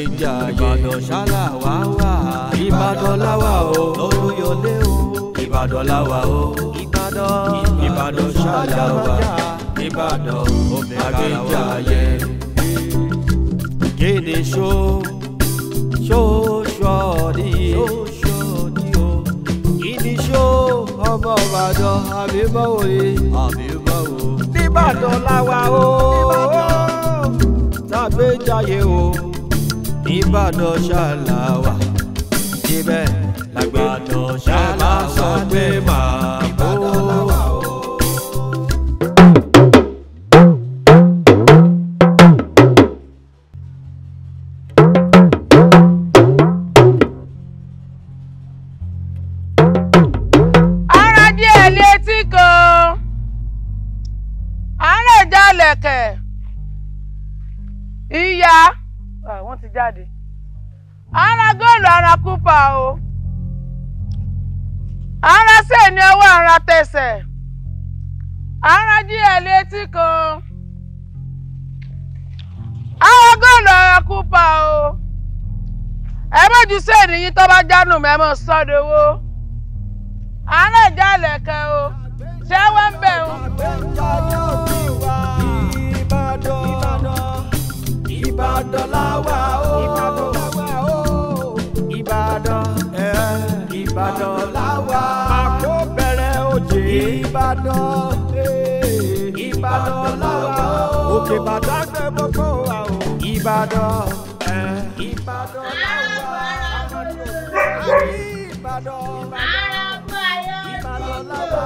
ìjà Ìbàdàn ṣálà wá wà. Ìbàdàn láwà o Olúyọlé o Ìbàdàn láwà o Ìbàdàn ṣálà wá Ìbàdàn àgbéjáyé. Gèdè ṣó ṣó ṣọ́ọ̀dì gidi ṣó ọmọ Ìbàdàn àbí báwo ni àbí báwo. Ìbàdàn láwà o tàgbéjáyé o. Ìbàdàn ṣàlàwà ibẹ̀ làgbàdàn ṣàlàwà pé màá. dánù mẹ́mọ́ sọ́dọ̀wọ́ àárẹ̀ jálẹ̀ kan o ṣé wọ́n ń bẹ̀ ń. Ìbàdàn Ìbàdàn láwà o Ìbàdàn Ìbàdàn láwà àkó bẹ̀rẹ̀ òjè Ìbàdàn Ìbàdàn eh, láwà o òkè bàtà gbẹ bọ́kọ̀ wà o Ìbàdàn eh, Ìbàdàn arábó ayọ́kọ̀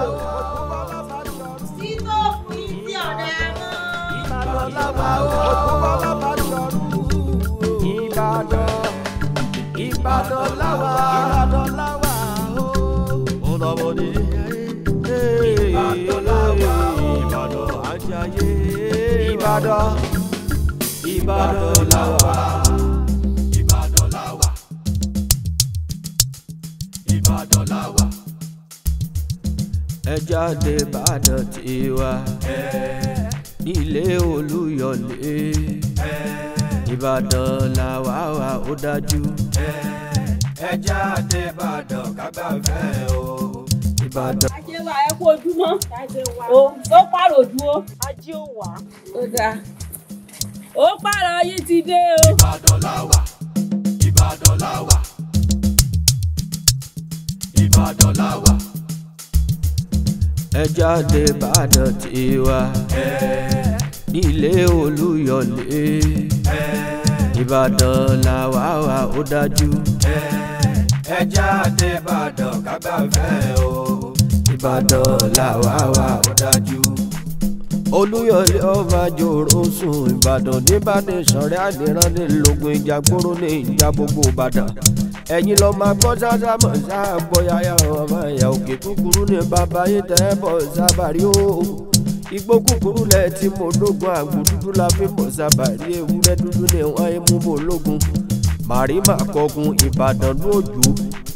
sí tó fi sí ọ̀dà mọ́. Ìbàdàn Ìbàdàn láwa Ìbàdàn láwa o. Ó lọ Ìbàdàn la wà. ẹ jáde Ìbàdàn tiwa ilé Olúyọ̀lé Ìbàdàn la wà wà ó dájú. ẹ jáde Ìbàdàn kágbáfẹ́ o. Ìbàdàn. ajé wa ẹ kú ojúmọ́ o ó pààrọ̀ dúró. ajé ò wá. ó dáa ó pààrọ̀ yìí ti dé o. Ìbàdàn la wà Ìbàdàn la wà. Ìbàdàn la wà. ẹ jáde Ìbàdàn tiwa ilé Olúyọ̀lé Ìbàdàn la wà wà ó dájú. ẹ jáde Ìbàdàn kágbáfẹ́ o Ìbàdàn la wà wà ó dájú. Olúyọ̀lé ọba jòrò sùn Ìbàdàn nìbàdàn sọ̀rẹ́ àdìrán nílògùn ìjà gbòòrò ní ìjà gbogbo Ìbàdàn ẹ̀yin lọ máa gbọ́ sáṣá mọ̀ sáà gbọ́yàyà ọmọ ẹ̀yà òkè kúkúrú ní bàbá yìí tẹ́ bọ̀ sábàrí o igbó kúkúrú lẹ̀ tí mo lógun àgbò dúdú la fi bọ̀ sábàrí ewúrẹ́ dúdú ni wọ́n ń mú bò lógun màrí màkọ́gun ìbàdàn lójú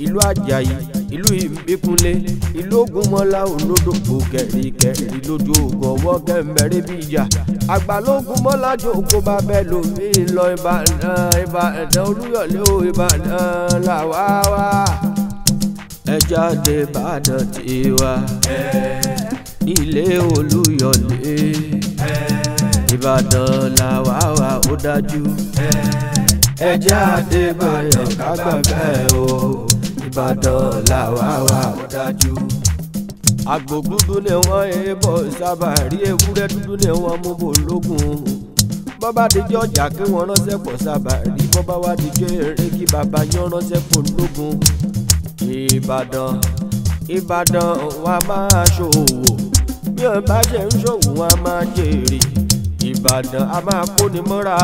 ìlú àjàyí ìlú ìbíkúnlé ìlú ògúnmọ́lá ònodò kòkẹ̀rìkẹ̀rì lójú ògùn ọwọ́ kẹ̀mẹ́rẹ́ bí ìjà àgbàlógún mọ́lá jòkó bá bẹ́ẹ̀ lómi lọ ìbàdàn ìbàdàn olúyọ̀lé o ìbàdàn làwa wá ẹ jáde ìbàdàn tiwa ilé olúyọ̀lé ìbàdàn làwa wá ó dájú ẹ jáde ìbàdàn kágbà bẹ́ẹ̀ o. Ìbàdàn làwa wà dájú. àgbò dúdú ni wọ́n ń bọ̀ sábà rí ewúrẹ́ dúdú ni wọ́n mú bò lógun. bọ́bá dijọ́ ọjà kí wọ́n ránṣẹ́ pọ̀ sábà rí bọ́bá wá dijọ́ eré kí bàbá yán ránṣẹ́ pọ̀ lógun. Ìbàdàn Ìbàdàn wa máa ṣòwò bí wọn bá ṣe ń ṣòwò wọn máa jèrè Ìbàdàn a máa kóni mọ́ra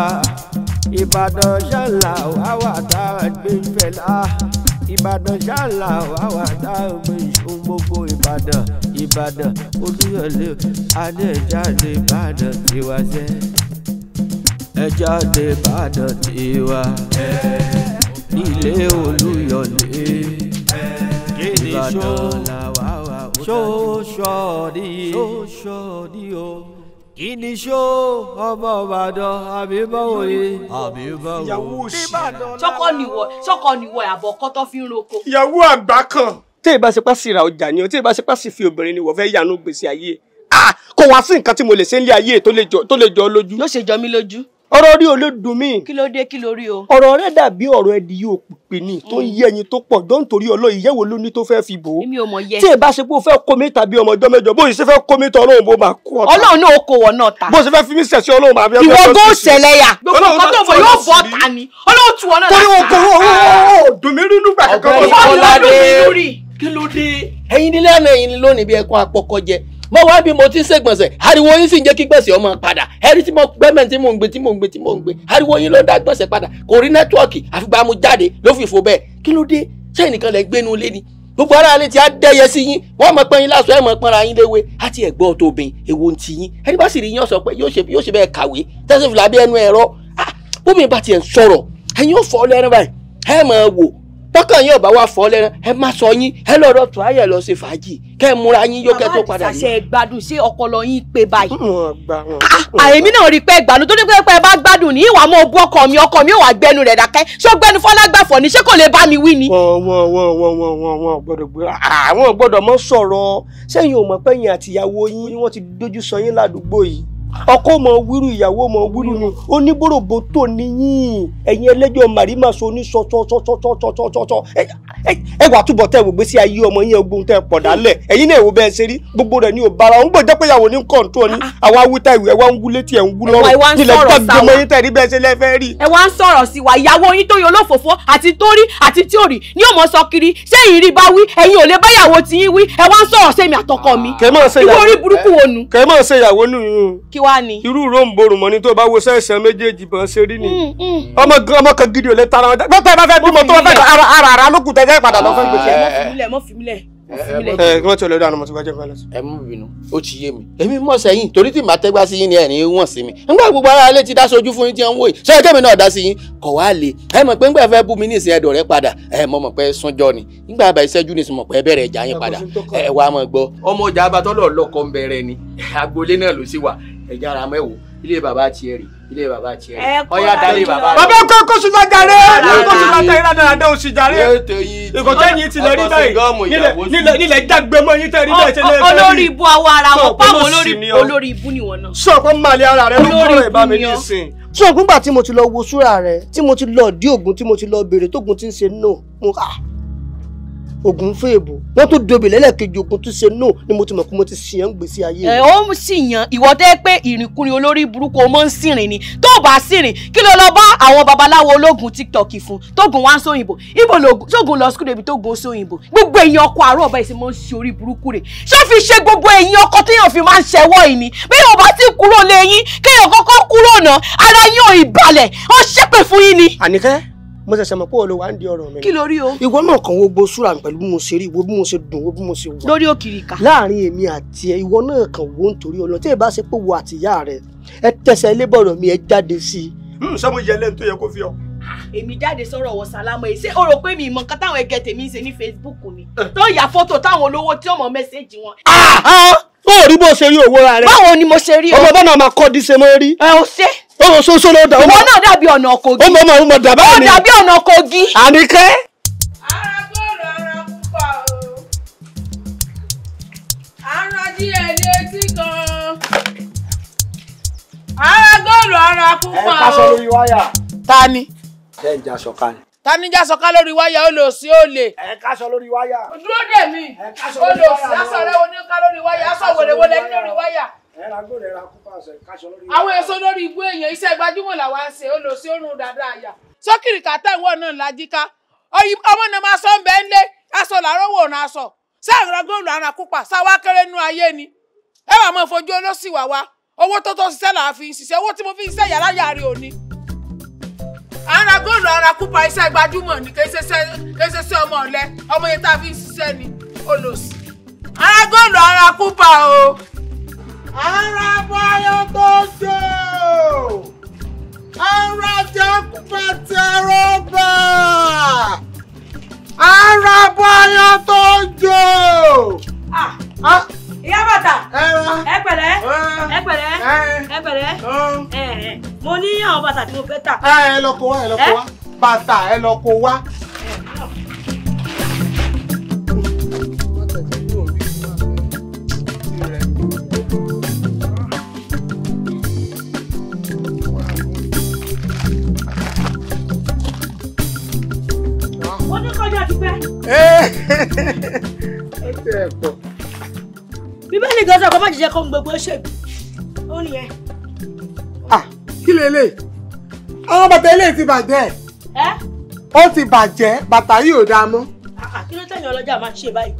Ìbàdàn ṣàlà àwa tá ìbàdàn ṣáàlà wàwà tá a gbé ìṣòwò gbogbo ìbàdàn ìbàdàn olúyọ̀lé adéjáde ìbàdàn tiwa jẹ́ ẹjáde ìbàdàn tiwa ilé olúyọ̀lé ìbàdàn làwà wà ó dájú. ṣó ṣọ́ọ̀dí ṣó ṣọ́ọ̀dí o kí ni ṣó ọmọ ìbàdàn àbí báwo ni àbí báwo. ìyàwó òṣì sọkọ nìwọ sọkọ nìwọ àbọ̀ kọ́ tó fi ń roko. ra ọjà ni o tí fi obìnrin ni wọ́n fẹ́ yànnú gbèsè ayé ah, kò wá sí nǹkan tí mo lè ṣe nílé ayé tó lè ọ̀rọ̀ rí o ló dùn mí. kí ló dé kí ló rí o. ọ̀rọ̀ rẹ dàbí ọ̀rọ̀ ẹdí yóò pè ní tó ń mm. yé ẹyin tó pọ̀ jọ nítorí ọlọ́yìn ìyẹ́wò ló ní tó fẹ́ fi bò èmi ò mọ̀ yẹ. tí èbá ṣe pé o fẹ́ kó mi tàbí ọmọ ọjọ́ mẹ́jọ bó o ṣe fẹ́ kó mi tọ ọlọ́run bó máa kú ọ̀tá. ọlọ́run náà kò wọ̀ náà ta. bó ṣe fẹ́ fi mí ṣẹ̀ṣẹ̀ ọlọ́run máa bí ẹgbẹ́ ọlọ́run. ìwọ gó mo wá bí mo ti ń ṣègbọ̀nsẹ̀ ariwo yín sì ń jẹ́ kí gbọ̀nsẹ̀ ọmọ padà ẹ̀rí tí mo gbẹ́mẹ̀ tí mo ń gbé tí mo ń gbé tí mo ń gbé ariwo yín ló dá gbọ̀nsẹ̀ padà kò rí nẹ́tíwọ̀kì àfìgbà mu jáde ló fi fò bẹ́ẹ̀ kí ló dé ṣé ẹnìkan lẹ gbénu lé ni gbogbo ara rẹ ti á dẹyẹ sí yín wọn mọ pé yín lásọ ẹ mọ pọnra yín léwe àti ẹgbọn tó bìn èwo ti yín ẹni bá sì rí yín ọsọ pé yóò ṣe yóò ṣe bẹ́ẹ̀ kàwé tẹsán fìlà bí ẹnu ẹ̀rọ ah bómi bá tiẹ̀ ń sọ̀rọ̀ ẹ̀yin ò fọ́ lẹ́rìn báyìí ẹ máa wò tọkàn yín ọba wa fọ lẹ́rán ẹ má sọ yín ẹ lọ rọ tùráyà lọ ṣe fàájì kẹ ẹ múra yín yóò kẹ tó padà yín. àṣẹ ìgbádùn ṣé ọpọlọ yín pé báyìí. àyèmí ah, ah, náà rí i pé ìgbádùn tó ní pé ẹ bá gbádùn ní ìwà mọ ogún ọkọ mi ọkọ mi ò wá gbẹnu rẹ dákẹ́ ṣé ó gbẹnu fọlágbàfọ ni ṣé kò lè bá mi wí ni. wọn gbọ́dọ̀ gbé àwọn ah, gbọ́dọ̀ mọ sọ̀rọ̀ sẹ́yìn ò mọ̀ pé yín àtìyàwó yín wọ́n ti dójú sọ yín ládùúgbò yìí ọkọ mọ wíru ìyàwó mọ wíru ni oníbòròbó tó níyìn ẹ̀yin ẹlẹ́jọ́ màrímà so ẹ wà túbọ̀ tẹ́ wò gbé sí ayé ọmọ yẹn ogun tẹ́ pọ̀ dálẹ̀ ẹ̀yin náà wò bẹ́ẹ̀ ṣe rí gbogbo rẹ̀ ní o bára òun gbọ́dọ̀ pé ìyàwó ní kọ̀ǹtọ́ ni àwa wíta ìwé ẹ̀ wá ń wúlé tiẹ̀ ń wú lọ́rùn nílẹ̀ gbàgbé ọmọ yín tẹ̀rí bẹ́ẹ̀ ṣe lẹ́fẹ́ rí. ẹ wá ń sọ̀rọ̀ sí wa ìyàwó yín tó yọ olófòfó àti torí àti tí ò rí ni ó sọ kiri ṣé ìrì bá wí ẹ̀yin ò lè bá ìyàwó tiyín wí ẹ wá ń sọ̀rọ̀ sẹ́mi wá ni. irú ròǹbòrò mọ ni tó bá wo sẹ́sàn méjèèjì bọ́n ṣe rí ni. Mm, mm. ọmọ gan ọmọ kan gidi ò tara wọn. gbọ́dọ̀ bá bímọ tó bá fẹ́ ara ara ara lókùn tẹ́tẹ́ padà lọ fẹ́ gbèsè. mọ mọ fìmílẹ̀. ẹ wọ́n ti ọlọ́dọ̀ àná mo ti wájú ẹ̀fọ́ lọ́sọ̀. ẹ mú bínú ó ti yé mi èmi mọ̀ sẹ́yìn torí tí màá tẹ́gbá sí yín ni ẹ̀rín wọ̀n sí mi nígbà gbogbo ara ilé ti dá sojú fún yín tí ń wò yìí ṣé ẹjẹ́ mi náà dá sí yín kọ̀ wá le ẹ mọ̀ pé ńgbà fẹ́ bú mi ní ìsìn ẹ̀dọ̀ rẹ padà ẹ mọ̀ mọ̀ pé súnjọ́ ni ńgbà àbá ìṣẹ́jú ni sì mọ̀ pé bẹ̀rẹ̀ ìjà yín padà ẹ wá mọ̀ gbọ́. ọmọ ọjà abatọ́lọ̀ ọlọ́kọ̀ ẹ̀jẹ̀ ara mẹ́wò ilé baba tiẹ̀ rè ilé bàbá tiẹ̀ rè ọ̀yá dalé baba rẹ̀. bàbá kò kó sùnà jàre kó sùnà tẹ ìlànà àdá òsì jàre ìkọ̀tẹ́ yìí ti lọ rí báyìí nílẹ̀ jágbe mọ́ yín tẹ́ rí bẹ́ẹ̀ tẹ́lẹ̀ bẹ́ẹ̀. olórí ibu awọ ara wọn pàwọn olórí ibu ni wọn náà. sọ pé màlẹ ara rẹ ló kúrò ìbá mi nísìn. sọ gbígbà tí mo ti lọ wo súra rẹ tí mo ti lọ dí ògùn tí mo ti lọ béèrè tógun ti ń ṣe náà mo kà ah! á ogun fún èbò wọn tún dobe lẹ́lẹ́kejì ogun tún ṣe no ni mo ti mọ̀ pé mo ti sìn yàn gbèsè ayé. ẹ ó ń sìn yàn ìwọ tẹ́ pé ìrìnkúrin olórí burúkú o mọ̀ ń sìnrìn ni tó o bá sìnrìn kí ló lọ bá àwọn babaláwo ológun tiktok fún tógun wá sóyìnbó ibo lógun tógun lọ skul débi tógun sóyìnbó gbogbo èyí ọkọ àárọ̀ ọba ìsìn mọ̀ ń ṣe orí burúkú rẹ̀ ṣé fi ṣe gbogbo èyí ọkọ téèyàn fi máa ń ṣẹwọ́ yìí ni bí yóò bá mo ṣẹ̀ṣẹ̀ mọ̀ pé o lè ń di ọ̀rọ̀ mi. kí ló rí o. ìwọ náà kàn wo gbó súra mi pẹ̀lú bí mo ṣe rí wo bí mo ṣe dùn wo bí mo ṣe wà. lórí òkìrìkà. láàrin èmi àti ẹ ìwọ náà kàn wo nítorí ọlọ tí ẹ bá ṣe pé wo àtìyá rẹ ẹ tẹsẹ̀ ilé bọ̀rọ̀ mi ẹ jáde sí i. sọmọ hmm, yẹlẹ tó yẹ kó fi ọ. èmi jáde sọ̀rọ̀ wọ sálámọ̀ èsì ó rò pé mi ìmọ̀ nǹkan táwọn ẹgẹ tèmi ń ṣe ní Facebook ni eh. tó yà fọ́tò táwọn olówó tí ọmọ mẹ́sẹ̀jì wọn. Ah, ah, ó rí bó ṣe rí òwúrọ̀ rẹ. báwo ni mo ṣe rí o. ọmọ bá náà máa kọ́ di ṣe ó soso ló dà. ìwọ náà dàbí ọ̀nà kogi. ó mọ ọmọ ọmọ dàbá mi. ó dàbí ọ̀nà kogi. àníkẹ́. ara bọ́ọ̀lù ara púpọ̀ o ara díẹ̀ ní etí gan-an ara góòlù ara púpọ̀ o. ẹ ká sọ lórí wáyà. ta ni. ṣé ń jaṣọ ká ni. ta ni jaṣọ ká lórí wáyà ó lò sí òòlè. ẹ ká sọ lórí wáyà. dúró dè mí. ẹ ká sọ lórí wáyà. ó lò sí aṣọ rẹ oníkà lórí wáyà aṣọ wèrèwèrè lórí wáyà. àwọn èso lórí èèyàn iṣẹ́ gbajúmọ̀ ṣe ó lọ sí dáadáa àyà sókìrì kàtà ìwọ náà lajíká ọmọ náà máa sọ ń lé aṣọ ara kupa sáwá kéré nú ayé ni ẹ wàá máa olóṣì wá owó tó tó ṣiṣẹ́ làá fi ṣiṣẹ́ owó tí mo fi ṣiṣẹ́ yàrá yàrá òní. ara góòlù ara kópa iṣẹ́ gbajúmọ̀ ni kì í ṣe fi ni ara ara o. ara báyọ̀ tó ṣe ara jẹ́ pẹ̀tẹ́ rọ́bà ara báyọ̀ tó jò. ìyá bàtà ẹ pẹ̀lẹ́ ẹ pẹ̀lẹ́ ẹ pẹ̀lẹ́ mo ní àwọn bàtà tí mo fẹ́ tà. ẹ lọ kó wá ẹ lọ kó wá bàtà ẹ lọ kó wá. bíbélì gan sọ pé má jíjẹ kó ń gbogbo ṣèbí ó nìyẹn. Ah, kí lélẹ̀ àwọn bàtà eléyìí ti bàjẹ́ ó ti bàjẹ́ bàtà yìí ò dáa mọ́. Ah, ah, kí ló tẹ̀yìn ọlọ́jà máa ń ṣe báyìí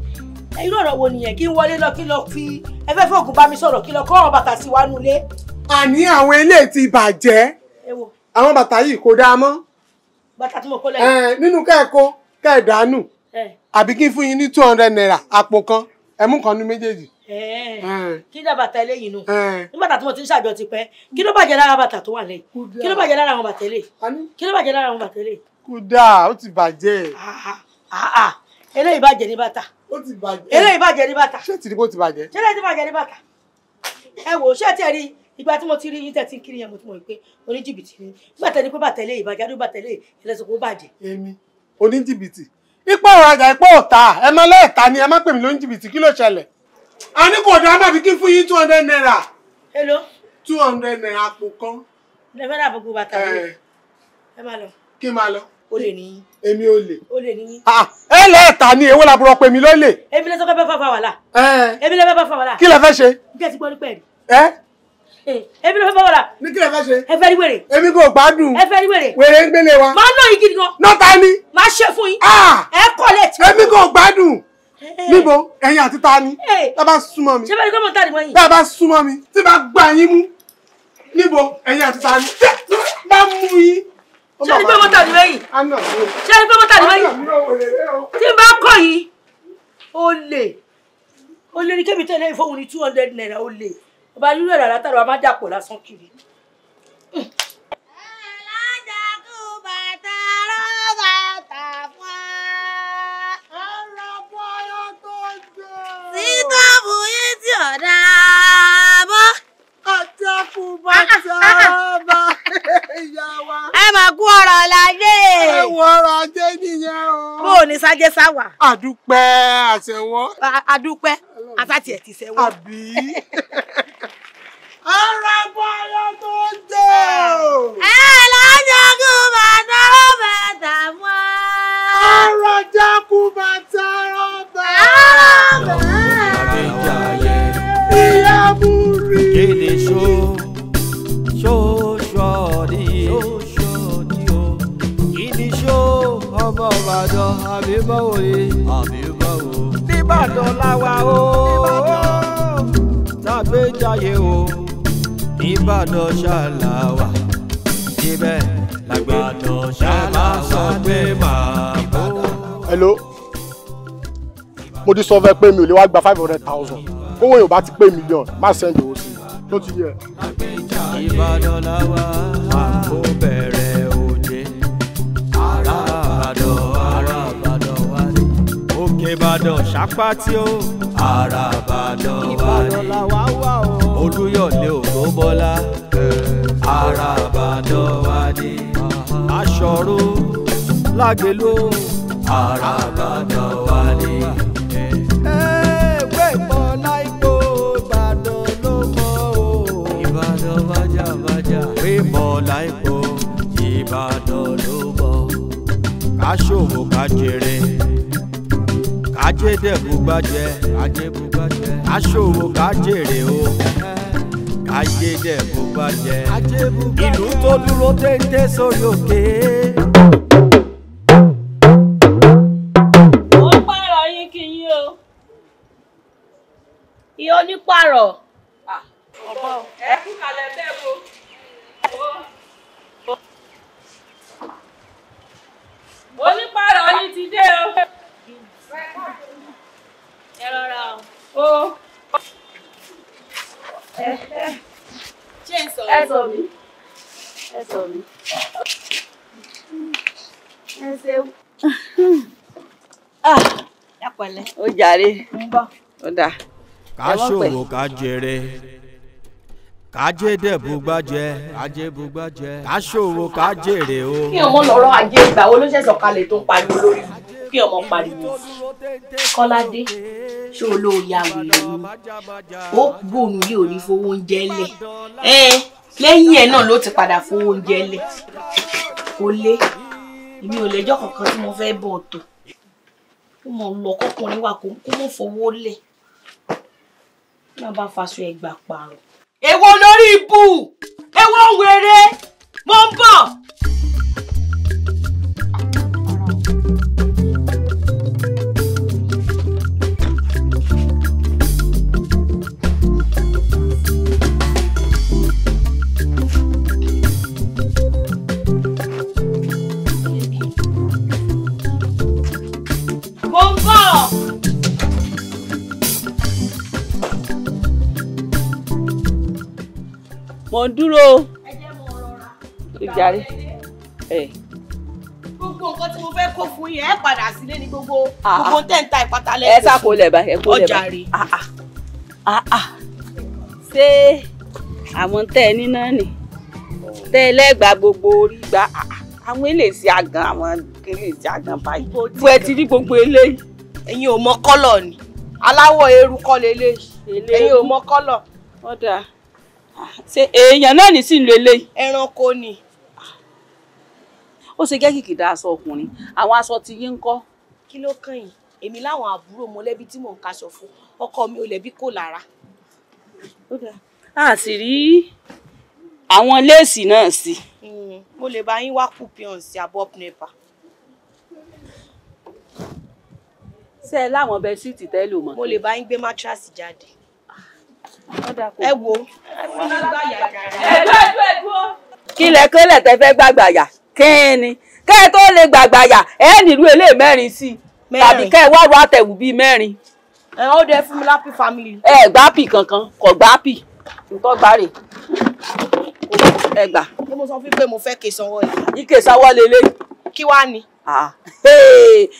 irú ọ̀rọ̀ wo nìyẹn kí n wọlé lọ kí lọ fi ẹfẹ́ fóògùn bá mi sọ̀rọ̀ kí lọ kọ́ ọ̀rọ̀ bàtà sí wa nulẹ̀. àní àwọn eléyìí ti bàjẹ́ àwọn bàtà yìí kò dáa mọ́. bàtà tí mo kó lẹ́yìn. nínú kẹ́ẹ̀kọ́ kẹ́ẹ̀dánù àbí kí n fún yín ní two hundred naira àpò kan ẹmú kan ní méjèèjì. kí ni bàtà eléyìí nù ní bàtà tí mo ti ń ṣàjọ ti pẹ́ kí ló bàjẹ́ lára bàtà tó wà lẹ́yìn kí ló bàjẹ́ lára àwọn bàtà eléyìí kí ló bàjẹ́ lára àwọn bàtà ah, ah, ah, eléyìí. kódà ó ti bàjẹ́. eléyìí bàjẹ́ ní bàtà eléyìí bàjẹ́ ní bàtà. ṣé tìrìbó ti bàjẹ́. ṣé eléyìí ti bàjẹ́ ní bàtà. ẹ wò ó ṣé tẹ̀ rí ìgbà tí mo ti rí yín tẹ̀sí kiri yẹn mo ti mọ̀ pé oníjìbìtì ni nígbà tẹ́ni pé bàtà eléyìí bàjẹ́ àdúgbò bàtà eléyìí ẹlẹ́sìn kó bàjẹ́. èmi oníjìbìtì ipò ọ̀rajà ipò ọ̀tá ẹ má lẹ́ẹ̀ta ni ẹ má pè mí lóyún jìbìtì kí ló ṣẹlẹ̀ a ní kò dá má fi kí fún yín two hundred naira. hello. two hundred naira àpò kan. ẹ fẹ́ dàbọ̀ gbogbo àtàwọn eh. ẹ má lọ. kí n máa lọ. o lè ní. èmi ò lè. o lè ní. Ah, ẹ lẹ́ẹ̀ta ni èwo làbúrò pé mi ló lè. èmi lè sọ pé bá fa wàhálà. Eh. èmi lè bá fa wàhálà. kí lẹ fẹ́ ṣe. bí ẹ ti gbọ́ nípa ẹ̀rí. ẹ eh? èmi eh, ló fẹ́ fẹ́ wọ́n la. ní kí lè fẹ́ ṣe. ẹ fẹ́ rí wèrè. èmi kò gbádùn. ẹ fẹ́ rí wèrè. wèrè ń gbélé wa. máa ná igi gan. nọ́ta ni. máa ṣe fún yín. Ah! ẹ kọ́ lẹ́tì. èmi kò gbádùn. Eh. níbo ẹ̀yin àti ta ni. Eh. tá a bá súnmọ́ mi. ṣé bẹ́ẹ̀ ni gómìnà tàdí wọ́n yìí. tá a bá súnmọ́ mi tí bá gbà yín mú. níbo ẹ̀yin àti ta ni. bá mú yín. ṣé ẹni pé mọ́tà ni wọ́n yìí. ṣé ẹni pé mọ́tà ni wọ́n yìí. tí bá kọ̀ yìí. olè olè ni kébìtẹ́lẹ̀ fóun ní two hundred naira olè ọba irú ẹ̀rọ àlátàrọ̀ a máa dàpọ̀ lásán kiri. títọ́bù yìí ọ̀dà bọ́. ọ̀tẹ̀kùn bá jọba ẹ máa kú ọrọ̀ láyé. ẹ wọ ọrọ̀ ajé nìyẹn o. bó o ní sájẹ́ sáwà. àdúpẹ́ àṣẹwọ́. àdúpẹ́ àtàtì ẹ̀ ti ṣẹwọ́. àbí. ọ̀rọ̀ bọ́ ọlọ́tọ̀. nìbàdàn ṣàlàwà ibẹ̀ làgbàdàn ṣàlàwà sọ pé màá hello mo ti sọ fẹ́ pé mi ò lè wá gba five hundred thousand owó yóò bá ti pé million. má send owó sí i ló ti yẹ. ìbàdàn làwà àpò bẹ̀rẹ̀ òde ará ìbàdàn ará ìbàdàn wà ní. òkè ìbàdàn ṣàpá tí ó ará ìbàdàn wà ní. ìbàdàn làwà wà ó olúyọ̀lé ògúnbọ́lá ara àbàdàn wa ni aṣọ́rò lágbèló ara àbàdàn wa ni. láìpò ìbàdàn ló bọ̀. ká ṣòwò ká jèrè ká jẹ́ dẹ̀bù gbájẹ́ ká ṣòwò ká jèrè o ayé dẹ̀ bó bá jẹ́ ìlú tó dúró téńté sórí òkè. sorry. ẹ ṣeun. dápẹ́lẹ́. Ah, ó jàre. ń bọ̀. ó dà. ká ṣòwò ká jèrè kájé dẹ̀ bugbájẹ́ kájé bugbájẹ́ ká ṣòwò ká jèrè o. kí ọmọ lọ́rọ̀ ajé ìgbà wo ló ṣẹ̀ṣọ̀ kalẹ̀ tó ń pariwo lórí kí ọmọ pariwo kọ́ládé ṣó ló wèrè ni ó gbóhùn yìí ò ní fowó oúnjẹ lẹ̀ lẹ́yìn ẹ̀ náà ló ti padà fowó oúnjẹ lẹ̀ kò lé èmi ò lẹ́jọ́ kankan tí mo fẹ́ bọ̀ ọ̀tọ̀ kó mọ̀ lọ kọkùnrin wà kó mọ̀ fowó lẹ̀ má bá faṣọ ẹgbà pààrọ̀. èwo lórí ibù èwo wèrè mo ń bọ̀. mò ń dúró o. ẹ jẹ́ mo rọra. ó jàre. gbogbo nǹkan tí mo fẹ́ kó fún yẹn ẹ padà sílé ní gbogbo ah, ah. gbogbo tẹ́ǹta ìpátá lẹ́kọ̀ọ́. ẹ sàkó lẹ̀ báyìí ẹ kó lẹ̀ báyìí. ọjà rè. Ah, ṣé àwọn tẹ́ ẹ ní náà nì tẹ́ ẹ lẹ́gbàá gbogbo orí gbá àwọn eléyìí àgàn àwọn eléyìí àgàn báyìí. bó ẹ ti rí gbogbo eléyìí. ẹ̀yin ò mọ kọ́lọ̀ ni aláwọ̀ eérú kọ́ lélẹ́yìí ẹ̀yin ò mọ kọ́lọ̀. ọ̀dà ṣe èèyàn náà ní sí ìlú eléyìí. ẹranko ni. ó ṣe jẹ́ kìkìdá aṣọ ọkùnrin àwọn aṣọ ti yín ń kọ́. kí ló kàn yín èmi láwọn àbúrò mọ̀lẹ́bí tí mò ń kaṣọ fún ọkọ mi ò lẹ́bí kò lára. a sì rí àwọn léèsì náà sí. Hmm, mo lè bá yín wá kúpion sí abob nepa. ṣé ẹ láwọn bẹ síìtì tẹ́lò mọ́. mo lè bá yín gbé mátíráàsì jáde ẹ wo ẹ lójú ẹ dúró. kí lẹ kélẹ̀ tẹ fẹ́ gbàgbàyà kín ni kẹ́ ẹ tó lè gbàgbàyà ẹ nílùú eléyìí mẹ́rin sí i tàbí kẹ́ ẹ wá wá tẹ̀wù bíi mẹ́rin. ẹ ó dẹ fún mi lápì family. ẹ gbá pì kankan kò gbá pì nǹkan gbá rè ẹ gbà. mo sọ fún pé mo fẹ́ kè sanwó-ọlẹ̀. ike sanwó-ọlẹ̀ lé. kí wàá ni. Ah,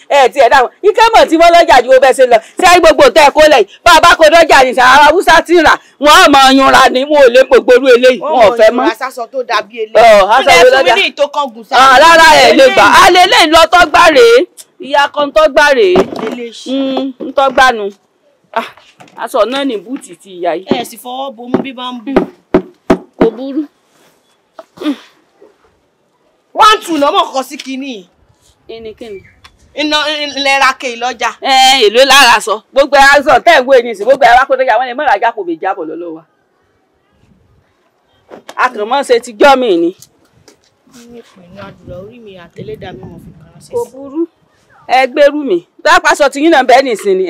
ẹ ti ẹ dáhùn ikẹ́mọ̀ tí wọ́n lọ́jà ju bẹ́ẹ̀ ṣe lọ ṣé ayé gbogbo tẹ́ kó lẹ̀ bá a bá kó lọ́jà ní sàrà haúsá tí rà wọ́n á máa ni wọn ò lè gbogbo orú eléyìí wọn ò fẹ́ mọ́. aṣọ tó dàbí eléyìí aṣọ tó dàbí eléyìí tó kàn gùn sáà. Ah, rárá ẹ lè gbà á lè lè lọ́tọ́ gbà rèé ìyá kan tó rèé hmm, ah, ń bù. Hmm, kò ẹnikẹ́ni. iná lẹ́ra ke ìlọ́jà. ẹ èlò lára sọ gbogbo aṣọ tẹ́ ìwé ni sí gbogbo arákò tó yà wọ́n lè mọ̀ra jápò bè jábọ̀ lọ́lọ́ wa. akànmọ́ ṣe ti jọ́ mi ni. mi pẹ̀lú àdúrà orí mi àtẹlẹ́dà mi mọ̀ fi kàn án ṣe. kò burú ẹgbẹ́rú mi lápasọ̀ tí yín náà bẹ́ẹ̀ nìsín ni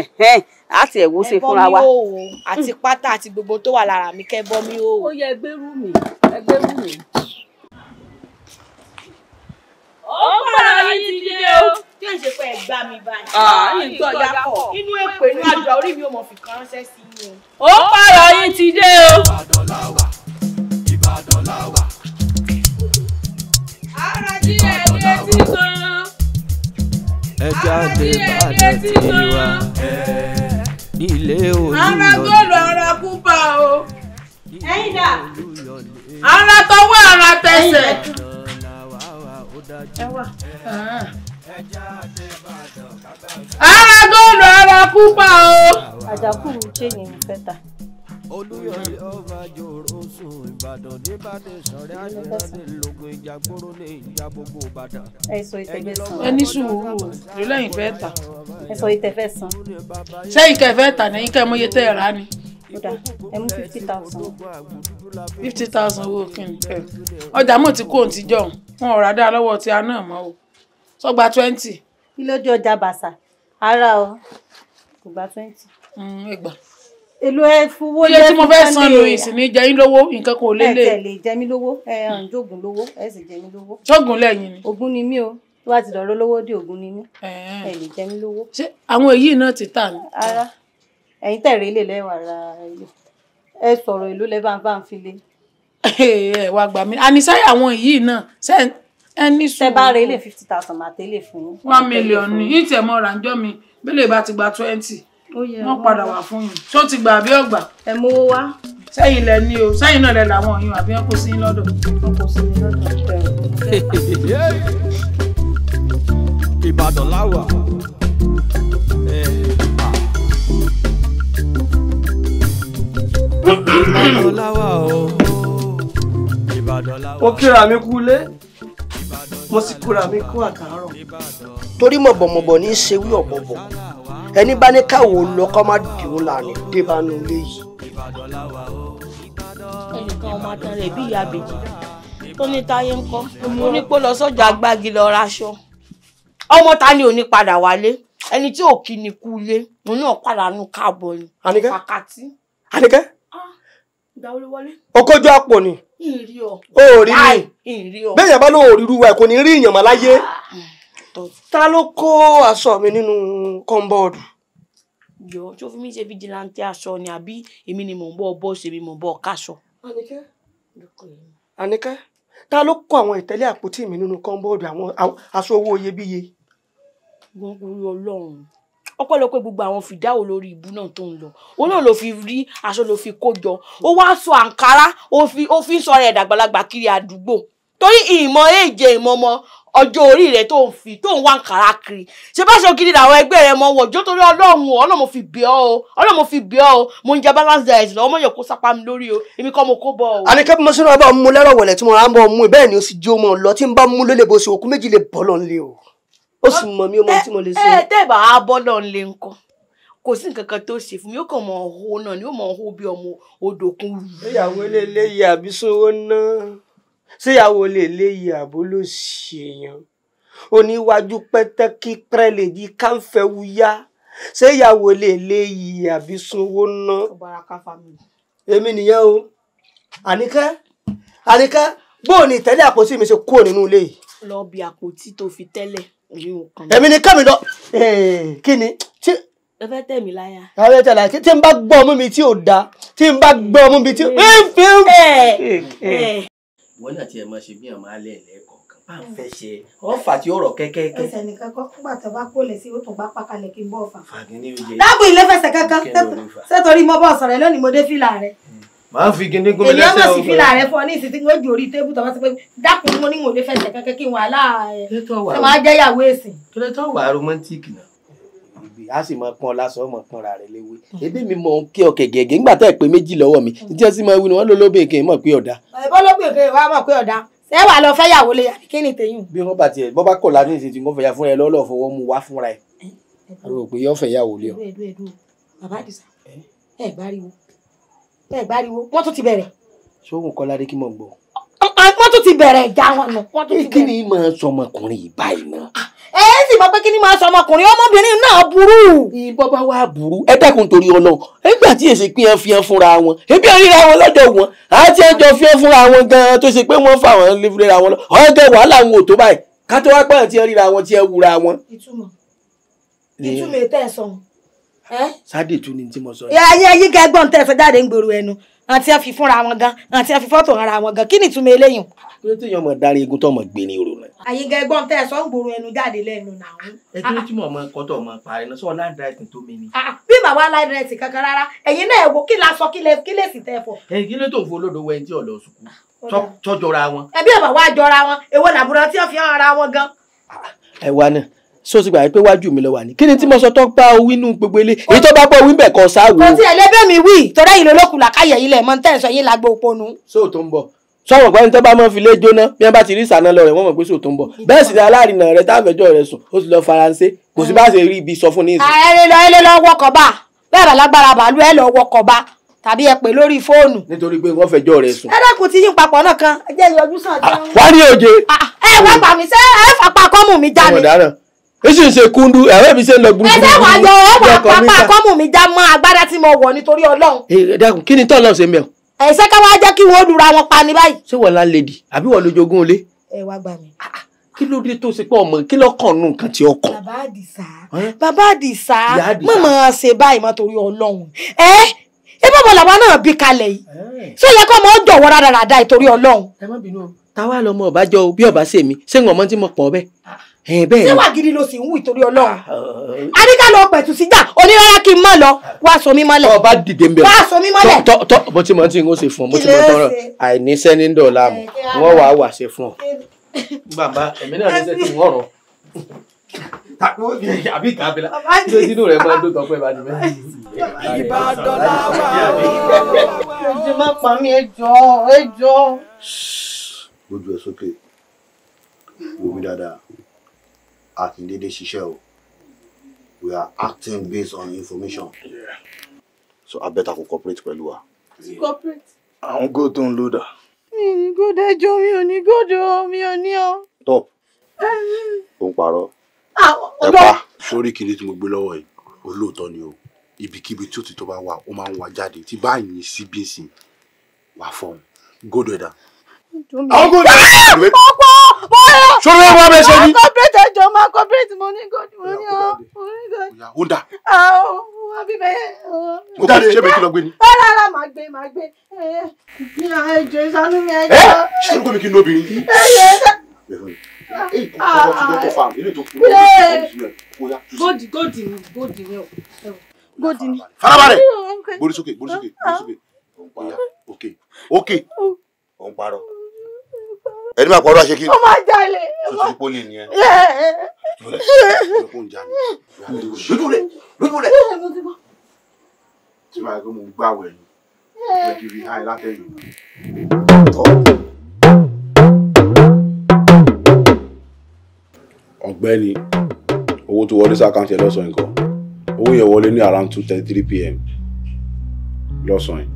láti ẹ̀wọ́ ṣe fúnra wa. ẹ̀bọ́n mi ò wò àti pátá àti gbogbo tó wà lára mi kẹ́ bọ́ mi ò wò. ó yẹ ẹgbẹ́rú mi ẹgbẹ́rú mi ó pàrọ̀ yìí ti dé o. tí èsì pé ẹ gbá mi báyìí. ààyè nǹkan yàpọ̀. inú èpè inú àjọ orí mi ò mọ̀ sí i o. ó pàrọ̀ yìí ti dé o. Ìbàdàn la wà Ìbàdàn la wà. ara jí ẹni etí gan. ẹ jáde gbọ́dọ̀ ara kú bá o. ẹ̀yin dà. ara tọwọ́ ara tẹsẹ̀. Ah. ara góòlù ara púpà o. àjàkùrù chéyìn ní fẹ́ta. olùyọ̀lẹ̀ ọba jòrò sùn ìbàdàn débàdé sọ̀rẹ́ àjọyọ̀dẹ lógun ìjà gbóró lè ya gbogbo ìbàdàn. ẹ sọ ìtẹ̀fẹ́ san. ẹ ní sùúrù ìlú lẹ́yìn fẹ́ ta. ẹ sọ ìtẹ̀fẹ́ san. sẹ́yìn kẹ́ fẹ́ ta lẹ́yìn kẹ́ mọ́yé tẹ́ ẹ̀ rà ni kódà ẹ mú fifty thousand. fifty thousand owó kí ni ọjà mọ̀ tí kò ń ti jọ̀hún wọn ò ràdá lọ́wọ́ tí a náà mọ́ o sọ́gba twenty. kí ló dé ọjà bàṣà ara o kò gba twenty. Mm, ẹgbà. èlò ẹ fowó lẹ́fún iye tí mo fẹ́ san lu ìsìn ní jẹ́yìn lówó nǹkan kò lélẹ̀. ẹ tẹ̀lé jẹ́mi lówó ẹ ń jogun lówó ẹ sì jẹ́mi lówó. ṣọ́gun lẹ́yìn ni. Ògún ni mí o tó bá ti dọ̀rọ̀ lówó dé Ògún ni mí ẹ lè jẹ́mi lówó. ṣé àwọn èyí náà ti tà ní. ara ẹ̀yin tẹ̀rẹ̀ ilé lẹ́wà ra ilé ẹ sọ̀rọ̀ ìlú lẹ́ ẹ wá gbà mí àní sẹ́yìn àwọn yìí náà sẹ́yìn ẹni sùn. tẹ bá rẹ ilé fifty thousand máa tẹ́lẹ̀ fún. one million ní ìtẹ̀ mọ́ ràǹjọ́ mi bẹ́lẹ̀ bá ti gba twenty wọ́n padà wà fún yín tó ti gbà àbí ọ̀gbà. ẹ mówó wá. sẹ́yìn lẹ ní o sẹ́yìn náà lẹ làwọn ọ̀yun àbí wọ́n kó sí lọ́dọ̀. wọ́n kó sí lọ́dọ̀. Ìbàdàn láwà. Ìbàdàn láwà o mo kíra mi kú ilé mo sì kíra mi kú àtàárọ̀. torí mọ̀bọ̀mọ̀bọ̀ ní í ṣe wí ọ̀bọ̀bọ̀ ẹni bá ní káwọ lọ kọ́ má dìún lànà débánú ilé yìí. ẹnìkan ọmọ atan rẹ̀ bí ìyá àbèjì tó ní táyé ń kọ́ onípò lọ sọ́jà agbági lọ raṣọ ọmọ ta ni ò ní padà wálé ẹni tí ò kí ni kú ilé òun náà padà nu káàbọ̀ ni. Àníkẹ́ Àníkẹ́. Ah, ọkọjọ àpò ni ìrì ọ. o rí mi ìrì ọ. bẹ́ẹ̀ yẹn bá lóun ò rí ruwa ẹ̀ kò ní rí ìyàn mọ́ láyé. Ah. ta ló kó aṣọ mi nínú kọ́ńbọ́ọ̀dù. yọ tó fi mí ṣe fìjìláńtì aṣọ ni àbí èmi ni mò ń bọ bọ́ ṣèmi mò ń bọ káṣọ. àníkẹ́ àníkẹ́ ta ló kó àwọn ìtẹ́lẹ̀ àpótí mi nínú kọ́ńbọ́ọ̀dù àwọn aṣọ owó iyebíye. gbọ́n gbúrú ọlọ́run ọpẹ́lọpẹ́ gbogbo àwọn fìdá olórí ìbú náà tó ń lọ òun náà ló fi rí aṣọ ló fi kó jọ ó wá sọ àǹkárá ó fi ń sọ rẹ̀ dàgbàlagbà kiri àdúgbò torí ìmọ̀ èje ìmọ̀ ọmọ ọjọ́ orí rẹ̀ tó ń fi tó ń wá àǹkárá kiri ṣé bá ṣe kiri làwọn ẹgbẹ́ rẹ̀ mọ wọ̀jọ́ torí ọlọ́run o ọlọ́run mo fi bẹ̀ ọ́ o ọlọ́run mo fi bẹ̀ ọ́ o mo ń jẹ balance diet lọ́wọ́ mọ̀ yẹ kó sápá mi lórí o èmi kọ́ mo kó bọ̀ o. àníkẹ́ bí mo ṣe ọba mu lẹ́rọ̀ tí mo rà ń bọ̀ mu bẹ́ẹ̀ ni ó sì jí ó mọ̀ lọ tí ń bá mú lólè bó ṣe òkú méjì lè bọ́ lọ́nlé o ó sì mọ̀ mí ó mọ̀ tí mo lè ṣe. ẹ tẹ́ bá a bọ́ lọ́n lé nǹkan kò sí nǹkan kan tó ṣe fún mi ó kàn mọ ọ̀hó náà ni ó mọ ọ̀hó bí ọmọ odòkun rù. ìyàwó eléyìí àbí sówó ná síyàwó eléyìí àbó ló ṣèyàn oníwájú pẹ́tẹ́kí pẹ́lẹ́ yìí káńfẹ́ wúyá síyàwó eléyìí àbí sówó ná. èmi nìyẹn o àníkẹ́ àníkẹ́ bóò ni ìtẹ́lẹ̀ àpótí mi ṣe kúrò nínú ilé yìí. lọ bí àpótí tó fi tẹ́lẹ̀ èmi ni kẹ́mi lọ kí ni tí. ẹ fẹ́ tẹ̀ mí láyà. ẹ fẹ́ tẹ̀ láyà tí n bá gbọ́ ọmú mi tí ò da tí n bá gbọ́ ọmú mi tí. wọ́n náà tiẹ̀ máa ṣe bí àwọn alẹ́ lẹ́kọ̀ọ́ bá ń fẹ́ ṣe ọ̀fà tí ó rọ̀ kẹ́kẹ́kẹ́. ẹsẹ̀ nìkan kọ́ fúngbà tó bá kó lẹ̀ sí ó tún bá pákalẹ̀ kí n bọ́ ọ̀fà. fàgínní oye. dábò ilé fẹsẹ̀ kankan sẹ́tọ̀rí mo bọ́ sọ̀rọ̀ lónìí mo dé fìlà rẹ̀. Hmm máa fi gíní gómi lẹ́sẹ̀ ọ̀gbọ̀n. èyí ọmọ sì fi láàrẹ fún ọ ní ìsìtí ó ju orí tébù tọ́wọ́ sí pé dákùnrin mo ní ìwòlé fẹsẹ̀ kankan kí n wà láàárẹ̀ ṣe máa jẹ́ ìyàwó èsì. kílẹ̀ tó wà romantic náà. a sì máa pọn lásán ọmọ kan ra rẹ léwé ebi mi mọ kí ọkẹ gẹ́gẹ́ nígbà tá ẹ pé méjì lọ́wọ́ mi tí ẹ sì máa wí ni wọn ló lóbìn kí n mọ pé ọdá. ẹ̀bọ́n lóbìn kí n wá mọ̀ pé ọ̀dà ṣé wàá lọ fẹ́ yàwó lè yàrá kí ni tèyún. bí wọn bá tiẹ̀ bọ́ bá kọ̀ láti ìsìn tí wọn fẹ́ yà fún ẹ lọ́lọ́ fọwọ́ mu wá fúnra ẹ. a rò pé yọ fẹ́ yàwó lé ọ. bàbá àdìsá tẹ́ ẹ̀ gbáriwo wọ́n tún ti bẹ̀rẹ̀. sóhun kọ́ládé kí mọ̀ gbọ́. wọ́n tún ti bẹ̀rẹ̀ ìjà wọn nù. kí ni máa sọ ọmọkùnrin yìí báyìí náà. Ah, ẹ ẹ sì mọ̀ pé kí ni máa sọ ọmọkùnrin ọmọbìnrin náà burú. ìbọn bá wà burú ẹ dákun torí ọlọ nígbà tí èsì pín ẹn fihàn fúnra wọn ebi ẹ ríra wọn lọ́dọ̀ wọn àti ẹjọ fihàn fúnra wọn ganan tó ṣe pé wọ́n fà wọn léra wọn lọ ọgẹ wàhálà wọn ò tó báyìí ká tó wá pààyàn tí ẹ ríra wọn tí ẹ wúra wọn. ìtumọ̀ ìtumọ̀ ètò ẹ̀sán sáde tún ni tí mo sọ. ayé yí ká ẹgbọ́n tẹ́ ẹ sọ jáde ń gbòòrò ẹnu àti ẹ fi fúnra wọn gan àti ẹ fi fọ́tò ara wọn gan kí ni ìtumọ̀ eléyìí. kí ló téèyàn mọ̀ darí egun tó mọ̀ gbìnrin rò náà. àyíká ẹgbọ́n tẹ́ ẹ sọ ń gbòòrò ẹnu jáde lẹ́nu náà. ẹ kí ló tí mo mọ kọ́tọ̀ mọ parí náà sọ láì dírẹ́tì tó mi ni. Ah, ah, bí bàbá láì dírẹ́tì kankan rárá ẹ̀yin náà ẹ wo kí la sọ kí lè sì tẹ́ ẹ fọ. ẹ kí ló tó ń folódò wẹ tí ọ̀lọ́ sùkú ah, tọ́jọra wọn. ẹbí ọ̀bà wa jọra wọn èwo làbúrò so ti gbà pé wájú mi lọ wa ní kí ni tí mo sọ tó bá owí nù gbogbo ilé èyí tó bá bọ owí bẹ̀ kan sáà wò. kò tí ẹlẹgbẹ́ mi wí torí ìlú olókùn làkàyè ilẹ̀ mọ́ tẹ́ ẹ̀ sọ yín lágbo òponu. so tó ń bọ̀ sọ̀rọ̀ pé ẹni tó bá mọ́ fi lé jóná bí wọ́n bá ti rí ìsàná lọ rẹ̀ wọ́n mọ̀ pé so tó ń bọ̀ bẹ́ẹ̀ sì ni alárinà rẹ̀ táfẹ́jọ́ rẹ̀ sùn ó ti lọ faransé kò sí bá ṣe rí ibi sọ fún ní ìsìn. ẹ lè lọ ẹ lè lọ wọkọ̀ bá bẹ́ẹ̀ bá lágbára bàálù ẹ lọ wọkọ̀ bá tàbí ẹ pè lórí fóònù. nítorí pé wọ́n fẹjọ́ rẹ sùn. ẹ̀rẹ́kùn ti yín papọ̀ náà kan ẹ jẹ́ yọjú sàn. Ah, wá ní òye. Ah, ẹ wá gbà sẹ́ ẹ fapá kọ́mù mi já ọmọ dáràn èsì ń ṣe kúndú ẹ̀rọ mi ṣe ń lọ gbúgbúrú. ẹsẹ̀ wà yọ ẹ wà pápá kọ́mù mi já mọ́ agbádá tí mo wọ̀ nítorí ọlọ́run. ẹ dákun kí ni tọ́lọ́ ṣe mẹ́wọ̀. ẹ̀sẹ̀ ká wá jẹ́ kí wọ́n lura wọn pa ní báyìí. ṣé wọ́n la lèdì àbí wọ́n lójoogun olé. ẹ wá gbà mí. Ah, ah, kí ló dé tó ṣe pé ọmọ kí ló kàn nù nǹkan tí ó kàn. bàbá àdìsá bàbá àdìsá mọ̀mọ́ ṣe báyìí mọ́ torí ọlọ́run ẹ ẹ bọ́bọ̀ làwa náà bí kalẹ̀ yìí ṣé ó jọ̀wọ́ o táwa lọmọ ọbàjọ bí ọba ṣèmi ṣé ń Eh, bẹ́ẹ̀ ṣé wà gidi ló sì ń wù ìtorí ọlọ́run àríkà ah, eh, eh. lọ pẹ̀tù síjà onírárá kí n mọ̀ lọ wá sọ mí mọ́lẹ̀ tó bá dìde mbẹ́ wá sọ mí mọ́lẹ̀ tọ́ tọ́ bó ti mọ̀ tí n ó ṣe fún ọ bó ti mọ̀ tọ́rọ̀ àìníṣẹ́ ní dọ̀la mu wọ́n wàá wà ṣe fún ọ. bàbá èmi náà níṣẹ́ tí wọ́n rọ̀ àbí kábílà ṣé inú rẹ̀ máa ń dótọ́ pé bàbá mi. ìbàdàn làwọn ẹjọ́ má pa mí ẹjọ́ ẹjọ́. gbójú ẹ sókè wò mí dáadáa At kì í dédé we are acting based on information yeah. so I better cooperate with wa. cooperate. àwọn góòtù ń lò dà. mi ò ní góòdù ẹjọ́ mi ò ní góòdù mi ò ní ọ. top ó ń parọ́ ah, ẹ pa sórí kìíní tí mo gbé lọ́wọ́ yìí olóòótọ́ ni o ibikíbi tí òtítọ́ bá wà ó máa ń wá jáde tí báyìí ní cbc wà fọ́ọ̀mù góòdù ẹ̀dá àwọn kò ní ìwé. ọ̀pọ̀ ọ̀pọ̀. ṣòro ẹ̀ wá bẹ ṣe ni. kọ́pẹ́tì ẹ̀jọ̀ máa kọ́pẹ́tì mo ní gòdì mo ní ọ́ mo ní gòdì. ó dà. àwọn abibẹ. ó dà ṣé bẹ́ẹ̀ kí lọ gbé ni. ó rárá màá gbé màá gbé. mi à ẹjọ ìsánú mi ẹjọ. ẹ ṣé ló gbé mi kí n ní obìnrin. Gódì gódì ni gódì ni o. Gódì ni. Farabalẹ̀. Borí sókè borí sókè borí sókè. Òǹparọ̀. Òkè òkè. Òǹparọ̀ ẹni máa pọ̀rọ̀ àṣekí. ó máa jalè. tuntun poli ni ẹ. lójú rẹ lójú rẹ. tí màá gbé mo gbà wẹ̀ ni ẹ kiri háì látẹ̀yìn. ọ̀gbẹ́ni owó tó wọlé sí àkáǹtì ẹ lọ́sàn-án nǹkan owó yẹn wọlé ní around two thirty three pm lọ́sàn-án.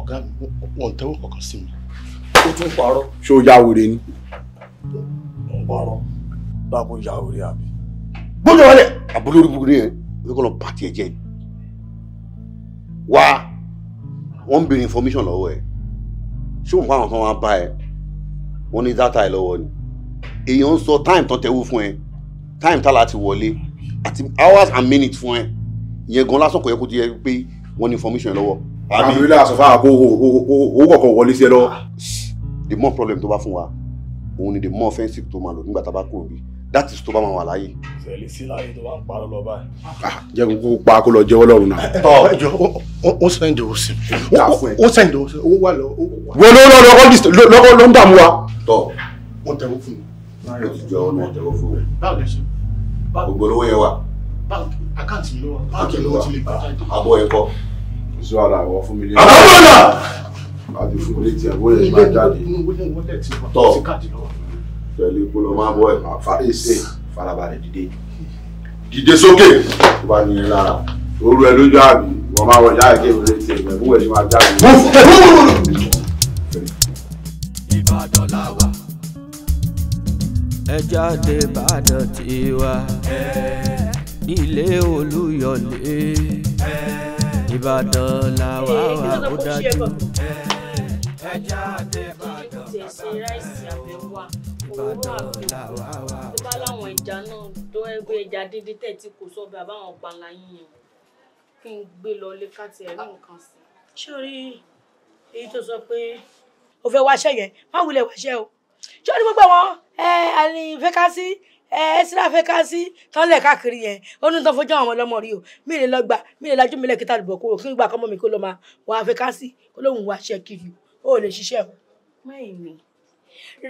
ọ̀gá mi wọ́n tẹ́wọ́ kankan sí mi o tún parọ́. ṣó ya wèrè ni. mo ń parọ́ dákun ya wèrè àbí. gbọ́dọ̀ wọlé àbúrò orí burúkú ló kọ́ lọ ẹ̀ jẹ́ wá wọ́n ń béèrè information lọ́wọ́ ẹ̀ ṣé òun fáwọn kan wá bá ẹ wọ́n ní data ẹ lọ́wọ́ ni èèyàn ń sọ time tán tẹ́wọ́ fún ẹ time tá láti wọlé àti hours and minutes fún ẹ ìyẹn gan lásán kò yẹ kó ti yẹ pé wọ́n ní information lọ́wọ́. àmì ìlú àsọfà kó owó kọ̀ọ̀kan wọlé sí ẹ lọ́wọ́ the more problem tó bá fún wa òun ni the more offensive tó máa lò nígbà tá a bá kúrò bí that is tó bá máa wà láàyè. ìṣẹ̀lẹ̀ sí láàyè tó bá ń parọ́ lọ báyìí. Ah, jẹ́ kó kó pa kó lọ jẹ́wọ́ lọ́rùn náà. ẹ jọ ó sẹ́yìn dòwò sí mi ó sẹ́yìn dòwò sí mi ó wà lọ. wo ló lọ lọkọ ló ń dààmú wa. tọ ó tẹ̀wọ́ fún mi. ó ti jọ ọ́nà tẹ̀wọ́ fún mi. báwo lè ṣe. gbogbo olówó yẹn wà. àkáǹtì mi ló wà. àkáǹtì mi ló wà àbọ̀ ẹ̀kọ́. ìṣó ara àwọ̀ fún mi lé. àbọ̀ ọ̀nà àti fún ilé tí ẹ̀wọ́ yẹn máa jáde. tọ́ pẹ̀lú ìpolọ máa bọ̀ ẹ̀ máa fara farabalẹ̀ dìde. dìde sókè tó bá nìyẹn lára oru ẹ lójú àbí wọ́n máa wọ̀ ìyá ẹ̀kẹ́ ìwé tí ẹ̀wọ́ ẹ̀wọ́ máa jáde. Ìbàdàn la ẹ jáde Ìbàdàn tiwa ilé Olúyọ̀lé Ìbàdàn la wà ó dájú ẹja àtẹ̀bàdàn bàbá ìbàdàn làwa wà. tó bá láwọn ẹja náà tó ẹgbẹ́ ẹja dídí tẹ̀ tí kò sọ́bẹ̀ àbáwọn panla yíyan kí n gbé lọ lé káàtì ẹ̀rí nǹkan sí. sórí èyí tó sọ pé o fẹ́ wáṣẹ́ yẹn má wulẹ̀ wáṣẹ́ o ṣé o ní gbogbo àwọn àrùn fẹ́kásí ẹsìnà fẹ́ ká sí tọ́lẹ̀ káàkiri yẹn ó fojú àwọn ọlọ́mọ rí o mí lè lọ gbà mí lè lajú mi lẹ́kìtà kí n gbà kọ́mọ mi kó lọ máa wà á kó lóun wá ṣe kiri o o ò lè ṣiṣẹ́ o. mẹ́ẹ̀ni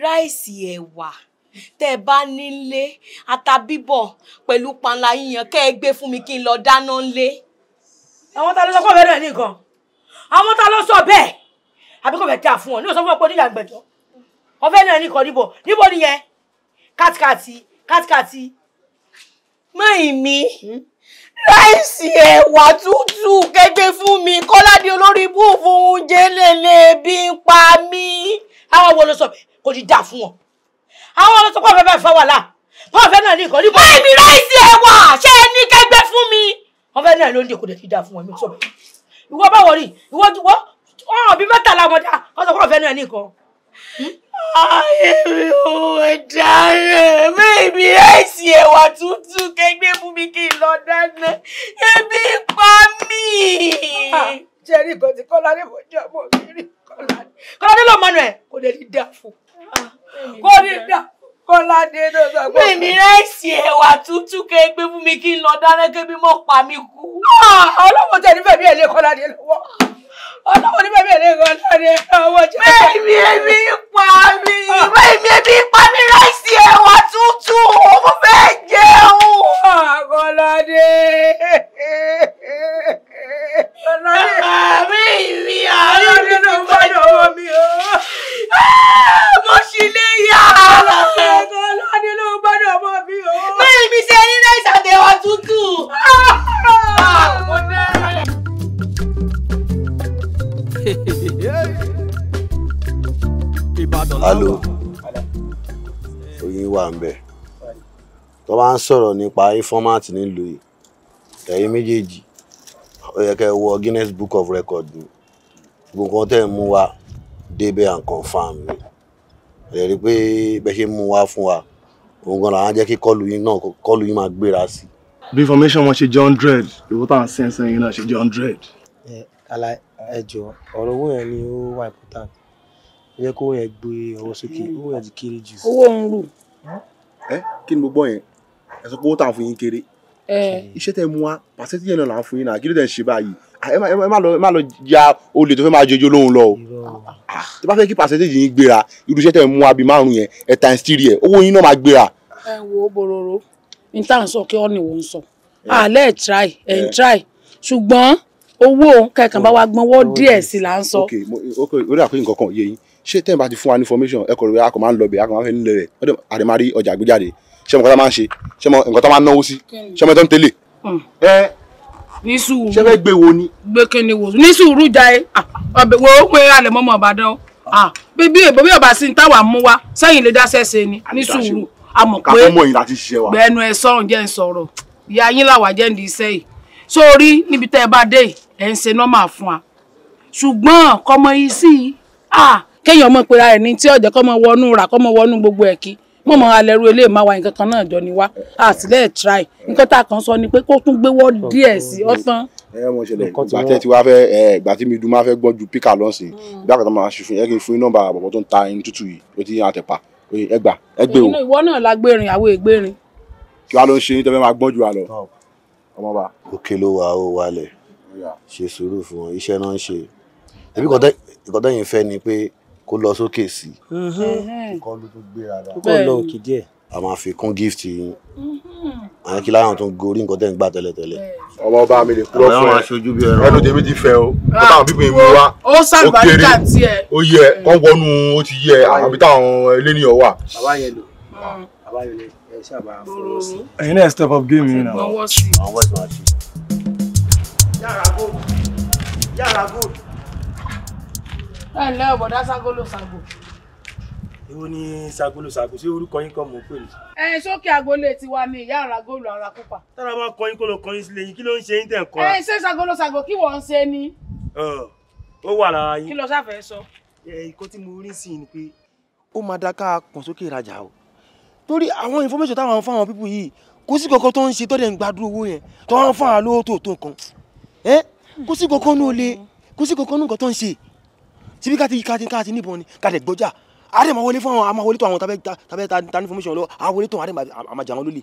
ráìsì ẹ̀wà tẹ́ ẹ bá nílé ata bíbọ̀ pẹ̀lú panla yíyan kẹ́ ẹ gbé fún mi kí n lọ dáná ńlé. àwọn ta ló sọ fún ọbẹ̀ náà nìkan àwọn ta ló sọ bẹ́ẹ̀ àbí kò fẹ́ tà ọ ní òsán fún ọ pé oníyà gbẹ̀jọ́ náà nìkan níbo níbo nìyẹn kátikáti kátikáti mẹ́ẹ̀mí. Hmm? ráìsì ẹ̀wà tútù kẹgbẹ́ fún mi kọ́ládé olórí bú fún oúnjẹ lélẹ̀ bí ń pa mí. àwọn wo ló sọ kò ní dà fún wọn àwọn ọmọ tó kọ́ fẹ́ẹ́ fẹ́ wà lá wọn fẹ́ náà ní ìkọ́ni. má ibi ráìsì ẹ̀wà ṣé ẹ ní kẹgbẹ́ fún mi. wọn fẹ́ náà ló ń dèkò dèkì dà fún wọn mi sọ bẹ́ẹ̀ ìwọ báwo rí ìwọ wọn bí mẹ́tàlá ọmọdé wọn sọ fún ọ̀fẹ́ náà ní ìkọ́ ayé ò dáre bẹ́ẹ̀mi ẹ̀sìn ẹ̀wà tútù kẹgbẹ́ fún mi kí n lọ dáná ebi pa mí. jẹ́rìí nǹkan tí kọ́ládé mọ̀ jẹ́ ọmọ mi rí kọ́ládé kọ́ládé ló mọ̀nà ẹ̀ kò lè rí dà fún ah, kò lè dà kọ́ládé ló sọ pé. bẹ́ẹ̀mi ẹ̀sìn ẹ̀wà tútù kẹgbẹ́ fún mi kí n lọ dáná kébí mọ̀ pa mí kú. Ah, ọlọ́mọ tẹ̀ nífẹ̀ẹ́ mi ẹ̀ lé kọ́ládé lọ́wọ́ ọlọ́wọ́ ní bẹ́ẹ̀ bẹ́ẹ̀ kan náà ni ọwọ́ jẹ́. bẹ́ẹ̀ mi ebi pa mi bẹ́ẹ̀ mi ebi pa mi ráìsì ẹ̀wà tútù mo fẹ́ jẹun. Akọ́ládé. Àmì mi àmì mi ló gbọ́dọ̀ wọ mi o. Ah, mo ṣì lè yá. Akọ́ládé ló gbọ́dọ̀ wọ mi o. Bẹ́ẹ̀ mi ṣe ní ráìsì àtẹ̀wà tútù. Ah, mo dẹ́ ìbàdàn lọ́wọ́. alo oyin wà ń bẹ tó bá ń sọ̀rọ̀ nípa ifọ́mátì nílùú yìí ẹ̀yin méjèèjì ó yẹ kẹ́ ẹ wọ Guinness Book of Record ni gbogbo nǹkan tẹ́ ẹ̀ mú wa débẹ̀ and confam ni ẹ̀ rí i pé bẹ́ẹ̀ ṣe mú wa fún wa òun gan làwọn jẹ́ kí kọ́ọ̀lù yín náà kọ́ọ̀lù yín máa gbéra sí. bí information wọn ṣe jẹ́ hundred ìwọ́n táwọn sẹ́ńsẹ́ yín náà ṣe jẹ́ hundred. ẹ alaye ẹ jọ ọ̀rọ̀ owó yẹn ni ó wà important ẹ jẹ́ kó owó yẹn gbé ọwọ́ sókè owó yẹn ti kéré jù. owó ń rù. ẹ kí ni mo gbọ́ yẹn ẹ sọ pé owó tà fún yín kéré iṣẹ́ tẹ mú wa pàṣẹtì yẹn náà là ń fún yín náà kí ló dé ń ṣe báyìí ẹ má lọ ẹ má lọ ya olè tó fẹ́ máa jẹjọ lóhùn lọ o tó bá fẹ́ kí pàṣẹtì yìí gbéra irú iṣẹ́ tẹ mú wa bíi márùn yẹn ẹ times three yẹn owó yín náà máa gbéra. ẹ wo bororo n tá ń sọ kí ọ ni wò sọ àlẹ́ ẹ̀ try ẹ̀ try ṣùgbọ́n owó òun kẹkàn bá wa gbọ́nwọ́ oh, díẹ̀ sí là ń sọ. ok ok orí àpéjì nǹkan kan yé yín ṣé tẹ́yìn bá ti fún wa ní information ẹ kọ̀ rẹ̀ a kò máa ń lọ bẹ̀ a kò máa ń fẹ́ nílẹ̀ rẹ̀ ọdẹ àdèmárí ọjà àgbéjáde ṣé nǹkan tá máa ń ṣe ṣé nǹkan tá máa ń náwó sí ṣé ọmọ ẹ tó ń tẹ́lẹ̀. Hmm. ẹ ní sùúrù ṣé fẹ́ gbé wo ni. gbé kíni wo ní sùúrù ja ẹ ọbẹ̀ wo pé alẹ́ mọ́mọ́ ọ̀bàdàn bí bí èbó bí ọba sí ní táwa mú wa sẹ́yìn lè dáṣẹ́ ṣe ni ní sùúrù a mọ̀ pé gbẹnu ẹ sọ̀rọ̀ jẹ́ ń sọ̀rọ̀ ìyá yín làwà jẹ́ ń di iṣẹ́ yìí sórí níbi tẹ́ ẹ bá dé yìí ẹ̀ ń ṣe nọ́mà fún wa ṣùgbọ́n kọmọ yìí sí i kéèyàn mọ̀ pera ẹ̀ ní tí ọ̀jẹ̀ kọ́mọ wọnú rà kọ́mọ wọnú gbogbo ẹ̀ kí mọ̀ mọ́ alẹ́rú eléyìí máa wá nǹkan kan náà jọ ni wá àtìlẹ́ try nǹkan tá a kàn sọ ni pé kó tún gbé wọ́ díẹ̀ sí ọ̀tán. ẹ ẹ mo ṣẹlẹ̀ ìgbà tẹ ti wá fẹ́ ẹ ìgbà tí mi dùn máa fẹ́ gbọ́ ju píkà lọ́sìn hmm. ìgbà kan tó máa ṣe fún ẹ kí n fún nọ́mbà àbọ̀bọ̀ tó ń ta ẹni tútù yìí ó ti yàn àtẹ̀pà ẹgbà ẹgbẹ́ o. ìwọ náà la gbérin àwọn ègbérin. kí wàá ló ń ṣe yín tẹ́ fẹ́ máa gbọ́ ju wa lọ ọmọba ṣe sùúrù fún wọn iṣẹ́ náà ń ṣe ẹbí ìkọ́tẹ́ yìí fẹ́ ni pé kó lọ sókè sí i mm-hmm. kó ló tó gbéra rà kó lọ òkè díẹ̀ a máa fi kún gift yín mm-hmm. àwọn kí láwọn tó ń gorí nǹkan tẹ́ ń gbà tẹ́lẹ̀tẹ́lẹ̀. ọmọ ọba mi lè kúrò fún ẹ ẹnu tèmi ti fẹ́ o ah, kó táwọn bíbí ìwé wa ó kéré ó yẹ kó wọnú ó ti yẹ àbí táwọn eléníyàn wà. bàbá yẹn lò mm. bàbá yẹn lè ṣàbà fọwọ́ sí. ẹ̀yin náà step up game yìí náà. ọwọ́ sí i yàrá gold yàrá gold. ẹ ǹlẹ́ o bọ̀dá ságolo sago. èwo ni ságolo sago ṣé orúkọ yín kan mò ń pè ní. ẹ sókè agolo tiwa ni ìyá ara góòlù ara kópa. tára bá kọyín kó lọ kọyín sílé yín kí ló ń ṣe yín tẹ̀ ń kọ́. ẹ ṣé ságolo sago kí wọ́n ṣe ni. ó wà lára yín. kí ló sáfẹ́ sọ. ẹ̀kọ́ tí mo rí sí i ni pé ó máa da ká kàn sókè ìrajà o torí àwọn information táwọn fáwọn pípù yìí kò sí kankan tó ń ṣe tọ́lẹ̀ ń gbádùn owó yẹn tó ń fáwọn lówó tó ẹ eh? kó sí kankan nù olè kó sí kankan nù nǹkan tó ń ṣe síbi ká ti ká ti ká ti níbọn ni ká lè gbọ́jà àrẹ máa wọlé fún àwọn àmà wọlé tó àwọn tàbí tàbí ta ní fọmíṣàn lọ àwọn wọlé tó àrẹ máa jà wọn lólè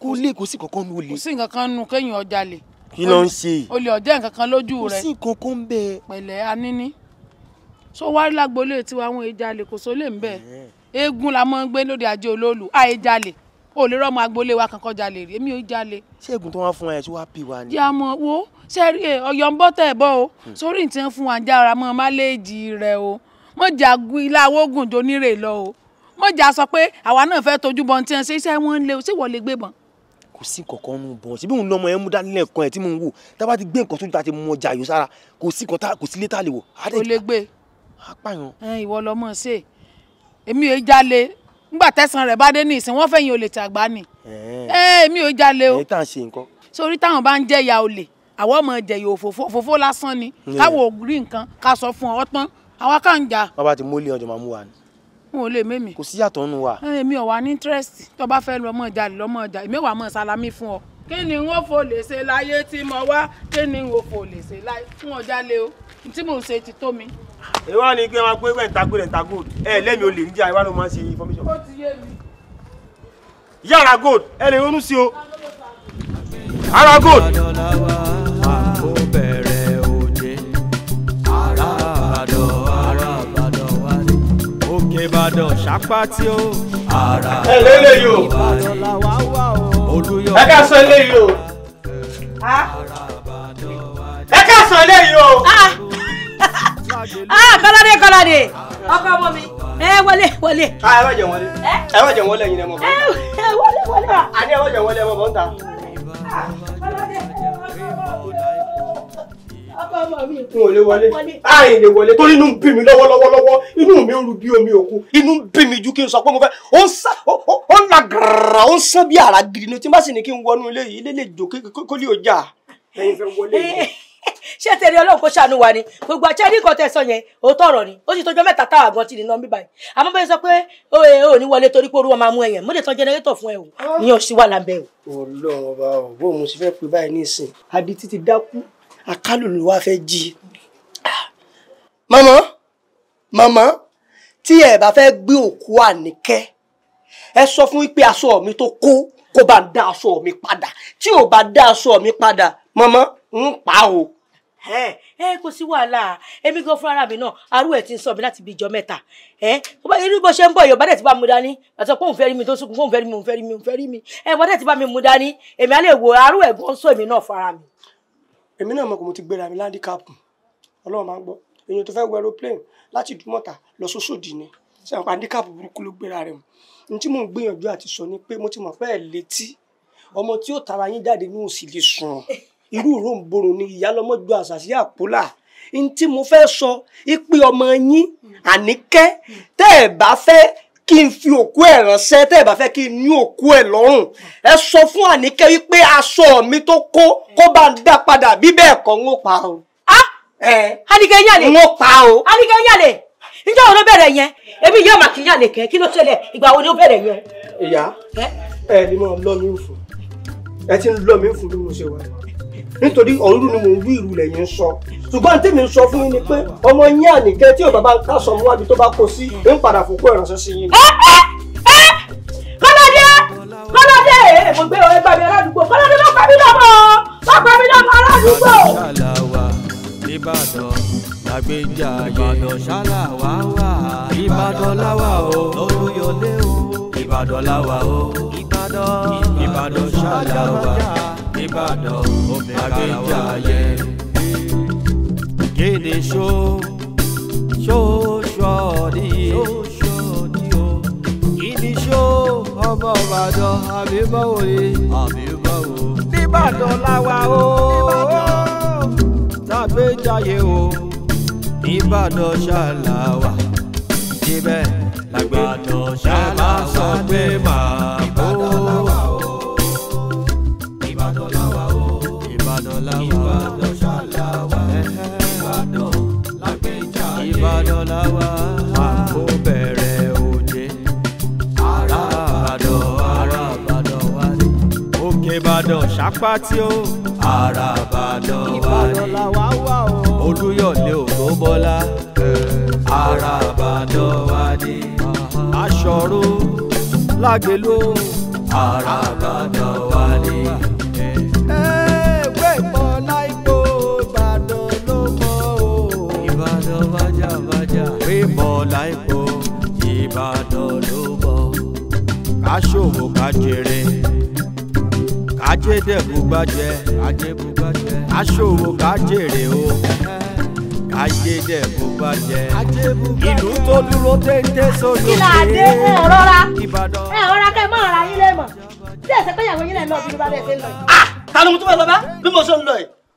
kó lè kó sí kankan nù olè. kò sí nǹkan kan nù kéèyàn ọjà lè. kí ló ń ṣe. olè ọjà nǹkan kan lójú rẹ. kò sí kankan bẹ́ẹ̀. pẹ̀lẹ́ aníní so wárí lágbolé tiwa àwọn èjàlè kò sólè ń bẹ eh. eégún la máa ń gbé lóde ajé olóòlù àìjàlè ò lè rọmọ agbolé wa kankan jalè rí èmi ò jalè. ṣé ègùn tó wá fún ẹ tí wàá pè wá ni. yà mọ wo ṣe rí ọyọ ń bọ́ tẹ̀ bọ́ o hmm. sórí ìtẹ́ fún wa jára mọ́ máléèjì rẹ o mọ̀jà ilé awógùn donírè lọ o mọ̀jà sọ pé àwa náà fẹ́ tójú bọ́ tí wọ́n ṣe iṣẹ́ wọn lé o ṣé wọ́n lè gbé bọn. kò sí kankan nù bọ̀ síbí òun lọmọ yẹn mú dání lẹ́ẹ̀kan ẹ̀ tí mò ń wò tábà ti gbé nǹkan tó ta ti mú ọjà yòó sára kò sí kan kò sí létà lè wò. kò lè gbé ìwọ lọmọ ṣe èmi ò jalè nígbà tẹ̀sán rẹ̀ bá dé ní ìsìn wọ́n fẹ̀yìn olè tàgbá ni èmi ò jalè o sórí táwọn bá ń jẹ́ ìyá olè àwọn ọmọ jẹyọ òfófó òfófó lásán ni káwọ òrí nǹkan ká sọ fún ọ tán àwa ká ń jà. bàbá ti mólé ọjọ́ máa mú wa ni. n ò lè mémi. kò síyàtọ̀ nù wa. èmi ò wá ní interest tó bá fẹ́ lọ́mọ ìjà lọ́mọ ìjà èmi ò wá mọ̀ sálámí fún ọ. kí ni n ò fò lè ṣe láyé tí mo wá kí ni n ò fò lè ṣe láyé fún ọjà lé o tí mò ń ṣe ti tó mi. ìwọ ni kí ẹ máa pé bẹ́ẹ̀ ta gold ẹ̀ ta gold ẹ lẹ́mi olè níjà ìwọ ló máa ṣe information. ó ti ara gold. ìbàdàn ṣàpá tí ó. ẹ ká sọ eléyìí o ẹ ká sọ eléyìí o. Ah. Ah, kọ́ládé kọ́ládé ọkọ ọmọ mi ẹ wọlé wọlé. Ah, ẹ wọ́n wọlé ẹ wọ́n wọlé ẹ wọlé wọlé. àní ẹ wọ́n jẹ wọlé ẹ̀ mọ̀ bọ́ńtà n ò lè wọlé àì lè wọlé torí inú ń bí mi lọ́wọ́lọ́wọ́ lọ́wọ́ inú mi ń ru bí omi òkun inú ń bí mi ju kí n sọ pé mo fẹ́ ó ń sá ó ń la gàrà ó ń sán bí àrà gidi ni tí n bá sì ní kí n wọnú ilé yìí ilé lè jò kó lè o jà. ẹyin fẹ́ wọlé yìí ṣé tẹ̀lé ọlọ́run kó ṣàánú wa ni gbogbo àti ẹni kan tẹ̀sán yẹn òótọ́ ọ̀rọ̀ ni ó sì tọjọ́ mẹ́ta táwọn àgbọn ti nìna bíbáyìí àmọ́ bẹ́ẹ̀ sọ pé ó ẹ ò ní wọlé torí pé orúwọ́ máa mú ẹ̀yẹn mo lè tan jẹnẹrétọ̀ fún ẹ o ìyẹn ò sí wà lábẹ́ o. olóòba ò bó mo ṣe fẹ́ pè báyìí nísìn àbí títí dákú àkálù ló wá fẹ́ jí. màmá màmá tí ẹ bá fẹ́ gbé òkú àníkẹ́ ẹ sọ fún pé aṣọ mi tó kó kó bá dá aṣọ mi padà tí ò bá dá aṣọ mi padà màmá ń pa o ẹ ẹ kò sí wàhálà èmi gan fúnra mi náà arú ẹ ti ń sọ mi láti bíi ijọ mẹ́ta ẹ tó bá irú bó ṣe ń bọ̀ yorùbá dẹ ti bá mu dání àti pé òun fẹ́ rí mi tó sunkún òun fẹ́ rí mi òun fẹ́ rí mi òun fẹ́ rí mi ẹ wọn dẹ ti bá mi mu dání èmi á lè wo arú ẹ gan sọ èmi náà fara mi. èmi náà mọ̀ kò mo ti gbéra mi láńdíkàpù ọlọ́run máa ń gbọ́ èyàn tó fẹ́ wọ aeroplane láti dúmọ̀tà lọ sósòdì ni ní òsì lè sùn irú òróǹbòrò ni ìyálọ́mọ ju àṣàṣì àpólà n tí mo fẹ́ sọ ipe ọmọ yín àníkẹ́ tẹ́ ẹ̀ bá fẹ́ kí n fi òkú ẹ̀ ránṣẹ́ tẹ́ ẹ̀ bá fẹ́ kí n ní òkú ẹ̀ lọ́rùn ẹ sọ fún àníkẹ́ wípé aṣọ mi tó kó kó bá ń dá padà bí bẹ́ẹ̀ kọ́ ń pa o. àníkẹ́ yàlè ń pa o. àníkẹ́ yàlè njẹ́ òun ló bẹ̀rẹ̀ yẹn èmi yóò máa kí yàlè kẹ́ kí ló ṣẹlẹ̀ ìgbà wo ló bẹ̀rẹ̀ yẹn. ìyá ẹ ní mo lọ mi fún ẹ ti ń lọ mi fún bí mo ṣe wà nítorí òru ni mò ń wí ìrù lẹ́yìn sọ ṣùgbọ́n tí mi ń sọ fún yín ni pé ọmọ yín ànìkẹ́ tí ò bàbá ń kásọ mú wábi tó bá kó sí ń padà fòkú ẹ̀ sí yín. Eh, eh, eh, kọ́ládé kọ́ládé èèmọ̀ gbé ọ̀rẹ́ gbàmí aládùúgbò kọ́ládé ló pa mí ló pa mí aládùúgbò. Ìbàdàn Ìbàdàn ṣálà wá Ìbàdàn láwà Ìbàdàn láwà nìbàdàn àríjàyè. Gèdè ṣó ṣó ṣọ́ọ̀dì e. ìdí ṣó ọmọ Ìbàdàn àbí báwo ni. Àbí báwo. Nìbàdàn láwa o tàbí jàyè o Ìbàdàn ṣàlàwà síbẹ̀ làgbàdàn ṣàlàwà pé màá. àṣàpátí o. àràbà lọ́wà ní olúyọ̀lé ògúnbọ́lá. àràbà lọ́wà ní aṣọ̀rò lágbèlú. àràbà lọ́wà ní. Ìbàdàn ló bọ̀ ká ṣòwò ká jèrè ajé dẹ̀bù gbájẹ aṣòwò kájèrè o ajé dẹ̀bù gbájẹ ìlú tó dúró téńté sódò ṣe. kí ẹ rọra ẹ rọra kẹ mọ ara yín mọ bí ẹsẹ pé ìyàwó yín lẹ lọ bí ló bá bẹ ṣe lọ. Ah! ta ló ń tún bẹ lọ bá bí mo ṣe ń lọ yìí.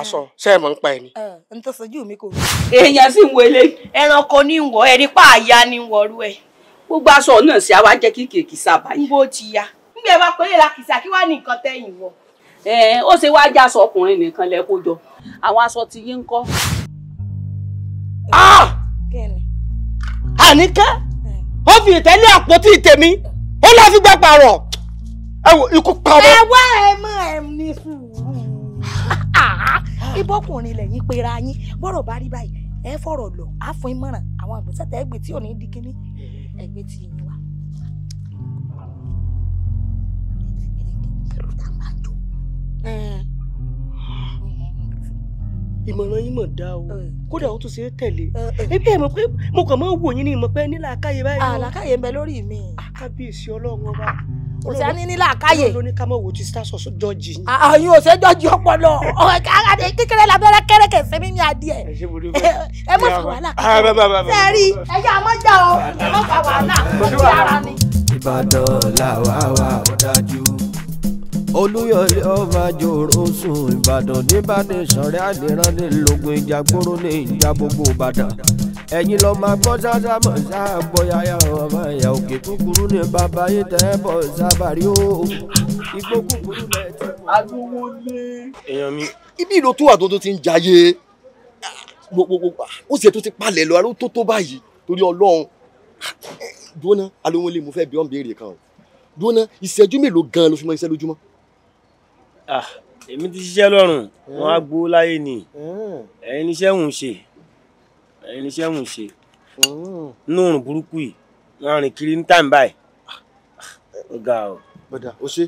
aṣọ sẹ́ẹ̀mọ̀ ń pa ẹ̀ n tó sojú mi kò. èèyàn sì ń ẹranko ní wọ ẹ̀rí pààyà ní wọ̀ọ́rú ẹ̀. gbogbo aṣọ náà ṣe àwa jẹ́ kíkì èkìsà báyìí. níbo ti ya. nígbà ẹ bá pé èèlà kìsà kí wàá ní nǹkan wọ. ẹ ó ṣe wá jẹ́ aṣọ ọkùnrin nìkan lẹ kó jọ àwọn aṣọ ti yín ń ah! àníkẹ́ ó fi àpótí ó fi gbẹ́ pààrọ̀ ikú pa ibọ́kùnrin lẹ́yìn pera yín bọ́rọ̀ bá rí báyìí ẹ fọ̀rọ̀ lọ á fún ìmọ̀ràn àwọn àgbẹ̀sẹ̀ tẹ́ ẹgbẹ́ tí ò ní di kínní ẹgbẹ́ tí yín wà. ìmọ̀ràn yín mọ̀ dá o kódà ó tún ṣe é tẹ̀lé ebi ẹ̀ mọ̀ pé mo kàn máa wò yín ní ìmọ̀ nílà àkáyé báyìí. àlàkáyé ń bẹ lórí mi. àkábíyèsí ah, ọlọ́run ọba kò sí ẹni nílà káyè. olórí ká mọ̀ wo ti sításọ̀ jọ́ọ̀jì. àyìn ò ṣe jọ́ọ̀jì ọpọlọ ọ̀rẹ́ kékeré labẹ́rẹ́ kẹ́rẹ́kẹ́ sẹ́mi mi adìẹ. ẹ mọ̀ fà wàhálà kan sẹ́ẹ̀rì ẹ̀yà mọ́jà o ẹ mọ̀ fà wàhálà kó ti ara ni. Ìbàdàn làwa wà ó dájú olùyọ̀lé ọba jòrò sùn Ìbàdàn níbàdàn sọ̀rẹ́ àdìrán ní lógun ìjà gbóró ní ìjà gbogbo Ìbàdàn ẹ̀yin lọ máa gbọ́ sáṣá mọ̀ sáà gbọ́yàyà ọmọ ẹ̀yà òkè kúkúrú ní bàbá yìí tẹ́ bọ̀ sábàrí o igbó kúkúrú lẹ̀ ti pọ̀. agbowó èèyàn mi. ibi ìlò tó wà tó tó ti ń jayé gbogbogbò ó sì tó ti palẹ̀ lọ aró tó tó báyìí torí ọlọ́run dúnà alówólé mo fẹ́ bí wọ́n béèrè kan o dúnà ìṣẹ́jú mélòó gan-an ló fi mọ iṣẹ́ lójúmọ́. Ah, èmi ti ṣiṣẹ́ lọ́rùn wọn á gbowó láyé ni ẹ̀yin iṣẹ́ ń irinṣẹ́ mò ń ṣe mm. inú òrùn burúkú yìí wọ́n rìn kiri ní táìmù báyìí ó ah, ga o. bọ̀dà o ṣe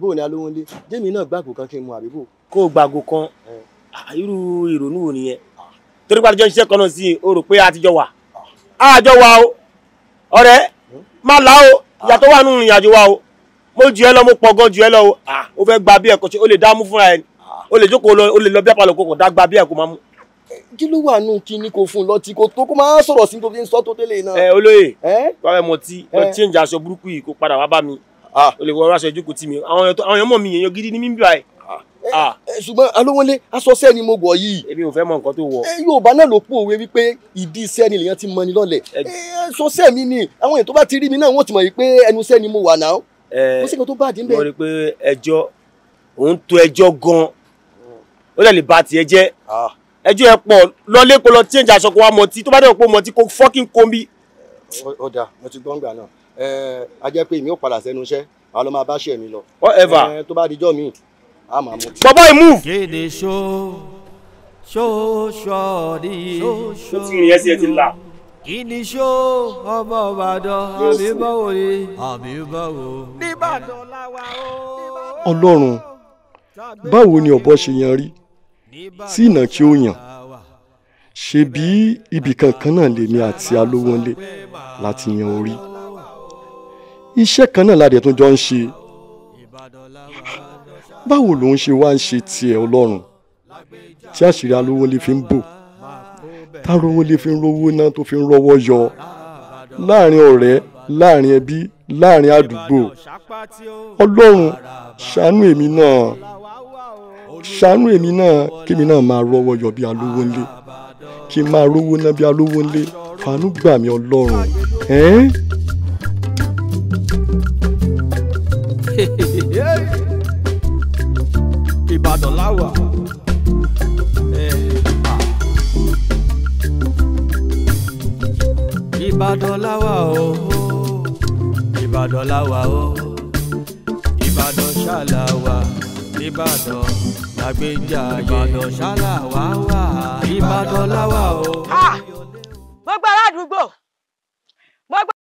bó ni alówó ń lé jẹ́mi náà gbàgbó kan kí n mu àbíbò. kó o gbàgbó kan ah, irú ìrònú wo nìyẹn torí pàtó jọ ń ṣiṣẹ́ kan náà sí i o rò pé àtijọ́ wà àjọ wa o ọ̀rẹ́ hmm? má là o ah. ìyàtọ̀ wà nínú ìrìnàjò wa o mo jù ẹ lọ mo pọ̀ gan jù ẹ lọ o ó fẹ́ gba bí ẹ̀kọ́ ṣe o lè dá mú fúnra ẹ o lè jókòó lọ o lè lọ bí apalọ kò kò dá gba bí ẹ̀kọ́ máa mú kí ló wà nù kí ni kò fún lọtí kò tó kó máa sọ̀rọ̀ sí tó fi ń sọ tó tẹ́lẹ̀ náà. ẹ olóye wàá mọ tí lọ change aṣọ burúkú yìí kó padà wá bá mi olè wọ aṣọ ìjókòó tì mí àwọn èèyàn mọ̀ mi èèyàn gidi ni mí bí báyìí ṣùgbọ́n alówólé aṣọ sẹ́ni mo gbọ́ yìí. èmi ò fẹ́ mọ nǹkan tó wọ. yorùbá náà ló pò wé wípé ìdí sẹ́ni lèèyàn ti mọni lọ́lẹ̀. sọ sẹ́mi ni àwọn èèyàn tó bá ti rí mi náà wọ́n ti gan-an ó lè lè ba tiẹ̀ jẹ́ ẹjọ́ ẹ pọ̀ lọlé kó lọ change aṣọ kó wa mọtí tó bá dẹ̀ pọ̀ mọtí kó fọ́kín kombi. ó mo ti gbọ́ngbà náà ẹ a pé èmi ò padà sẹ́nu iṣẹ́ àá lọ máa bá ṣe mi lọ. whatever tó bá dijọ́ mi a máa mọtí. bàbá yìí move. kéde ṣó ṣó ṣọ́ọ̀dì ṣó ti rìn ẹsẹ̀ ti là. kí ni ṣó ọmọ ìbàdàn àbí báwo ni àbí báwo. ọlọ́run báwo ni ọ̀bọ ṣe yan rí sí ìnà kí ó yàn ṣebí ibì kankan náà lèmi àti alówónlé láti yan orí iṣẹ́ kan náà ládìẹ tó jọ ń ṣe báwo ló ń ṣe wá ń ṣe tiẹ̀ ọlọ́run tí àṣírí alówónlé fi ń bò tárówónlé fi ń rówó náà tó fi ń rọ́wọ́ yọ láàrin ọ̀rẹ́ láàrin ẹbí láàrin àdúgbò ọlọ́run ṣàánú èmi náà ṣàánú èmi náà kémi náà máa rọ́wọ́ yọ bí alówó ńlé kí n máa rówó ná bí alówó ńlé fàánú gbà mí ọlọ́run. ìbàdàn láwà. Ah. ìbàdàn láwà o ìbàdàn láwà o ìbàdàn ṣáláwà ìbàdàn. Gbàgbéjà Ìbàdàn ṣálà wá wà Ìbàdàn láwà o. gbogbo ará àdúgbò gbogbo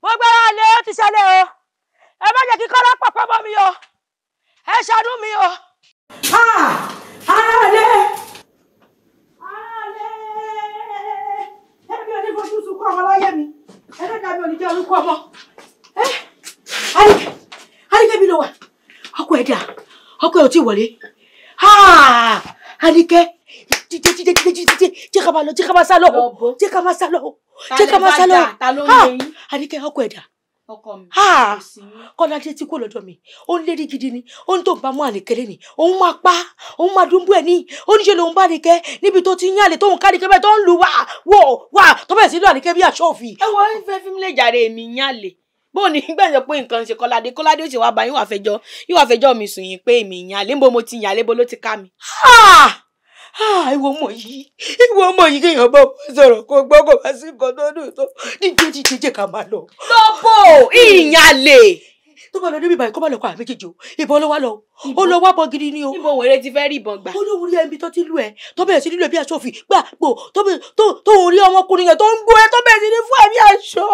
gbogbo ará ilé ó ti ṣẹlẹ̀ o ẹ má jẹ́ kí kọ́lá pàpọ̀ mọ́ mi o ẹ ṣàánú mi o. ará ilé ará ilé ẹbí onífojú sunkún ọmọ láyé mi ẹlẹ́dàá eh! mi ò ní jẹ́ orúkọ ọmọ. Àríkẹ́ Àríkẹ́ bí ló wà ọkọ ẹ dà ọkọ ẹ ò tí wọlé Àríkẹ́ jíjẹ jíjẹ jíjẹ jíjẹ jẹ ká máa lọ jẹ ká máa sá lọ jẹ ká máa sá lọ jẹ ká máa sá lọ Àríkẹ́ ọkọ ẹ dà ọkọ mi. kọ́ládé tí kò lọ́dọ̀ mi ó ń lérí gidi ni ó ń tó ń bá mú àníkẹ́lẹ́ ni òun máa pa òun máa dúnbú ẹ̀ ní oníṣẹ́ lòun bá àníkẹ́ níbi tó ti ń yàlè tóun ká àníkẹ́ bẹ́ẹ̀ tó ń lu wà wò wà tó bẹ̀rẹ̀ sí lọ àníkẹ́ bí àṣọ òfin. ẹ wọ ife fíìmù lè jàre èmi yàlè bóun ní gbẹ̀yìn pé nǹkan ṣe kọ́ládé kọ́ládé ó ṣe wá bá yín wà fẹjọ́ yín wà fẹjọ́ mi sùn yín pé èmi ìyàn àlé níbo mo ti yàn àlé bo ló ti ká mi. Ah! Ah! ìwọ ọmọ yìí ìwọ ọmọ yìí kéèyàn bá wọn sọ̀rọ̀ kó gbọ́ kó wá sí nǹkan tó dùn tó díje díje ká máa lọ. lọ́bọ̀ ìyàn àlè tó bá lọ níbi ìbàyìí kó má lọ kọ àmì jíjò ìbọn ló wá lọ ó lọ wá bọ gidi ni o. níbo wèrè ti fẹ́ rí ìbọn gbà. ó ní orí ẹbí tó ti lù ẹ tó bẹ̀rẹ̀ sí nílò bí aṣọ́fin gbà gbò tó orí ọmọkùnrin yẹn tó ń gbó ẹ tó bẹ̀rẹ̀ sí ní fún ẹ̀mí aṣọ.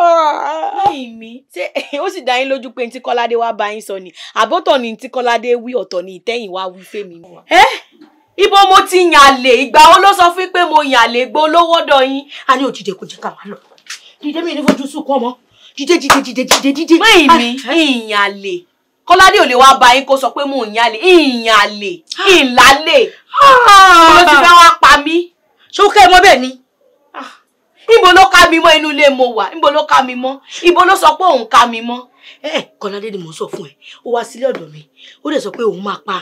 mi ṣé ó sì dá yín lójú pé ntí kọ́ládé wá bá yín sọ ni àbótọ̀ ni ntí kọ́ládé wí ọ̀tọ̀ ni ìtẹ́yìn wá wí fẹ́mi. ẹ ibo mo ti yàn lè ìgbà wo ló sọ fún pé mo yàn lè gbó lówó dọ yín. a ní òjìdè kò jẹ́ ká wà lọ. dídé mi ní fojú sùn kọ́ mọ́ jíjẹ jíjẹ jíjẹ jíjẹ jíjẹ. mẹ́yìn ah, mi ìyàn àlè kọ́ládé ò lè wá bá yín kó sọ pé mò ń yàn ìlàlè mo ló ti fẹ́ wá pa mí. ṣé mọ́ bẹ́ẹ̀ ni níbo ló ká mi mọ́ inú ilé mo wà níbo ló ká mi mọ́ ibo ló sọ pé òun ká mi mọ́. ẹ ẹ kọ́ládé ni mò ń sọ fún ẹ ó wá sílé ọ̀dọ̀ mi ó dẹ̀ sọ pé òun máa pa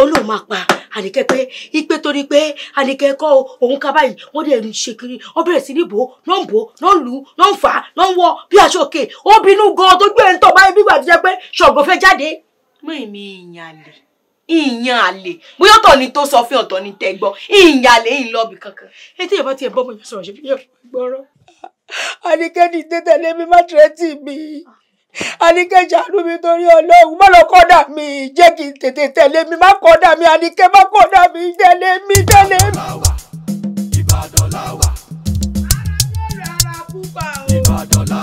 olóun máa pa àníkẹ́ pé ipe torí pé àníkẹ́ kọ́ òun ká báyìí wọ́n dẹ̀ ń ṣe kiri wọ́n bẹ̀rẹ̀ sí ní bò náà bò náà lù ú náà fà á náà wọ bí aṣọ òkè ó bínú gan tó gbé ń tọ́ báyìí bí ìgbà pé ṣọ̀gbọ́n fẹ́ jáde. mọ̀ èmi ìyàlè ìyàn àlè bóyá ọ̀tọ̀ ni tó sọ fún ọ̀tọ̀ ni tẹ ìyàn àlè ìyàn lọ́ọ̀bì kankan etí ìyàbá tiẹ̀ bọ́ bóyá sọ̀rọ̀ ṣe fi yẹ gbọ́rọ̀. àníkẹ́ni tètè mi má tẹ̀rẹ́tì mi àníkẹ́ jàánú mi torí ọlọ́run má lọ kọ́dà mi jẹ́ kí n tètè tẹ̀lé mi má kọ́dà mi àníkẹ́ má kọ́dà mi tẹ̀lé mi tẹ̀lé mi. Ìbàdàn la wà Ìbàdàn la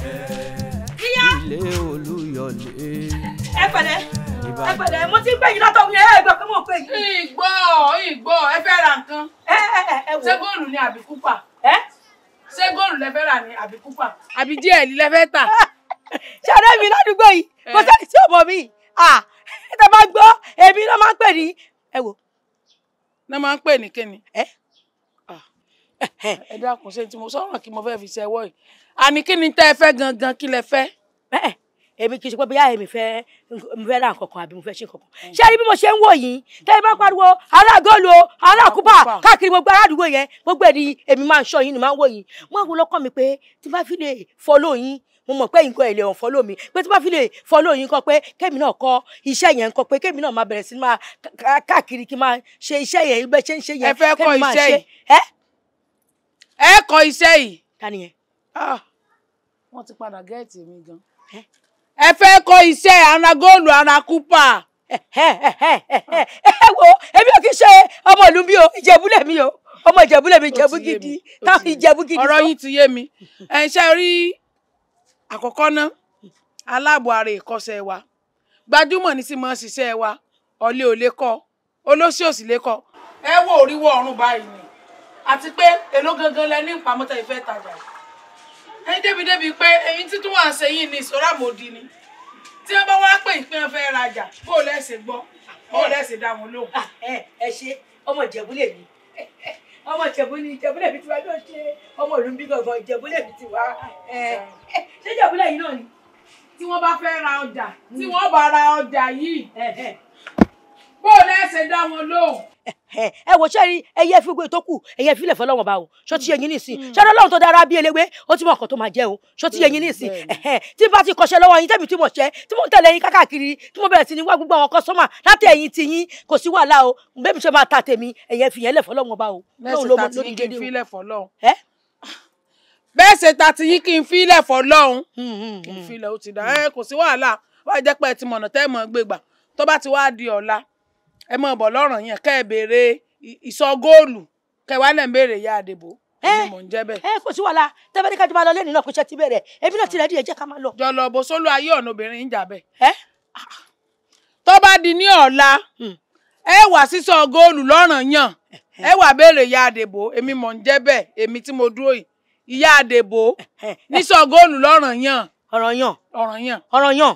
kan ilé olúyọlé. ẹ pẹ̀lẹ́ ẹ pẹ̀lẹ́ mo ti ń gbẹ̀yìn látọ̀ mi ẹ gbọ́ pé mo pè yín. ìgbọ́ ìgbọ́ ẹ fẹ́ ra nǹkan. ẹ ẹ ẹ wò. ṣé góòlù ni àbí kúpà. ẹ. ṣé góòlù lẹ fẹ́ rà ni àbí kúpà. àbí díẹ̀ ni lẹ fẹ́ tà. ṣàrẹ́ mi ládùúgbò yìí kò eh. sẹ́ni tí ò mọ̀ mi ẹ tẹ bá gbọ́ èmi náà máa ń pè ní ẹ wò. náà máa ń pè ní kíni. ẹ ẹ dákun ṣe tí mo sọ̀rọ̀ kí mo fẹ́ fi ṣẹ́wọ́ yìí àní kí ni tẹ́ ẹ fẹ́ gangan kí lẹ fẹ́ bẹ́ẹ̀ eh, èmi kì í ṣe pé bóyá èmi fẹ́ mo fẹ́ ra nǹkan kan àbí mo fẹ́ ṣe nǹkan kan mm. ṣé rí bí mo ṣe ń wò yìí tẹ́lẹ̀ bá pariwo ará góòlù o ará kúbà káàkiri gbogbo ará àdúgbò yẹn gbogbo ẹ̀rí èmi máa ń ṣọ́ yín ni máa ń wò yìí mo wá wo lọ́kàn mi pé tí bá fi lè follow yín mo mọ̀ pé nǹkan ẹ̀lẹ́ ọ̀hún follow mi pé tí bá fi lè follow yín kan pé kémi náà kọ́ iṣẹ́ yẹn kan pé kémi náà máa bẹ̀rẹ̀ sí máa káàkiri kí máa ṣe iṣẹ́ yẹn bẹ́ẹ̀ ṣe ń ṣe yẹn ẹ fẹ́ kọ́ iṣẹ́ yìí ẹ kọ́ iṣẹ́ yìí. ta ni ẹ fẹ́ kọ́ iṣẹ́ anagóòlù anakúpà ẹ wo èmi ò kì í ṣe ọmọ ìlú mi o ìjẹ̀búlẹ̀ mi o ọmọ ìjẹ̀búlẹ̀ mi ìjẹ̀bú gidi táwọn ìjẹ̀bú gidi sọ. ọ̀rọ̀ yìí ti yé mi ẹ ṣe rí àkọ́kọ́ ná aláàbò ara ìkọsẹ̀ wa gbajúmọ̀ ní sí mọ́ ṣiṣẹ́ wa ọ̀lẹ́ ò lè kọ́ olóṣì òsì lè kọ́ ẹ wo òríwọ̀ ọ̀run báyìí ni àti pé èló gangan lẹ ní ìpamọ́tẹ́ ìfẹ́ tajà yìí ẹ débi débi pé ẹyin títún wà sẹ́yìn ní ìṣòro àmòdì ni tí wọ́n bá wá pé ìpín ọ̀fẹ́ rajà bó lẹ́sẹ̀ gbọ́ bó lẹ́sẹ̀ dá wọn lóhùn. Ah, ẹ ṣe ọmọ ìjẹ̀bú lè mi ọmọ ìjẹ̀bú ni ìjẹ̀bú lè mi ti wá bí ó ṣe ọmọ ìlú ń bí gangan ìjẹ̀bú lè mi ti wá ṣé ìjẹ̀bú lè yín náà ni. tí wọ́n bá fẹ́ ra ọjà hmm. tí wọ́n bá ra ọjà yìí bó lẹ́sẹ̀ dá wọn lóhùn ẹ wò ṣe rí ẹyẹ fígbó tó kù ẹyẹ fílẹ̀ fọlọ́wọ́n bá o ṣó ti yẹn nísìn ọlọ́run tó dára bí eléwé ó ti mọ ọkọ̀ tó máa jẹ́ o ṣó ti yẹn tí bá ti kọṣẹ́ lọ́wọ́ yín tẹ́bi tí mo ṣẹ́ tí mo tẹ̀lé yín kákàkiri tí mo bẹ̀rẹ̀ sí ní wá gbogbo àwọn kọ́sọ́mà láti ẹ̀yìn ti yín kò sí wàhálà o bẹ́ẹ̀ mi ṣe máa ta tèmi ẹyẹ fi yẹn lẹ̀ fọlọ́wọ́n bá o. bẹ́ẹ̀ ta ti yín kí n fílẹ̀ fọlọ́run kí n ẹ mọ̀ bọ̀ lọ́rọ̀ yẹn kẹ́ ẹ béèrè ìsọ góòlù kẹ́ ẹ náà béèrè ya àdìbò èmi mò ń jẹ́ bẹ́ẹ̀. ẹ kò sí wàhálà tẹ́fẹ́dé kájú máa lọ lẹ́nu náà kò ṣe ti bẹ̀rẹ̀ èmi náà ti rẹ̀ díẹ̀ jẹ́ ká máa lọ. jọlọ bó sólú ayé ọ̀nà obìnrin ń jà bẹ́ẹ̀. tó bá di ní ọ̀la hmm. ẹ wà sísọ góòlù lọ́ràn yàn ẹ wà béèrè ya àdìbò èmi mò ń jẹ́ èmi tí mo dúró yìí ìyá àdìbò nísọ góòlù lọ́ràn yàn ọ̀rọ̀ yàn. ọ̀rọ̀ yàn. ọ̀rọ̀ yàn.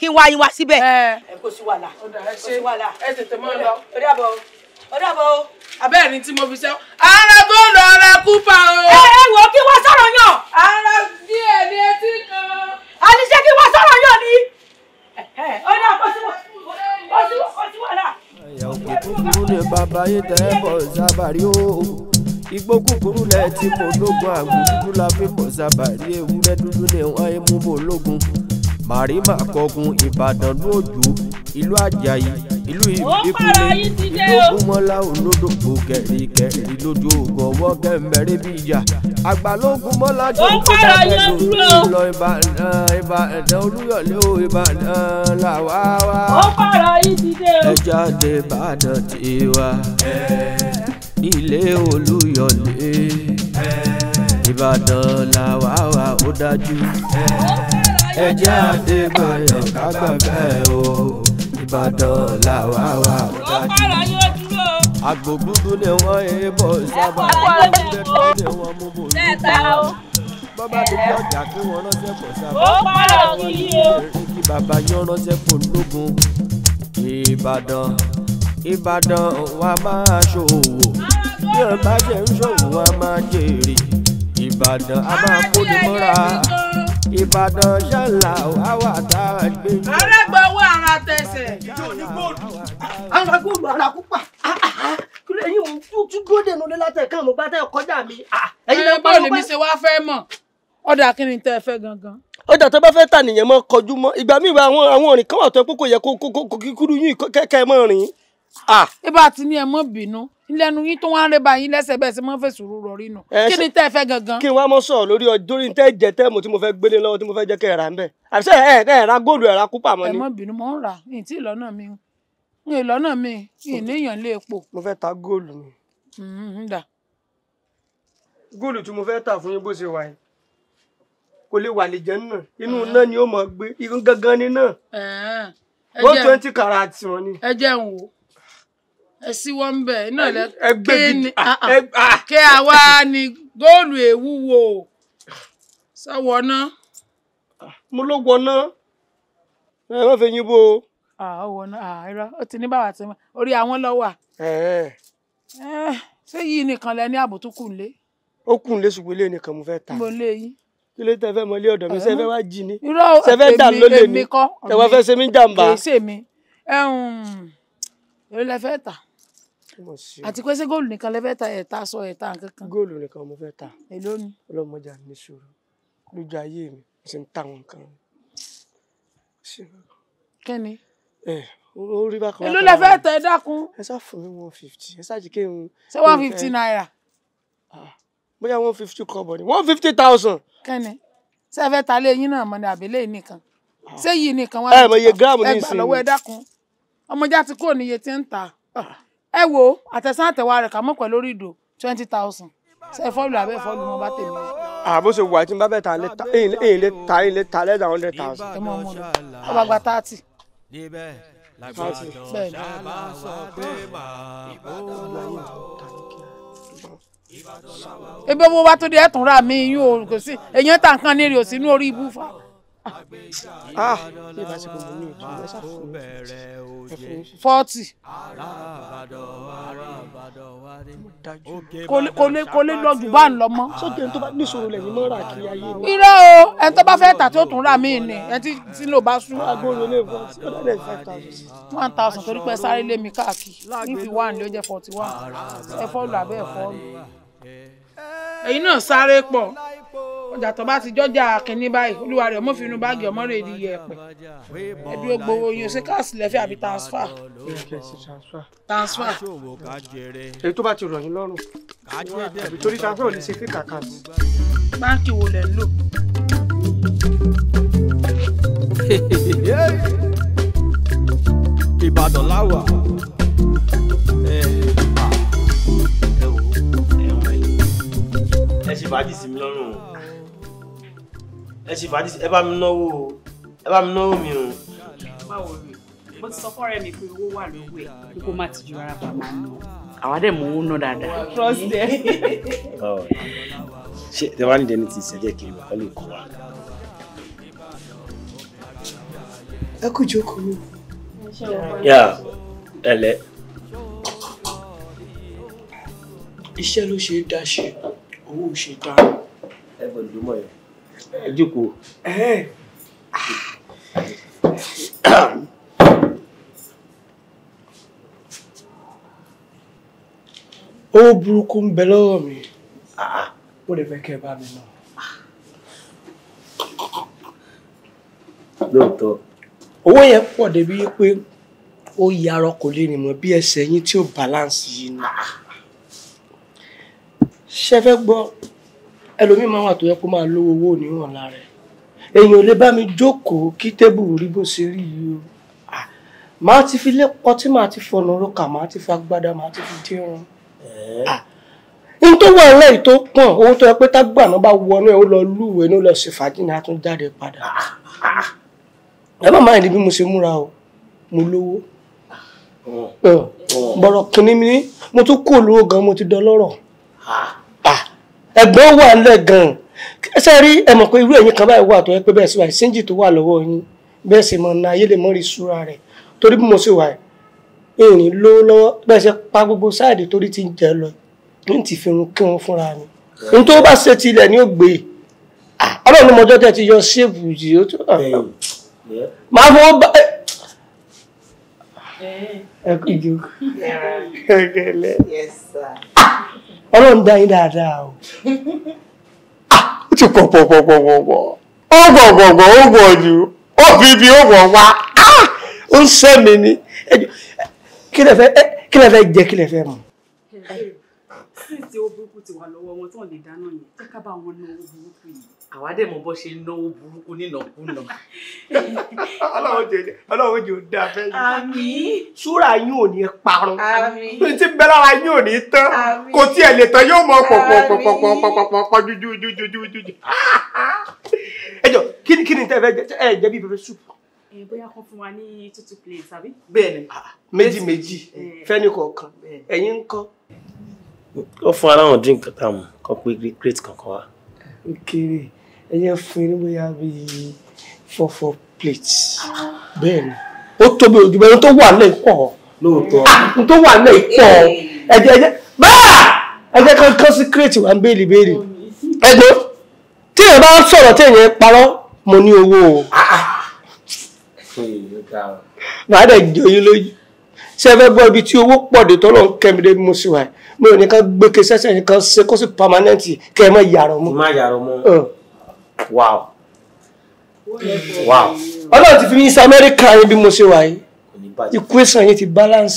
kí n wá yín wá síbẹ̀. ẹ kò sí wàhálà. ẹ ṣe ẹ tètè mọ lọ. orí àbọ̀ orí àbọ̀. abẹ́ẹ̀ ni tí mo fi ṣe. ara tó lọ ara kú pa o. ẹ ẹ wò ó kí wá sọ̀rọ̀ yàn. ara bí ẹni etí kan. a ní ṣé kí wá sọ̀rọ̀ yàn ni. ó ní wàhálà. ẹ̀yà òkè tó dúró lè bàbá yé tẹ́ bọ̀ igbó kúkúrú lẹ tí mo dógun àgbò dúdú la fi mọ̀ sábàrí ewúrẹ́ dúdú ni wọ́n mú mo lógun màrímà kọgun ìbàdàn lójú ìlú àjàyí ìlú ìbíkúlé ìlú ògúnmọ́lá olódòpó kẹ̀ríkẹ̀rí lójú ogun ọwọ́ kẹ̀mẹ́rẹ́ ìyá àgbàlógún mọ́lá jọ kúta pẹ̀lú ìlọ ìbàdàn ìbàdàn olúyọ̀lé o ìbàdàn làwa wá ìbàdàn tiwa. Hey ilé olúyọ̀lé ìbàdàn làwa wà ó dájú ẹ jẹ́ adébáyọ̀ kágbà bẹ́ẹ̀ o ìbàdàn làwa wà ó dájú agbègbúdú ni wọ́n yé bọ̀ sábà gbẹ́dẹ́gbẹ́ ni wọ́n mú bò ní ìta bàbá mi bí ọjà kí wọ́n ránṣẹ́ pọ̀ sábà ó pààrọ̀ kí yí kí bàbá yín ránṣẹ́ pọ̀ lógun ìbàdàn ìbàdàn wa máa ṣòwò bí wọn bá ṣe ń ṣòwò wa máa jèrè ìbàdàn a máa kó ní mọ́ra ìbàdàn ṣẹlá àwa tá a gbé. arẹ́gbẹ̀wò ara tẹsẹ̀ ìjọ ní góòlù. ara góòlù ara púpà kílẹ̀ yín mo tún dúró dènù lé látẹ̀ká mo bá tẹ̀ kọjá mi. ẹyin náà bọ́ọ̀lù mi ṣe wá fẹ́ mọ̀ ọ̀dà kí ni ẹ fẹ́ gangan ọjà tó bá fẹ́ tà nìyẹn mọ́ kọjú mọ́ ìgbà míì àwọn àwọn òrìn kan wà tó pé kò yẹ kó kó kó kúrú yín kẹ́kẹ́ mọ́ rìn ibà tí ni ẹ mọ bínú lẹnu yín tó wá ń rẹba yín lẹsẹ bẹẹ sí mọ fèsì rúrọ rí nù kí ni tẹ ẹ fẹ́ gangan. kí n wá mọ sọ lórí ọjọ́ ní tẹ jẹ tẹ mo tí mo fẹ́ gbélé lọ́wọ́ tí mo fẹ́ jẹ kẹ ẹ rà ń bẹ àbísẹ ẹ ẹ ra góòlù ẹ ra kúpà mọ ni. ẹ mọ bínú mò ń rà ní tí ìlọ́nà mi ní ìlọ́nà mi ní níyàn lé epo. mo fẹ́ ta góòlù mi. Mm-hmm, ń dà. góòlù tí mo fẹ́ tà fún yín bó ṣe wà yìí kò lè wà lè jẹ náà inú náà ni ó mọ gbé irun gangan ni náà. one twenty karat wọn ẹ jẹ́ ń wò ẹ síwọ́ ń bẹ̀ iná ilẹ̀ kí ah, ah, ah. àwa ni góòlù èwúwo sọ́wọ́ náà. mo ló wọná ẹ má fẹ́ yín bó. ọwọ́ náà irọ́ ó ti ní bàbá tí orí àwọn lọ wà. Eh, ṣé yìí nìkan lẹ ní àbùtù kùnlé. ó kùnlé ṣùgbọ́n ilé nìkan mo fẹ́ ta. mo lé yín kí ló tẹ fẹ́ mọ ilé ọ̀dọ̀ mi ṣe eh, fẹ́ wá eh, jí ni ṣe fẹ́ dà lólè mi tẹwọ fẹ́ ṣe mí jàǹbá. kì í ṣe mi ẹ̀hún èlò fẹ́ ta àti pé ṣé góòlù nìkan lè fẹ́ ta ẹ̀ta sọ ẹ̀ta kankan. góòlù nìkan mo fẹ́ ta. èló ni. ọlọmọjà ní ṣòro lójú ayé mi mo sì ń ta àwọn nǹkan. kẹ́ni. ẹ ó rí bákan. èló lè fẹ́ tẹ ẹ dákun. ẹ sá fún mi one fifty ẹ sá jí kí n. ṣé one fifty naira. bóyá one fifty kọ́bọ̀ ni one fifty thousand. kẹ́ni ṣé ẹ fẹ́ ta lé yín náà mọ́ ni àbílẹ̀ nìkan ṣé yìí nìkan wá. ẹ mọ iye gíráàmù ní ìsinmi ẹ gbà lọ́wọ́ ẹ dákun ọmọjà ti kúrò níye tí ń ta ẹ wo àtẹ̀sán àtẹ̀wá rẹ̀ kà mọ́ pẹ̀ lórí ìdò twenty thousand ṣe fọ́ọ̀lù abẹ́ fọ́ọ̀lù wọn bá tèmi. àbó ṣe wà tí n bá fẹ́ ta ẹ̀yìn lè ta ẹ̀yìn lè ta lẹ́dà hundred thousand. ẹ mọ ọmọ rẹ ọ bá gba thirty. níbẹ̀ lágbàdo ṣàbà sọ pé màá bó wà ó. ebi owó wa tó di ẹ̀túnra mi yín o kò sí èyàn tà nǹkan ní rí o sínú orí ibú fa. Ah! ah bí ìbá ti kò mú mi ìtura ẹ ṣáà fún mi ẹfún fọ́ọ̀tì. kò lè lọ jù bá ń lọ mọ́ sókè tó bá níṣòro lẹ́yìn ló rà ayé ni. irọ́ o ẹni tó bá fẹ́ tà tó tún rà mí ni ẹni tí ló bá sún. agbóhùn ilé ìfọ̀ tí ó dẹ̀ five thousand. one thousand torí pé sáré lé mi káàkiri if you ló jẹ́ forty one ẹ fọ́ọ̀lù àbẹ́ ẹ fọ́ọ̀lù ẹ̀yin náà sáré pọ̀ ọjà tó bá ti jọjà kínní báyìí olúwa rẹ̀ mọ́ fínú báàgì ọmọ rẹ̀ di yẹ̀pẹ̀ ẹbí ó gbowó yín ṣé káàsì lẹ́fẹ̀ àbí transfer. transfer. èyí tó bá ti rọ̀ yín lọ́rùn àbí torí transfer ò ní ṣe fíkà káàsì. báńkì wo lẹ̀ ń lò. Ìbàdàn láwà. ṣe fàájì sí mi lọ́rùn o ẹ ṣe fàájì ẹ bá mi náwó o ẹ bá mi náwó mi o. báwo ni mo ti sọ fọ́ọ̀rẹ́ mi pé owó wà lówó ẹ̀ kí kó má ti ju ara bàbá mi. àwa dẹ̀ mọ owó náà dáadáa. trust them. ṣé ẹ wá ní dẹni tí ìṣẹ́jẹ́ kiri wà lè kó wa. ẹ kú jókòó. yà ẹ lẹ. iṣẹ́ ló ṣe é dá ṣe owó ṣe gbá. ẹ bọ̀ lùdúmọ̀ yẹn ẹ jókòó. owó burúkú ń bẹ lọ́wọ́ mi ó lè fẹ́ kẹ́ ẹ bá mi náà. lóòótọ́. owó yẹn pọ̀ débi pé ó yarọ kò lè rìn bí ẹsẹ̀ yín tí ó balance yìí ni ṣe fẹ́ gbọ́ ẹlòmíì máa wà tó yẹ kó máa lówó owó níwọ̀n lára ẹ̀ èèyàn lè bá mi jókòó kí tébù rí bó ṣe rí yìí o màá ti fi lẹ́pọ̀ tí màá ti fọ̀nà rókà màá ti fi agbádá màá ti fi dírun n tó wà lẹ́yìn tó pọ̀n owó tó yẹ pé tágbà bá wọnú ẹ̀ ó lọ lúwẹ̀ ní ó lọ fàájì ní a jáde padà ẹ má máa ń bí mo ṣe múra o mo lówó bọ̀rọ̀ kìnní mo tún kó olówó gan mo ti dọlọ́rọ̀. Ah, ah. ẹ̀gbọ́n wà lẹ́gàn ṣe rí ẹ mọ̀ pé irú ẹ̀yin kan báyìí wà tó yẹ pé bẹ́ẹ̀ sì wà síńjì tó wà lọ́wọ́ yín bẹ́ẹ̀ sì mọ̀ náà ayé lè mọ̀ rí súra rẹ̀ torí bí mo ṣe wà ìrìn ló lọ́wọ́ bẹ́ẹ̀ ṣe pa gbogbo sáàdì torí ti ń jẹ lọ ní ti fi run kí wọ́n fúnra mi n tó bá ṣe tilẹ̀ ní ògbé ah, ọlọ́run ní mọjọ́ tẹ̀ ti yọ ṣéèpù yìí ó tó máa fọwọ́ bá ẹ ẹ ọlọ́run dá yín dáadáa o ah, ó ti pọ̀ pọ̀ pọ̀ pọ̀ pọ̀ pọ̀ ó gbọ̀ gbọ̀ gbọ̀ ó gbọ̀ jù ó fi ibi ó gbọ̀ wá ah, ó ń sẹ́mi ni kí lẹ fẹ́ kí lẹ fẹ́ jẹ kí lẹ fẹ́ mu. sí ti ó burúkú ti wà lọ́wọ́ wọn tó lè dáná yẹn kí ká bá wọn náwó burúkú yìí àwa dẹ̀ mọ bó ṣe náwó burúkú nínàkúnà. ọlọ́run jẹ ọlọ́run jẹ òde afẹ́ yìí. àmín. ṣúra yín ò ní parun. àmín. tí bẹ́ẹ̀ lára yín ò ní tán. àmín. kò tí ẹ̀ lè tán yóò mọ pọ̀pọ̀pọ̀pọ̀pọ̀pọ̀pọ̀ jújújújújú. ẹ jọ kí ni kí ni tẹ́ fẹ́ jẹ ẹ jẹ bí pepper soup. ẹ bóyá kan fún wa ní tútù plate àbí. bẹ́ẹ̀ni ah, méjì méjì fẹ́ni kọ̀ọ̀kan ẹ̀yin ń kọ́. ó fún aráhùn dín kọ́ pé crate kankan wá. ó ẹ jẹ́ fún yín bóyá bíi four four plates ah. bẹ́ẹ̀ ni ó tóbi ojú bẹ́ẹ̀ tó wà lẹ́yìn pọ̀ lóòótọ́ ah, tó wà lẹ́yìn pọ̀ ẹ̀jẹ̀ ẹ̀jẹ̀ báà ẹ̀jẹ̀ kan kan sí kírètì wà ń béèlì béèlì ẹ̀gbọ́n tí èèyàn bá sọ̀rọ̀ tí èèyàn parọ́ mo ní owó ah, o màá dẹ̀ jẹ oyún lójú ṣé ẹ fẹ́ gbọ́ ibi tí owó pọ̀ dé tọ́lọ́ ń kẹ́mi dé mo sì wà mo ní ká gbé kesẹ́sẹ́ nìkan ṣe kó sì pàmánẹ́ǹtì kẹ́ ẹ má yàrá mọ́ wow wow ọlọ́run ti fi yín sí amẹ́ríkà yín bí mo ṣe wà yìí equation yín ti balance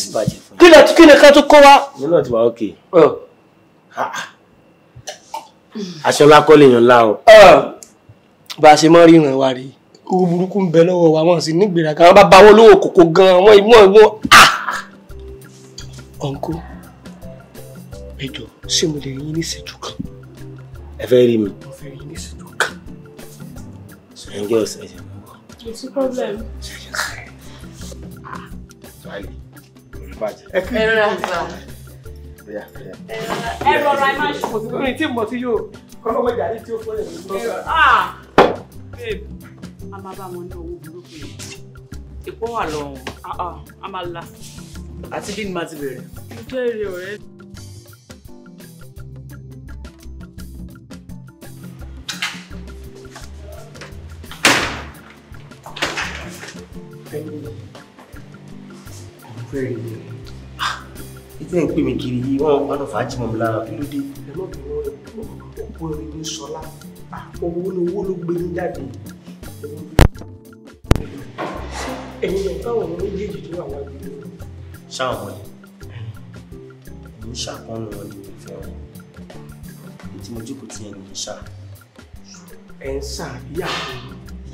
kí ni kí ni ká tó kọ́ wa. mi náà ti wà ókè aṣọ lákọ́lé yan lá o. bá a ṣe mọ́ rí ìrìn wa rí owó burúkú ń bẹ lọ́wọ́ wa wọ́n sì nígbèrè kan wọ́n bá báwọ́ lówó kòkó gan-an wọ́n ìmọ̀ ìmọ̀ ọ̀nkó ẹjọ́ ṣé mo lè rí yín ní ìṣẹ́jú kan. ẹ fẹ́ rí mi ẹ̀yin girls ẹ jẹ́ mú bọ̀. kò sí Ah, báyìí orí bàjẹ́. ẹ rọra gbà. ẹ rọra ẹ má ṣe kò sí lórí tí mo ti yóò kọ́ lọ́wọ́ ìjà ní tí ó fọ́ yẹn lórí. babe a máa bá wọn ní owó burúkú yìí ìpọ́n wà lọ́wọ́ ah, ah, a máa la àti bí ni màá ti bẹ̀rẹ̀. ǹjẹ́ èrè ọ̀rẹ́. fẹ́ ní ọ̀fẹ́ rí mi ìtẹ́ ń pè mí kiri yìí wọ́n wọ́n fàájì mọ́ mi lára kí ló dé ẹ̀rọ mi wọ́n ọ̀pọ̀ rẹ̀ ní sọlá owó ni owó ló gbé ní jáde ẹ̀yin ọ̀gá ọ̀rọ̀ méjèèjì tó wà wájú mi. ṣáà wọ́n ni mo ń ṣàkóhun wọn ni mo fẹ́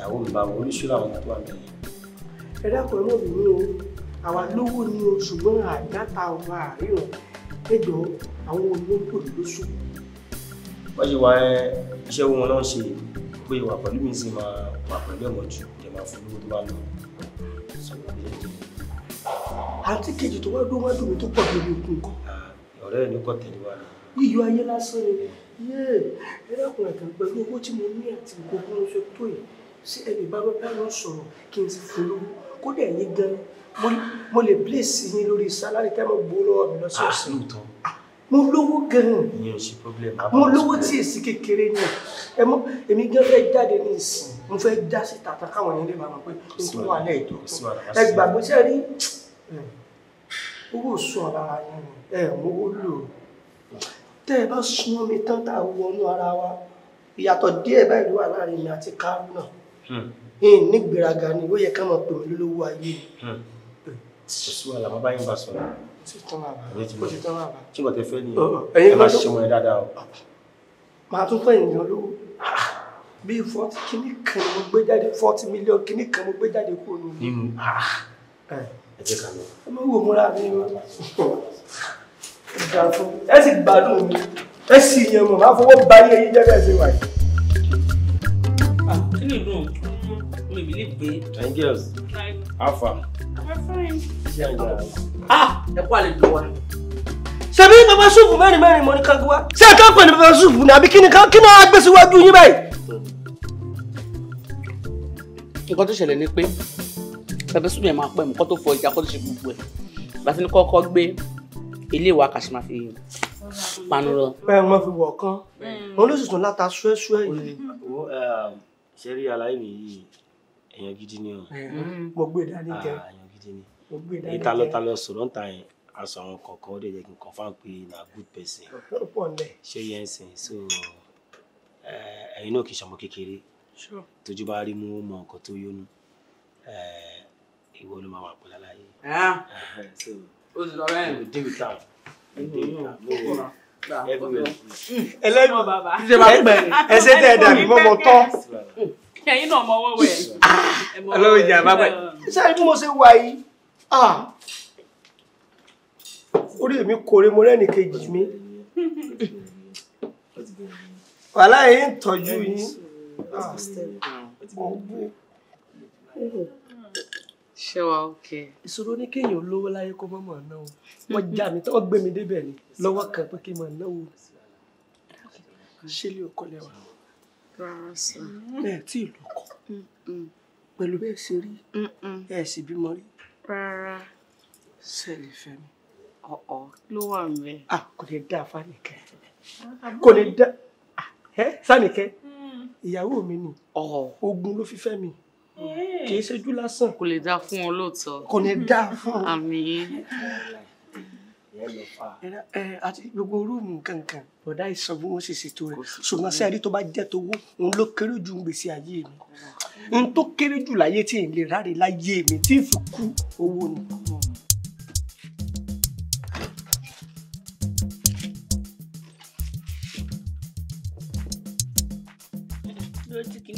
wọn tí mo ẹ dákun ẹmọ bìí ní o àwa lówó ni o ṣùgbọ́n àdáta ọba àríwọ̀n ẹjọ àwọn olóńtò lóṣù. wọ́n ṣe wá iṣẹ́ wọn náà ṣe pé ìwà pẹ̀lú mi sì máa wà pẹ̀lú ẹ̀mọ́ jù kí ẹ máa fún lówó tó bá lọ. àǹtí kejì tó wá dó wá dùn mí tó pọ̀ lórí okun kan. Ah, ọ̀rẹ́ ẹ̀ ló kọ́ tẹ̀lé wa ni. ayé lásán ni ẹ dákun ẹ̀kan pẹ̀lú owó tí mo ní àti gbogbo oúnjẹ tó yẹ sí ẹnì bá bá bá lọ sọ̀rọ̀ kí n ti fún lówó kódà ẹ̀yin gan mo lè place yín lórí sálárì tẹ́ mo gbó lọ́wọ́ mi lọ́sọ̀ọ̀sẹ̀ ah, ah, mo lówó gan mo lówó tí èsì kékeré ni ẹ mọ èmi gan fẹ́ jáde ní ìsìn mo fẹ́ já sí tàtà káwọn yẹn lè máa mọ̀ pé n tó wà ní ẹ̀dọ́ ẹ gbàgbọ́ sẹ́ rí owó sùn ara yẹn ẹ mo wó lò tẹ́ ẹ bá súnmọ́ mi tán tá a wọnú ara wa ìyàtọ̀ díẹ̀ báyìí wà láàrin mi àti kárù náà. Hmm ẹ̀yìn nígbèraga ni ó yẹ ká máa pè mí lólówó ayé mi. Hmm. kò sí wàhálà máa bá yín bá sọ̀rọ̀. ó ti tán bàbá ó ti tán bàbá. tí kò tẹ o. màá tún fẹ́ ènìyàn lówó bíi fọ́tí kíní kan mo gbé jáde fọ́tí mílíọ̀nù kíní kan mo gbé jáde kúrò nínú. Ah, ah. ẹ jẹ́ ká lọ. ẹ máa wò múra mi ẹ sì gbádùn mi ẹ sì yẹn mọ̀ máa fọwọ́ báyé yín jẹ́ bẹ́ẹ̀ ṣe wáyé. mi believe pé. angels how far. ah ẹ kú àlejò wa. ṣebí bàbá ṣùfù mẹ́rin mẹ́rin mọ́ ní kankan wá. ṣé ẹ kàn pè ní bàbá ṣùfù ni àbí kí ni kí ni wọ́n gbé síwájú yín báyìí. nǹkan tó ṣẹlẹ̀ ni pé bàbá ṣùfù yẹn máa pẹ́ mu kó tó fọ ìjà kó tó ṣe gbogbo ẹ̀ bàtí ni kọ́kọ́ gbé ilé ìwà kàṣímà fi panu lọ. ẹ wọn fi wọ̀ kan olóṣèlú láta ṣúẹ́ṣúẹ́ yìí. Um, ṣe rí aláìní yìí èèyàn gidi ni o. Mm-hmm. mo gbé e dání jẹ ah, èèyàn gidi ni ìta lọ e ta lọ sọ̀rọ̀ ń ta yẹn aṣọ àwọn kọ̀ọ̀kan ó lè jẹ́ kí n confam pé na good person ṣé yẹn ń sìn so eh, ẹ̀yin náà kì í ṣọmọ kékeré tójú bá rí mú mọ nǹkan tó yónú eh, ìwọ ló máa wà pẹ̀lú aláyé. Ah. Eh, ó sì lọ bẹ́ẹ̀ ni. dé wìtá o dé wìtá o everywhere. ẹlẹ́nu ẹsẹ̀ tẹ̀ dàbí mọ́mọ́ tán kẹyìn náà mọ owó wẹ. ọlọ́run ìjà bá pẹ́. sẹ́yìn bí mo ṣe wà yìí orí mi kórè mo rẹ́ni kejì mi wàhálà yìí ń tọ́jú yín. ṣé wàá òkè. ìṣòro ní kéèyàn lówó láyé kó má máa náwó wọ́n já mi tí wọ́n gbé mi débẹ̀ ni lọ́wọ́ kan pé kí n máa náwó ṣé ilé ọkọ lẹ́wà rárá sí i. ẹ tí ì lọkọ pẹ̀lú bẹ́ẹ̀ ṣe rí ẹ sì bímọ rí. rárá. sẹ́ẹ̀lì fẹ́ mi. ọ̀ọ́ ló wà ń bẹ. a kò lè dá fánikẹ́ kò lè dá ẹ sánikẹ́ ìyàwó mi ni ogun ló fi fẹ́ mi kì í ṣojú lásán. kò lè dá fún ọ lóòótọ́. kò lè dá fún ọ. àmín. àti gbogbo rúùmù kankan bọ̀dá ìsọ bí wọ́n sì ṣètò rẹ̀ ṣùgbọ́n sí àrí tó bá jẹ́ tówó òun ló kéré ju gbèsè ayé mi mm. n tó kéré jù láyé tí n lè ráre láyé mi tí n fi kú owó ni. lórí tí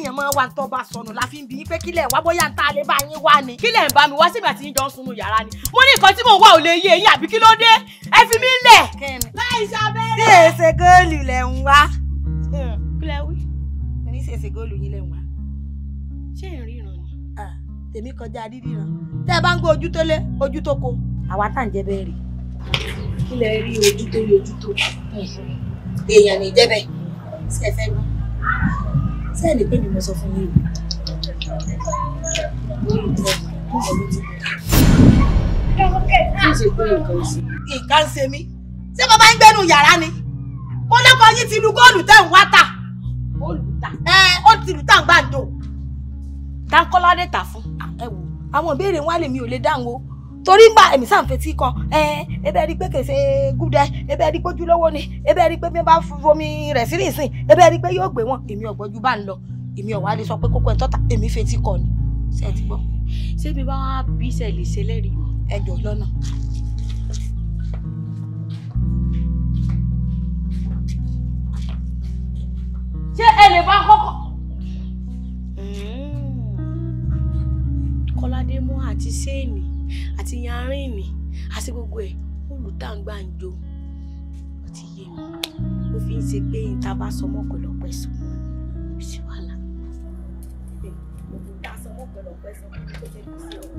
kéèyàn máa wà tó bá sọnù la fi ń bi yín pé kílẹ̀ wá bóyá ń tá lè bá yín wá ni kílẹ̀ ń bá mi wá síbi àti yín jọ ń sunú yàrá ni mo ní nǹkan tí mò ń wá ò lè yé eyín àbí kí ló dé ẹ fi mí lẹ̀. láì sábẹ́rẹ́. bí èsè góòlù lẹ̀ ń wá. kílẹ̀ wí. mo ní èsè góòlù yín lẹ̀ ń wá. ṣé ìríran ni. tèmi kọjá ríran tẹ́ ẹ bá ń gbé ojú tó lé ojú tó ko àwa tá à ń fẹ́ lọ sẹ́ẹ̀lì pé mi mo sọ fún yín nǹkan ṣe mí ṣé bàbá ń gbẹ́nu to ni mo lọ́kọ yín ti lu góòlù tẹ̀ ń wá tà ó ti lù tàǹgbà ń dò. Táńkọ́ládé tà fún ẹ wò àwọn be the one ò lè dáhùn o torí ń bá èmi sáǹfẹ̀ tí kọ ebe rí pé kèsè gúdẹ ebe rí pé ojúlówó ni ebe rí pé bí wọn bá fomi rẹ̀ sí nìsín ebe rí pé yóò gbé wọn èmi ọ̀gbọ́n ju bá ń lọ èmi ọ̀wá lè sọ pé kókó ẹ̀ tọ́ta èmi fetí kọ ni ṣe ti gbọ́. ṣé mi bá wá bí iṣẹ́ lè ṣe lẹ́rìí mi. ẹ jọ lọ́nà. ṣé ẹ lè bá kọ́kọ́. Hmm. kọ́ládé mú àti séènì àti yanrìnì àti gbogbo ẹ̀ olùtàǹgbà ó ti yé mi ó fi ń ṣe pé ìta bá sọ mọ́ ọ̀pọ̀lọpọ̀ ẹ̀sùn wọn ni sí wàhálà ìta sọ mọ́ ọ̀pọ̀lọpọ̀ ẹ̀sùn wọn ni kò jẹ́ kí sí ọ̀rọ̀.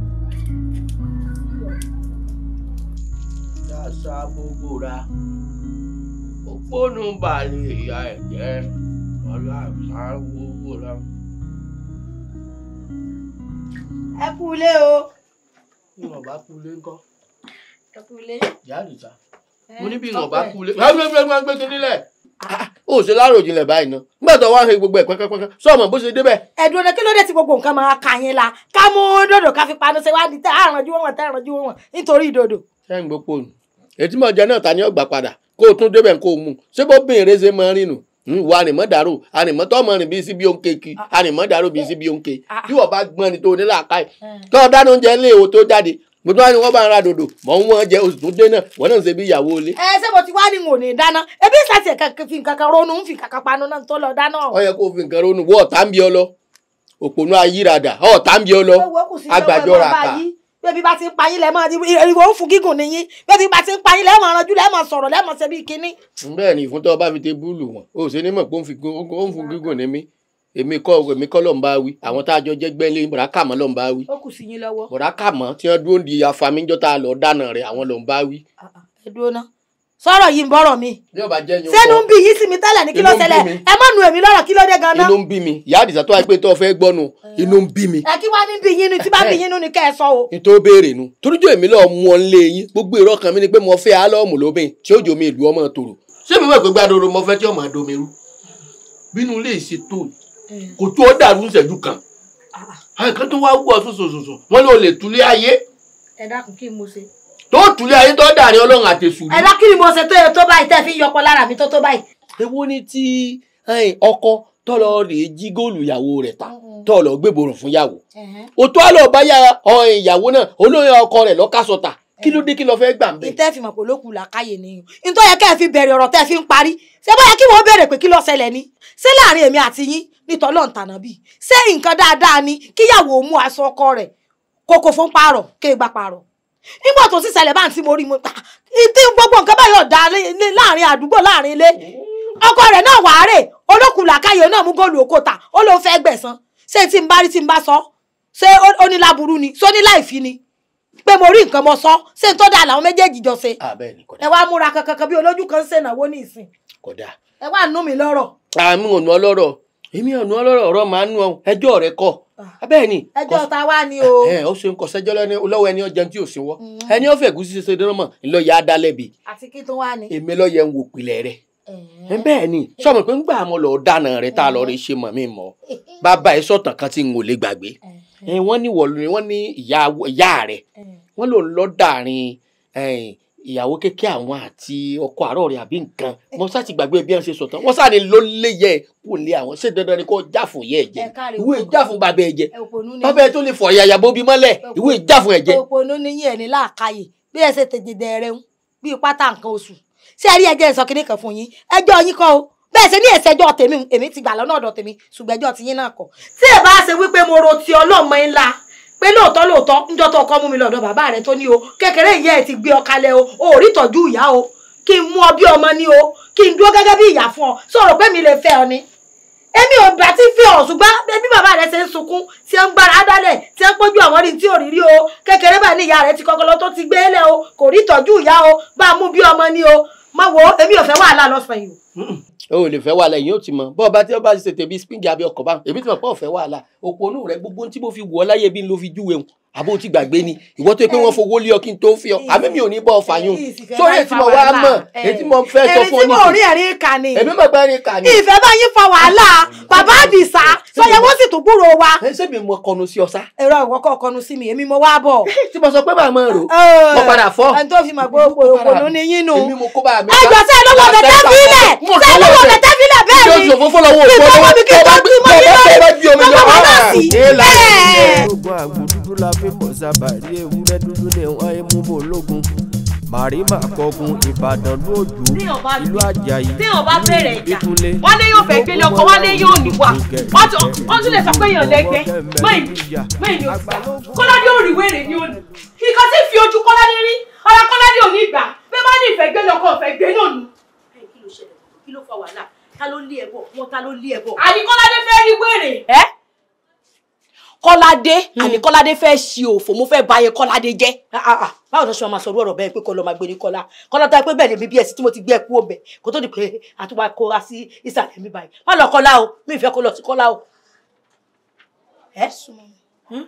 dáṣà gbogbo ra ó gbónú balẹ̀ ìyá ẹ̀ jẹ́ ọlá àṣà gbogbo ra. ẹ kú ilé o bí wọn bá kú lé ńkọ́. ìyá àdìsá mo ní bí wọn kú lé. wọ́n gbé gbé gbé kiri lẹ̀. Ah, ah, ó ṣe láròjinlẹ̀ báyìí ná nígbà tó wá ń gbogbo ẹ̀ pẹ́kẹ́pẹ́kẹ́ sọ́ọ̀mọ̀ bó ṣe débẹ̀. ẹ̀dùn ọ̀dẹ kí ló dé tí gbogbo nǹkan máa kà yín la ká mú dòdò ká fi panu ṣe wá ní tẹ́ àrànjú wọn tẹ́ àrànjú wọn nítorí dòdò. sẹ́yìn gbogbo ètí mọ̀jẹ náà ta ni ọgbà padà kó o tún débẹ̀ kó o mú ṣé bó bìnrin ṣe máa rìn nù ìwọ àrìmọ́dàrò àrìmọ́tọ́ ọmọ rìn bíi síbi òǹkè kì àrìmọ́dàrò ah. bíi síbi òǹkè ah. bí wọ́n bá gbọ́n ni tó ní làákàyè eh. tó o dáná oúnjẹ ilé ìwò tó jáde gbogbo àwọn ni wọ́n bá ń ra dòdò mọ̀ ń wọ́n jẹ oṣù tó dé náà wọ́n náà ń ṣe bí ìyàwó ilé. ẹ eh, ṣé mo ti wá ní n ò ní dáná ebi ìsàtì ẹ̀ka fi nǹkan kan ronú ń fi kàkà panu náà tó lọ dáná. ó yẹ kó fi nǹkan ronú wọ́ọ̀tá ń bí ọ lọ òpònú ayírada ọ̀ọ́tá ń bí ọ lọ agbàjọra àkà bébí bá ti ń pa yín lẹ́mọ̀ ìwọ òfun gígùn nìyín bébí bá ti ń pa yín lẹ́mọ̀ ọ̀rànjú lẹ́mọ̀ sọ̀rọ̀ lẹ́mọ̀ ṣe bíi kínní. bẹ́ẹ̀ ni ìfúntọ́ bá fi te búlù wọn o ṣe ní mọ̀ pé ó ń fún gígùn ní mí èmi kọ́ èmi kọ́ ló ń bá wí àwọn tá a jọ jẹ́ gbẹ́lé bọ̀dá kàmọ́ ló ń bá wí. ó kù sí yín lọ́wọ́. bọ̀dá kàmọ́ tí wọ́n dúró di afamíjọ́ lọ dáná rẹ̀ àwọn ló ń bá wí. Ah, ah, ẹ dúró náà sọ̀rọ̀ yìí ń bọ̀rọ̀ mi. bí o bá jẹ́ yín o sẹ́nu ń bí yín sí mi tẹ́lẹ̀ ní kí ló ṣẹlẹ̀ ẹ má nu èmi lọ́rọ̀ kí ló dé gan-an. inú ń bí mi ìyá àdìsá tó wáyé pé tó fẹ́ gbọ́ nu eh. inú ń bí mi. ẹ kí wàá ní bí yín nu tí bá bí yín nu ni kẹ́ ẹ sọ o. nítorí béèrè nu toríjọ èmi lọ mú ọ nílé yín gbogbo èrò ọkàn mi ni pé mo fẹ́ álọ́ọ̀mù lóbìn tí ó jò mi ìlú ọmọ tòrò. ṣé mi wẹ̀ pé gbàdúró mo fẹ́ tí ọmọ adomiru bínú lè ṣe tó eh. kò tó ó dàrú ìṣẹ́jú kan ah, ah. àìkán tó wá wú ọ sòsòsòsò wọn ló lè tulé ayé. ẹ dákun kí n mo ṣe tó tùlé ayé tó dàrí ọlọ́run àtẹ̀sù. ẹ bá kí ni mo ṣe tó yẹ tó báyìí tẹ́ fi yọpọ lára mi tó tó báyìí. èwo ni ti ọkọ tọlọ rèé jí góòlù ìyàwó rẹ̀ ta tọlọ gbèbòrò fún yàwó òtó àlọ bá yà ìyàwó náà olóyè ọkọ rẹ̀ lọkàsọ ta kí ló dé kí lọ fẹ́ gbà ń bẹ. ìtẹ́ fi mọ̀ pé olókùn làkàyè ni nítorí yẹ kẹ́ ẹ fi bẹ̀rẹ̀ ọ̀rọ̀ tẹ́ ẹ fi ń parí ṣé bóyá kí wọ́n bẹ̀rẹ̀ pé kí ló ṣẹlẹ̀ ni ṣé láàrin èmi àti yín nítorí ọ̀ǹtànà bíi ṣé nǹkan dáadáa ni kíyàwó mú aṣọ ọkọ rẹ̀ kókó fún pààrọ̀ kéègbà pààrọ̀ nígbà tó sì ṣẹlẹ̀ bá ń tí mo rí mo pa ah, tí gbogbo nǹkan báyìí ọ̀dà láàrin àdúgbò láàrin ilé ọkọ rẹ̀ náà wàá rè olókùn làkàyè náà mú góòlù òkúta ó ló fẹ́ gbẹ̀san ṣé tí n bá rí tí n bá sọ ṣé ó ní láburú ni ṣó ní láìfi ni pé mo rí nǹkan mo sọ ṣé n tó dáa làwọn méjèèjì jọ ṣe ah, ẹ wá múra kankan bí olójú kan ṣènáwó ní ìsìn ẹ wá nú mi lọ́rọ̀. àmì ah, ònà ọlọ́rọ̀ èmi ọ̀nù ọlọ́rọ̀ ọ̀rọ̀ máa ń nu ẹjọ́ rẹ kọ ah. ah, bẹ́ẹ̀ ni ẹjọ́ ta wá ni o eh, eh, ó ṣe ń kọ sẹ́jọ́ lọ́wọ́ ẹni ọjà tí ò sí wọ́ mm-hmm. ẹni ọ̀fẹ́ ẹ̀gúsí ṣe ṣe dáná mọ̀ ńlọ yà á bi. àti kí tó wá ni. èmi lọ yẹ ń wò pilẹ̀ rẹ̀ eh. bẹ́ẹ̀ ni sọmọ pé ńgbà mo lọ dáná rẹ tá a lọ rí ṣe mọ̀ mí mọ́ bàbá ẹ sọ̀tàn kan tí n ò lè gbàgbé wọ́n ní wọ́n ní ìyá rẹ̀ wọ́n lò ń lọ dàrin ìyàwó kékeré àwọn àti ọkọ àárọ̀ rẹ̀ àbí nǹkan eh. mo sá ti gbàgbé bí wọ́n ṣe sọ̀tàn wọ́n sáré ló lé yẹ kó lé àwọn ṣé dandan ni kò jáfun yẹ ẹ̀jẹ̀ ìwé ìjáfun bàbá ẹ̀jẹ̀ bàbá ẹ̀ tó lè fọ̀ yàyà bó bí mọ́lẹ̀ ìwé ìjáfun ẹ̀jẹ̀. òpònú ni yín ẹ̀ ní láàkáyè bí ẹ ṣe tètè rẹ̀ ń bí pátá nǹkan oṣù ṣé ẹ rí ẹjẹ́ ìsọ kinní kan fún yín ẹjọ́ yín kọ́ o bẹ́ẹ̀ ṣe ní ẹ̀sẹ̀jọ́ tèmi èmi ti gbà lọ́nà ọ̀dọ̀ tèmi ṣùgbẹ́jọ́ tiyín náà kọ́ tí ẹ bá ṣe wípé mo ro ti ọlọ́mọ ńlá pé lóòótọ́ lóòótọ́ níjọ́ tó ọkọ mú mi lọ́dọ̀ bàbá rẹ tó ní o kékeré ìyá ẹ̀ ti gbé ọ kalẹ̀ o ò rí tọ́jú ìyá o kí n mú ọ bí ọmọ ní o kí n dúró gẹ́gẹ́ bí ìyá fún ọ sọ̀rọ̀ pé mi lè fẹ́ ọ ni èmi ò bá ti fi ọ̀ ṣùgbọ́n bí bàbá rẹ̀ ṣe ń sunkún tí ó ń gbára dálẹ̀ tí ó ń pójú àwọn ní tí ò rírí o kékeré bá ní ìyá rẹ̀ ti kọ́kọ́ lọ tó ti gbé e lẹ̀ o kò rí ìtọ́jú ìyá o bá a mú bí ọmọ ni o mọ̀ wo èmi ò fẹ́ wàhálà lọ́sàn-án yìí o o ò lè fẹ́ wàhálà èyí ò ti mọ bọ́ọ̀ bá tí wọ́n bá ti ṣètò ibi spingi abẹ́ ọkọ̀ bá èmi ti mọ̀ pé ọ̀fẹ́ wàhálà òpó onú rẹ gbogbo tí mo fi wọ̀ láyé bí n lo fi júwe àbó ti gbàgbé ni ìwọ tó yẹ pé wọn fowó lé ọ kí n tó fi ọ àmì mi ò ní bọ ọfà yún sórí ètí mo wá mọ ètí mo fẹ́ sọ fún ọ nìkan èmi tí mo rí ẹ̀rí kà ni èmi mo gbẹ́ rí kà ni. ìfẹ́ bá yín fa wàhálà bàbá àdìsá sọyẹ wọ́n sì tún gbúròó wa. ẹ ṣé mi mo kọnu sí ọ sá. ẹ̀rọ àwọn kọ́ kọnu sí mi èmi mo wá bọ̀. tí mo sọ pé màá mọ rò mo padà fọ. ẹni tó fi mọ̀ pé òkòlù ni yín nù. èmi mo kó bá mi. ẹjọ sẹ ló wọlé tẹfílẹ sẹ ló wọlé tẹfílẹ bẹ́ẹ̀ ni ìfọwọ́ mi dúdú la fi mọ̀ sábàrí ewúrẹ́ dúdú ni wọ́n ń mú bò lógun màrímà kọgun ìbàdàn lójú ìlú àjàyí téèyàn bá bẹ̀rẹ̀ ìjà wálé yóò fẹ́ gbélé ọkọ wálé yóò níwà wọ́n tún lè sọ pé èèyàn lẹ́gbẹ́ mẹ́yìn mẹ́yìn ò gbà kọ́ládé ò rí wèrè ní òní kíkan tí fi ojú kọ́ládé rí ara kọ́ládé ò ní ìgbà bẹ́ẹ̀ bá ní ìfẹ́ gbélé ọkọ ìfẹ́ gbé náà nù. kí ló fa wàhálà ta ló lé ẹ bọ̀ wọn ta ló lé ẹ bọ̀. àní fẹ́ rí wèrè. ẹ́ kọ́ládé hmm. àní kọ́ládé fẹ́ ṣe òfò mo fẹ́ ba ayé kọ́ládé jẹ́ ah, ah, ah. báwo ló ṣe máa sọ̀rọ̀ ọ̀rọ̀ bẹ́ẹ̀ pé kọ́ lọ máa gbèrè kọ́lá kọ́lá tó yẹ pé bẹ́ẹ̀ lè mi bí ẹ̀sìn tí mo ti gbé ẹ̀kú ọ̀bẹ kó tó di pé àtúbà kóra sí ìsàlẹ̀ mi báyìí má lọ kọ́lá o mi ìfẹ́ kó lọ sí kọ́lá o. ẹ hmm?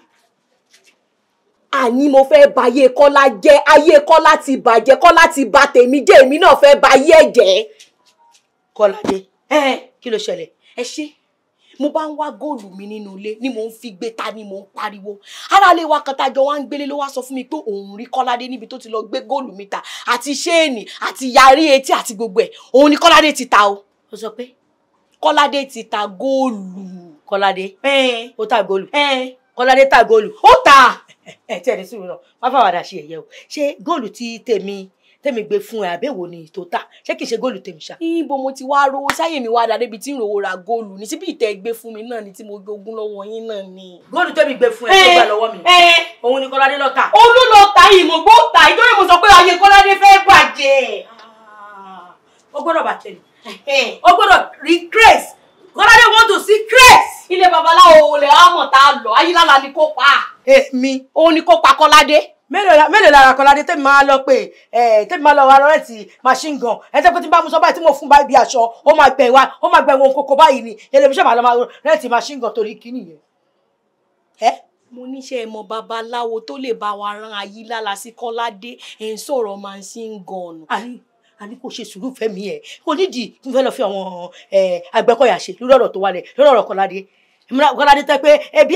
àní mo fẹ́ ba ayé kọ́lá jẹ́ ayé kọ́lá ti bàjẹ́ kọ́lá ti ba tèmi jẹ́ èmi náà fẹ́ ba ayé ẹ̀jẹ̀ kọ́ládé ẹ kí ló ṣẹlẹ̀ ẹ ṣe mo bá ń wá góòlù mi nínú ilé ni mo ń fi gbé ta ni mò ń pariwo aráalé wa kan tájọ wá ń gbélé ló wá sọ fún mi pé òun rí kọ́ládé níbi tó ti lọ gbé góòlù mi ta àti ṣéènì àti yarí etí àti gbogbo ẹ̀ òun ni kọ́ládé ti ta o. ó sọ pé kọ́ládé ti ta góòlù. kọ́ládé ó ta góòlù kọ́ládé ta góòlù ó ta ẹ̀ tí ẹ̀ ní sùúrù náà má fàwàdà ṣe ẹ̀yẹ o ṣé góòlù ti tèmi tèmi gbé fún ẹ àbẹ̀wò ni tó tà ṣé kìí ṣe góòlù tèmi ṣá. ibo mo ti wá rówó sáyè mi wá dáa débi tí ń rówó ra góòlù ní síbi ìtẹ́ gbé fún mi náà ni tí mo gbógun lọ́wọ́ yín náà ni. góòlù tèmi gbé fún ẹ tó eh, gbà lọ́wọ́ mi eh. òun ni kọ́ládé lọ tà. olú lọ ta ìmọ̀ ta ìtọ́jú mo sọ pé ayé kọ́ládé fẹ́ bàjẹ́. Ah, ó gbọ́dọ̀ bàjẹ́ ni eh, ó gbọ́dọ̀ rí grace kọ́ládé want to see grace. ilé babaláwo olè àmọ̀ tá lọ ayílára ni kó pa. èmi òun ni kó pa kọ́ládé mélòó lára kan ládé tèmi máa lọ pé tèmi máa lọ wa lọ́rẹ́ ti machine gun ẹ tẹ́ pé tí bá mú sọ báyìí tí mo fún báyìí bí aṣọ ó máa gbẹ̀ wá ó máa gbẹ̀ wọn kókó báyìí ni ẹlẹ́mìíṣẹ́ máa lọ máa rẹ́ ti machine gun torí kí nìyẹn. ẹ mo níṣẹ́ ìmọ̀ babaláwo tó lè bá wa ran ayé lára sí kọ́ládé ẹ̀ ń sọ̀rọ̀ machine gun a ní kó ṣe sùúrù fẹ́mi ẹ̀ kò nídìí tí mo fẹ́ lọ fi àwọn Àgbẹ̀kọ̀yà ṣe lórí ọ̀rọ̀ tó wà lẹ̀ lórí ọ̀rọ̀ Kọ́ládé Kọ́ládé tẹ́ pé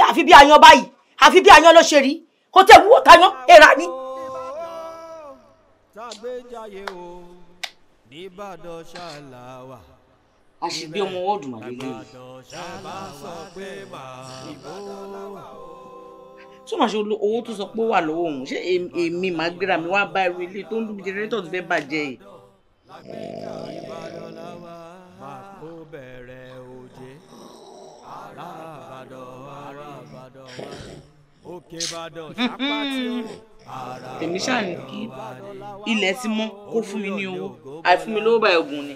àfi bí ayan báyìí àfi bí ayan kò tẹ̀ wúwo tayán èèrà ni. àṣìbí ọmọ wọ́ọ̀dù màlẹ́ lóye. tó máa ṣe owó tó sọ pé ó wà lọ́wọ́ òun ṣé èmi màá gbéra mi wá bá irú ilé tó ń lu jẹnẹrétọ̀ tó fẹ́ bàjẹ́ yìí. tèmi ṣáà kí ilẹ̀ ti mọ́ kó fún mi ní owó àìfún mi lówó báyìí ogun ni.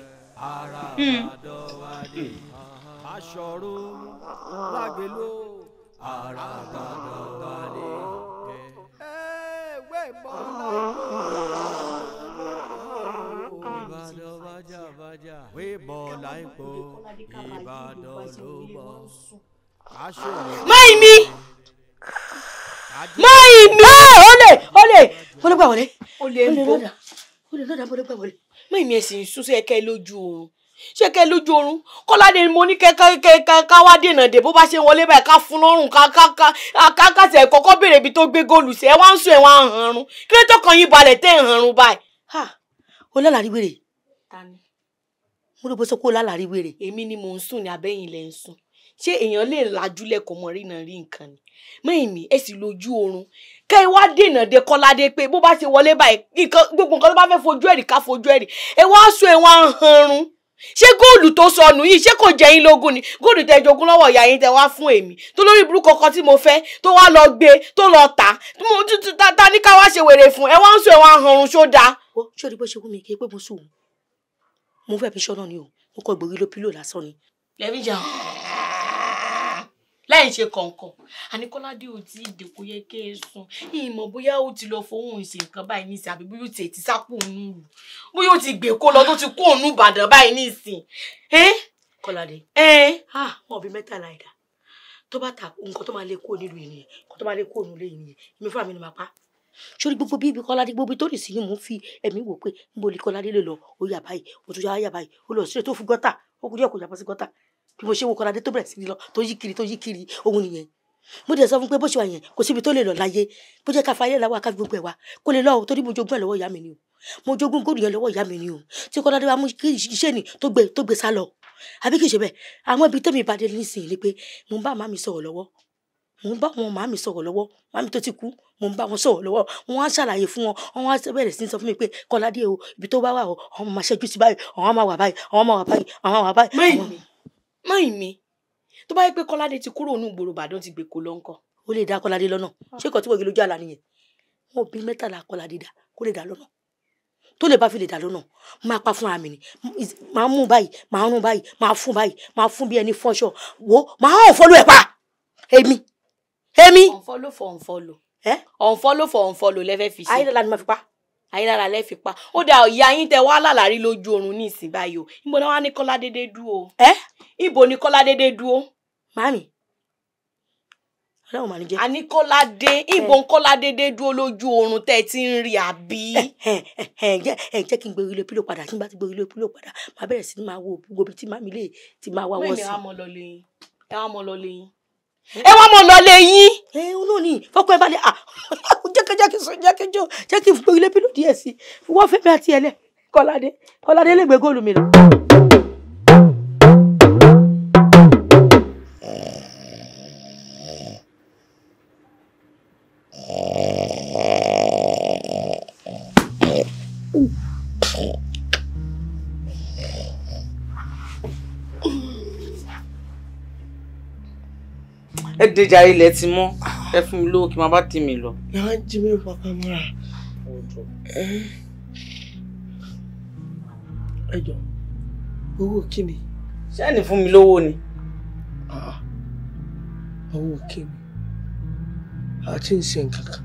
Hmm. Máyì mọ ìmí olè olè olè gbà wọlé olè lọdà olè lọdà olè gbà wọlé mọ ìmí ẹsìn ìsúnṣe ẹkẹ lójú oorun ṣé kẹ lójú oorun kọládé mo ní kẹkẹkẹká wá dènà dè bó bá ṣe wọlé báyìí ká fún lọ́rùn kákàtì ẹ kọ́kọ́ béèrè ibi tó gbé góòlù sí ẹ wá ń sùn ẹ wá ń hanrun kí ló tó kàn yín balẹ̀ tẹ́ ń hanrun báyìí. olálàrí wèrè mo ló bó sọ pé olálàrí wèrè. èmi ni mò ń sùn ní abẹ́yìn ilẹ̀ ń sùn ṣé èèyàn lè lajú lẹ́kọ̀ọ́ mọ́ rí náà rí nǹkan ni mẹ́yìnmí ẹ sì lójú oorun kẹ́ ẹ wá dènà de kọ́ládé pé bó bá ṣe wọlé báyìí gbogbo nǹkan tó bá fẹ́ fojú ẹ̀rì ká fojú ẹ̀rì ẹ wá sọ ẹ wá hanrun ṣé góòlù tó sọnù yìí ṣé kò jẹ yín lógún ni góòlù tẹ jogún lọ́wọ́ ìyá yín tẹ wá fún èmi tó lórí burúkú kankan tí mo fẹ́ tó wá lọ gbé tó lọ tà ta ní ká wá ṣe wèrè fún ẹ wá ń sọ ẹ wá hanrun ṣó dáa. ṣé o rí bó ṣe wú mi kí pé mo sùn mo fẹ́ fi ṣọ́nà ni o mo kọ́ ìgbòrí ló pílò lásán ni. lẹ́bí jà hàn láì ṣe kọ̀ọ̀kan àníkọ́ládé ò tí ì dé kó yẹ kí ẹ sùn ìmọ̀ bóyá ó ti lọ fọwọ́n ṣe nǹkan báyìí nísìn àbí bóyá ó ti ètí sápò òun lù bóyá ó ti gbé kó lọ tó ti kó òun Ìbàdàn báyìí nísìn. kọ́ládé wọn bí mẹ́tàlá ẹ̀dá tó bá ta nǹkan tó máa lé kó nílùú ènìyàn nǹkan tó máa lé kó òun lé ènìyàn èmi fúnra mi ni màá pa sórí gbogbo bí ibi kọ́ládé gbogbo tó rì sí ni mò ń fi ẹ̀mí wò pé níbo ni kọ́ládé lè lọ ó yà báyìí ó tún yà bí mo ṣe wo kọ́ládé tó bẹ̀rẹ̀ sí ni lọ tó yí kiri tó yí kiri òun nìyẹn mo dẹ̀ sọ fún pé bó ṣe wà yẹn kò síbi tó lè lọ láyé bó jẹ́ ká fa ayé làwọn akáfi gbogbo ẹ̀ wa kó lè lọ torí mo jogún ẹ̀ lọ́wọ́ ìyá mi ni o mo jogún góòlù yẹn lọ́wọ́ ìyá mi ni o tí kọ́ládé wa mú iṣẹ́ ni tó gbé tó gbé sá lọ àbí kì í ṣe bẹ́ẹ̀ àwọn ibi tẹ́mi ìbàdí nísìnyí ni pé mo ń bá màmí sọ̀rọ̀ lọ́wọ́ mo ń bá wọn màmí sọ̀rọ̀ lọ́wọ́ màmí tó ti kú mo ń bá wọn sọ̀rọ̀ lọ́wọ́ wọn á ṣàlàyé fún wọn wọn á bẹ̀rẹ̀ sí sọ fún mi pé Kọ́ládé o ibi tó bá wà o àwọn máa ṣẹ́jú sí báyìí àwọn máa wà báyìí àwọn máa wà báyìí àwọn máa wà báyìí máì mi tó bá yẹ pé kọ́ládé ti kúrò ní ìgboro ìbàdàn ti gbé e kó lọ ńkọ́ ó lè dá kọ́ládé lọ́nà ah. ṣé kò tí wọ́n gé lójú àlá nìyẹn wọn ò bí mẹ́tàlá kọ́ládé dá kó lè dá lọ́nà tó lè bá fi lè dá lọ́nà máa pa fúnra mi ni máa mú báyìí máa rún báyìí máa fún báyìí máa fún bí ẹni fọ́ṣọ wo máa hàn fọ́lú ẹ̀ pa èmi èmi. ọ̀nfọ́lò fọ̀ ọ̀nfọ́lò ọ̀nfọ́lò fọ̀ ọ̀nfọ́lò lẹ́fẹ́ fi ṣe. ayélujára ni mo fi lẹ fi pa ó dà ìyá yín tẹ wá lálàrí lójú oorun ní ìsìn báyìí o níbo ni wọn á ní kọlá déédéé dú ẹ ibo ni kọ́ládédé dúró. mami ọlọ́run mà ní jẹ́. àní kọ́ládé ibo ń kọ́ládédé dúró lójú oorun tẹ́ ẹ ti ń rí àbí. ẹ ẹ ẹ jẹ́ kí n gbé orílẹ̀ pílò padà tí n bá ti gbé orílẹ̀ pílò padà máa bẹ̀rẹ̀ sí ni máa wo gbogbo tí màmí lè ti máa wá wọ́n sí. mẹ́mi àmọ́ lọ lẹ́yìn ẹ wá mọ́ lọ lẹ́yìn ẹ wá mọ lọ lé yín. ẹ ń lò ní fọkàn ẹ balẹ̀ à jẹ́kẹ́jẹ́kẹ́ sọ jẹ́kẹ́jọ́ jẹ́ kí n gbé ilé pílò díẹ̀ sí i wọ́n fẹ́ mi àti ẹ̀lẹ́ kọ́ládé kọ́ládé lè gbé góòlù mi lọ. dé jàre ilẹ̀ ti mọ́ ẹ fún mi lówó kí n máa bá tèmi lọ. náà jí mi pàpà mọ́ra ẹ jọ owó kí ni. ṣé ẹni fún mi lówó ni. Ah, owó kí ni àti ń ṣe nǹkan kan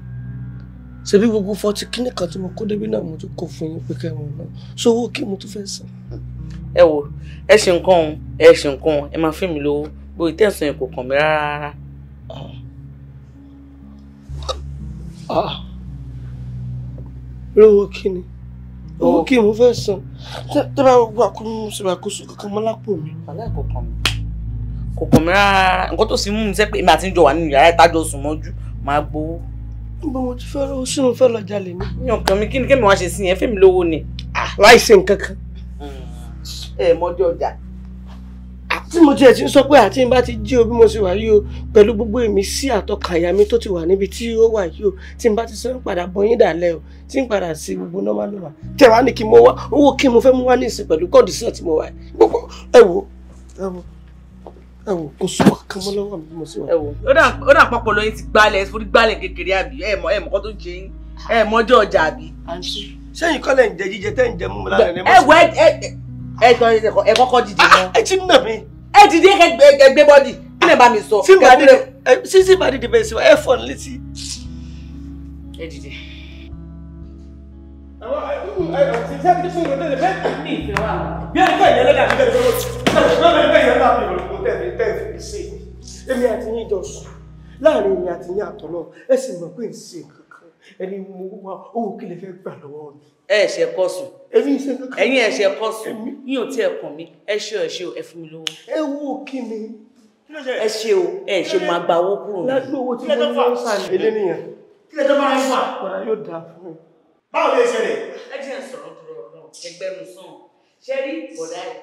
ṣebí gbogbo fọtí kíní kan tí mo kó débi náà mo tún kó fún yín pé kẹ́ ẹ̀ náà so owó kí mo tún fẹ́ san. ẹ wo ẹ ṣe nǹkan ọ̀hún ẹ ṣe nǹkan ọ̀hún ẹ máa fún mi lówó bóyá tẹ̀sán ẹ̀ kò kàn mí rárá rárá. Ah. Ah. lówó kí ni owó kí mo fẹ́ san tẹ́ bá gbà kó mo ṣe àkóso kankan mọ́ lápò mi. aláìkọ̀ọ̀kan mi kò kàn mí rárá nǹkan tó sì mú mi sẹ́ pé èmi àti ìjọ wà nínú yàrá ìtajọ sùn mọ́jú máa gbowó. bó mo ti fẹ́ lọ sí mo fẹ́ lọ jalè ni. mi ò kàn mí kí ni kí mi wá ṣe sí yẹn fẹ́mi lówó ni. Ah. láì ṣe nǹkan kan. Mm. ẹ mọjọ ọjà tí mo tiẹ̀ ti ń sọ pé àti bá ti jí o bí mo ṣe wà yìí o pẹ̀lú gbogbo èmi sí àtọkàyà mi tó ti wà níbi tí ó wà yìí o tí n bá ti sọ ń padà bọ́ dàlẹ́ o tí n padà sí gbogbo nọ́mà nọ́mà tẹ̀ wá ní kí mo wá owó kí mo fẹ́ mú wá ní ìsìn pẹ̀lú kọ́ndíṣàn tí mo wà yìí gbogbo ẹ wo ẹ wo ẹ wò kò sún wa kan mọ lọ́wọ́ mi mo sì wà. ẹ wò ó dà pọpọ lóyún ti gbalẹ̀ forí gbalẹ̀ kékeré àbí ẹ mọ ẹ mọ kó tó jẹ yín ẹ mọjọ ọjà àbí. ẹ̀ kọ́kọ́ jíjẹ náà. ẹ ti nà mí ẹ dìde ẹgbẹ́ bọ́dì kí lè bá mi sọ. sísè bá dìde bẹ́ẹ̀ sí wa ẹ fọ́n létí. ẹ dìde. àwọn ṣiṣẹ́ tí sùn lóde lè bẹ́ẹ̀ ní ìfẹ́ wa. bí ẹni bẹ́ẹ̀ yẹn lọ́dà ní bẹ́ẹ̀ lọ́dọ̀ lọ́dọ̀ ní bẹ́ẹ̀ yẹn lọ́dà ní ìrọ̀lùkọ́ tẹ̀lé tẹ̀lé fi ṣe èmi àti yín jọ sùn láàrin èmi àti yín àtọ̀ náà ẹ sì mọ̀ pé ń ṣe ẹni mo wá owó kí lè fẹ́ gbà lọ́wọ́ mi. ẹ ẹ̀ṣẹ̀ kọ́ sùn ẹ̀yin ẹ̀ṣẹ̀ kọ́ sùn yín ò tí ẹ̀ kàn mí fún mi lówó. ẹ wo kí ni. ẹ ṣe o ẹ ṣe máa gba owó kúrò mi. láti owó tí mo ní wọn sàn lé nìyẹn. kí lè tó máa ń fà. kọ́lá yóò dáa fún mi. báwo lè ṣẹlẹ̀. ẹ jẹ́ sọ̀rọ̀ dúró náà ẹgbẹ́rún sàn ṣe rí bọ̀dá yìí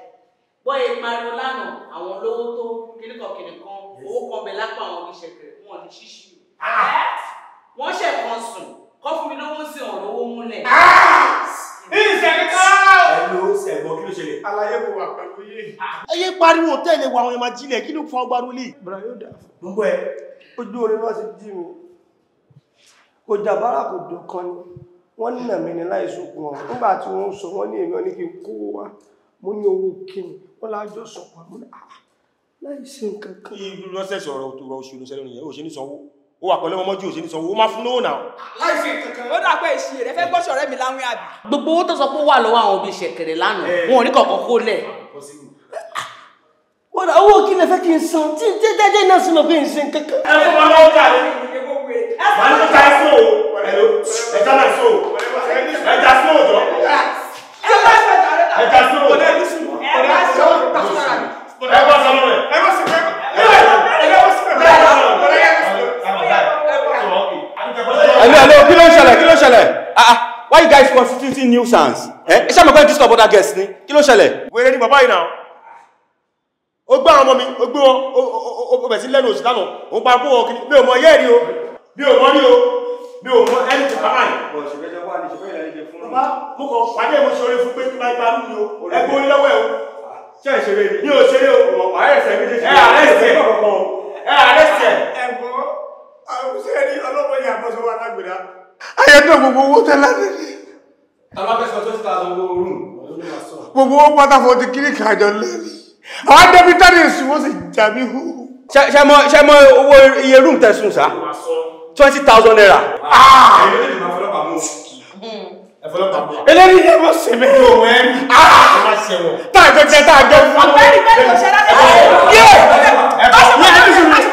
bọ́ ẹ pariwo lánàá àwọn olówó tó kíníkọ̀kíníkan owó kan bẹ lápá àwọn oníṣẹ̀kẹ̀ wọn ní ṣíṣí wọ́n ṣẹ̀ kan sùn kọ́ fún mi lówó sí ọ̀rọ̀ owó múlẹ̀. Ayé ah! pariwo tẹ́lẹ̀ wa àwọn ẹmà jílẹ̀ kí ló fún ọgbàrú lè? Bra yóò dà. Gbogbo ẹ̀, ojú orin náà ti jí mi. Kò jàbára kò dùn kan ni, wọ́n nà mí ní láìsókun ọ̀rọ̀. Nígbà tí wọ́n sọ wọ́n ní èmi ọ kówó wá, mo ní owó kíni, wọ́n lájọ́ sọ̀pọ̀ ah, láìsí nǹkan kan. Irú lọ́sẹ̀ sọ̀rọ̀ òṣèlú sẹ́lẹ̀ ó wà pẹ̀lú ọmọdé òṣèlú sọ owó má fún lówó náà. láìsí kankan. ó dàpẹ́ ìṣe rẹ fẹ́ gbọ́sọ̀ rẹ mi láwìn àbí. gbogbo owó tó sọ pé ó wà lọ́wọ́ àwọn òbí ṣẹ̀kẹ̀rẹ̀ lánàá eh. wọn ò ní kọ̀ọ̀kan kó lẹ̀. wọ́dà owó kí lè fẹ́ kí n san tí n tẹ́tẹ́ jẹ́ iná sínú pé n ṣe kankan. ẹ fún wa lọ́wọ́ jà lẹ́yìn. màá hello hello kí ló ń ṣẹlẹ̀ kí ló ń ṣẹlẹ̀ ah, ah why you guys constituting nuisance eh, ẹ ṣé àmọ́ pé disturb other guests ni kí ló ń ṣẹlẹ̀. wèrè ni bàbá yìí náà ó gbá àwọn ọmọ mi ó gbé wọn ó bẹ̀ sí lẹ́nu òsì lánàá ó pa kó wọn kiri mi ò mọ iye rí o mi ò mọ rí o mi ò mọ ẹni tó bàbá yìí. mo kàn pàdé mo ṣeré fún pé kí máa gba lùmí o ẹ gbórí lọ́wọ́ ẹ o ṣé ẹ ṣeré mi ò ṣeré o ẹ àrẹ́sì ẹ àrẹ́sì ẹ àwùjẹ́ ní ọlọ́pọ̀ yà bọ́ sọ́wọ́ alágbèrà ayẹ́dọ̀ gbogbo owó tẹ́lá nílé gbogbo owó pátá fún ti kiri kàjọ lẹ́rí àwọn dẹ́bítà ní èsù wọ́n sì jà mí hù ṣe mọ owó iye rúùmù tẹ̀sùn sá 20,000 naira ah! eléyìí yẹ mọ sí mi. yóò wẹ́ mi. táàjọ jẹ táàjọ fún mi. ọ̀pẹ́ ìgbẹ́ ìlọsẹ̀ láti ṣe é. yé ẹ ẹ ẹ ẹ ẹ ẹ ẹ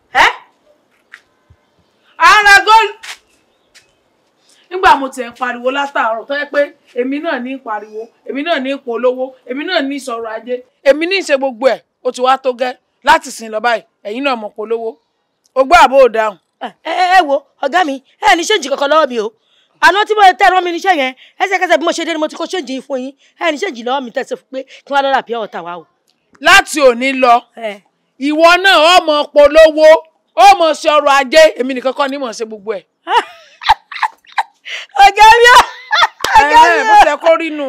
ara góòlù nígbà mo tẹ̀ ń pariwo látàárọ̀ tó pé èmi náà ní pariwo èmi náà ní polówó èmi náà ní sọ̀rọ̀ ajé èmi ní ìṣe gbogbo ẹ̀ ó ti wá tó gẹ́ láti sìn lọ báyìí ẹ̀yin náà mọ̀ polówó o gbọ́ àbó òdáhùn. Ah, ẹ wo ọ̀gá mi ẹ ní ṣéǹjì kankan lọ́wọ́ mi o àná tí mo tẹ yẹn bí mo ti kó ṣéǹjì O mọ̀ sí ọrọ̀ ajé èmi nìkan kọ́ ni mọ̀ ṣe gbogbo ẹ̀. ọ̀gá mi ọ̀gá mi mo tẹ kó rí nu.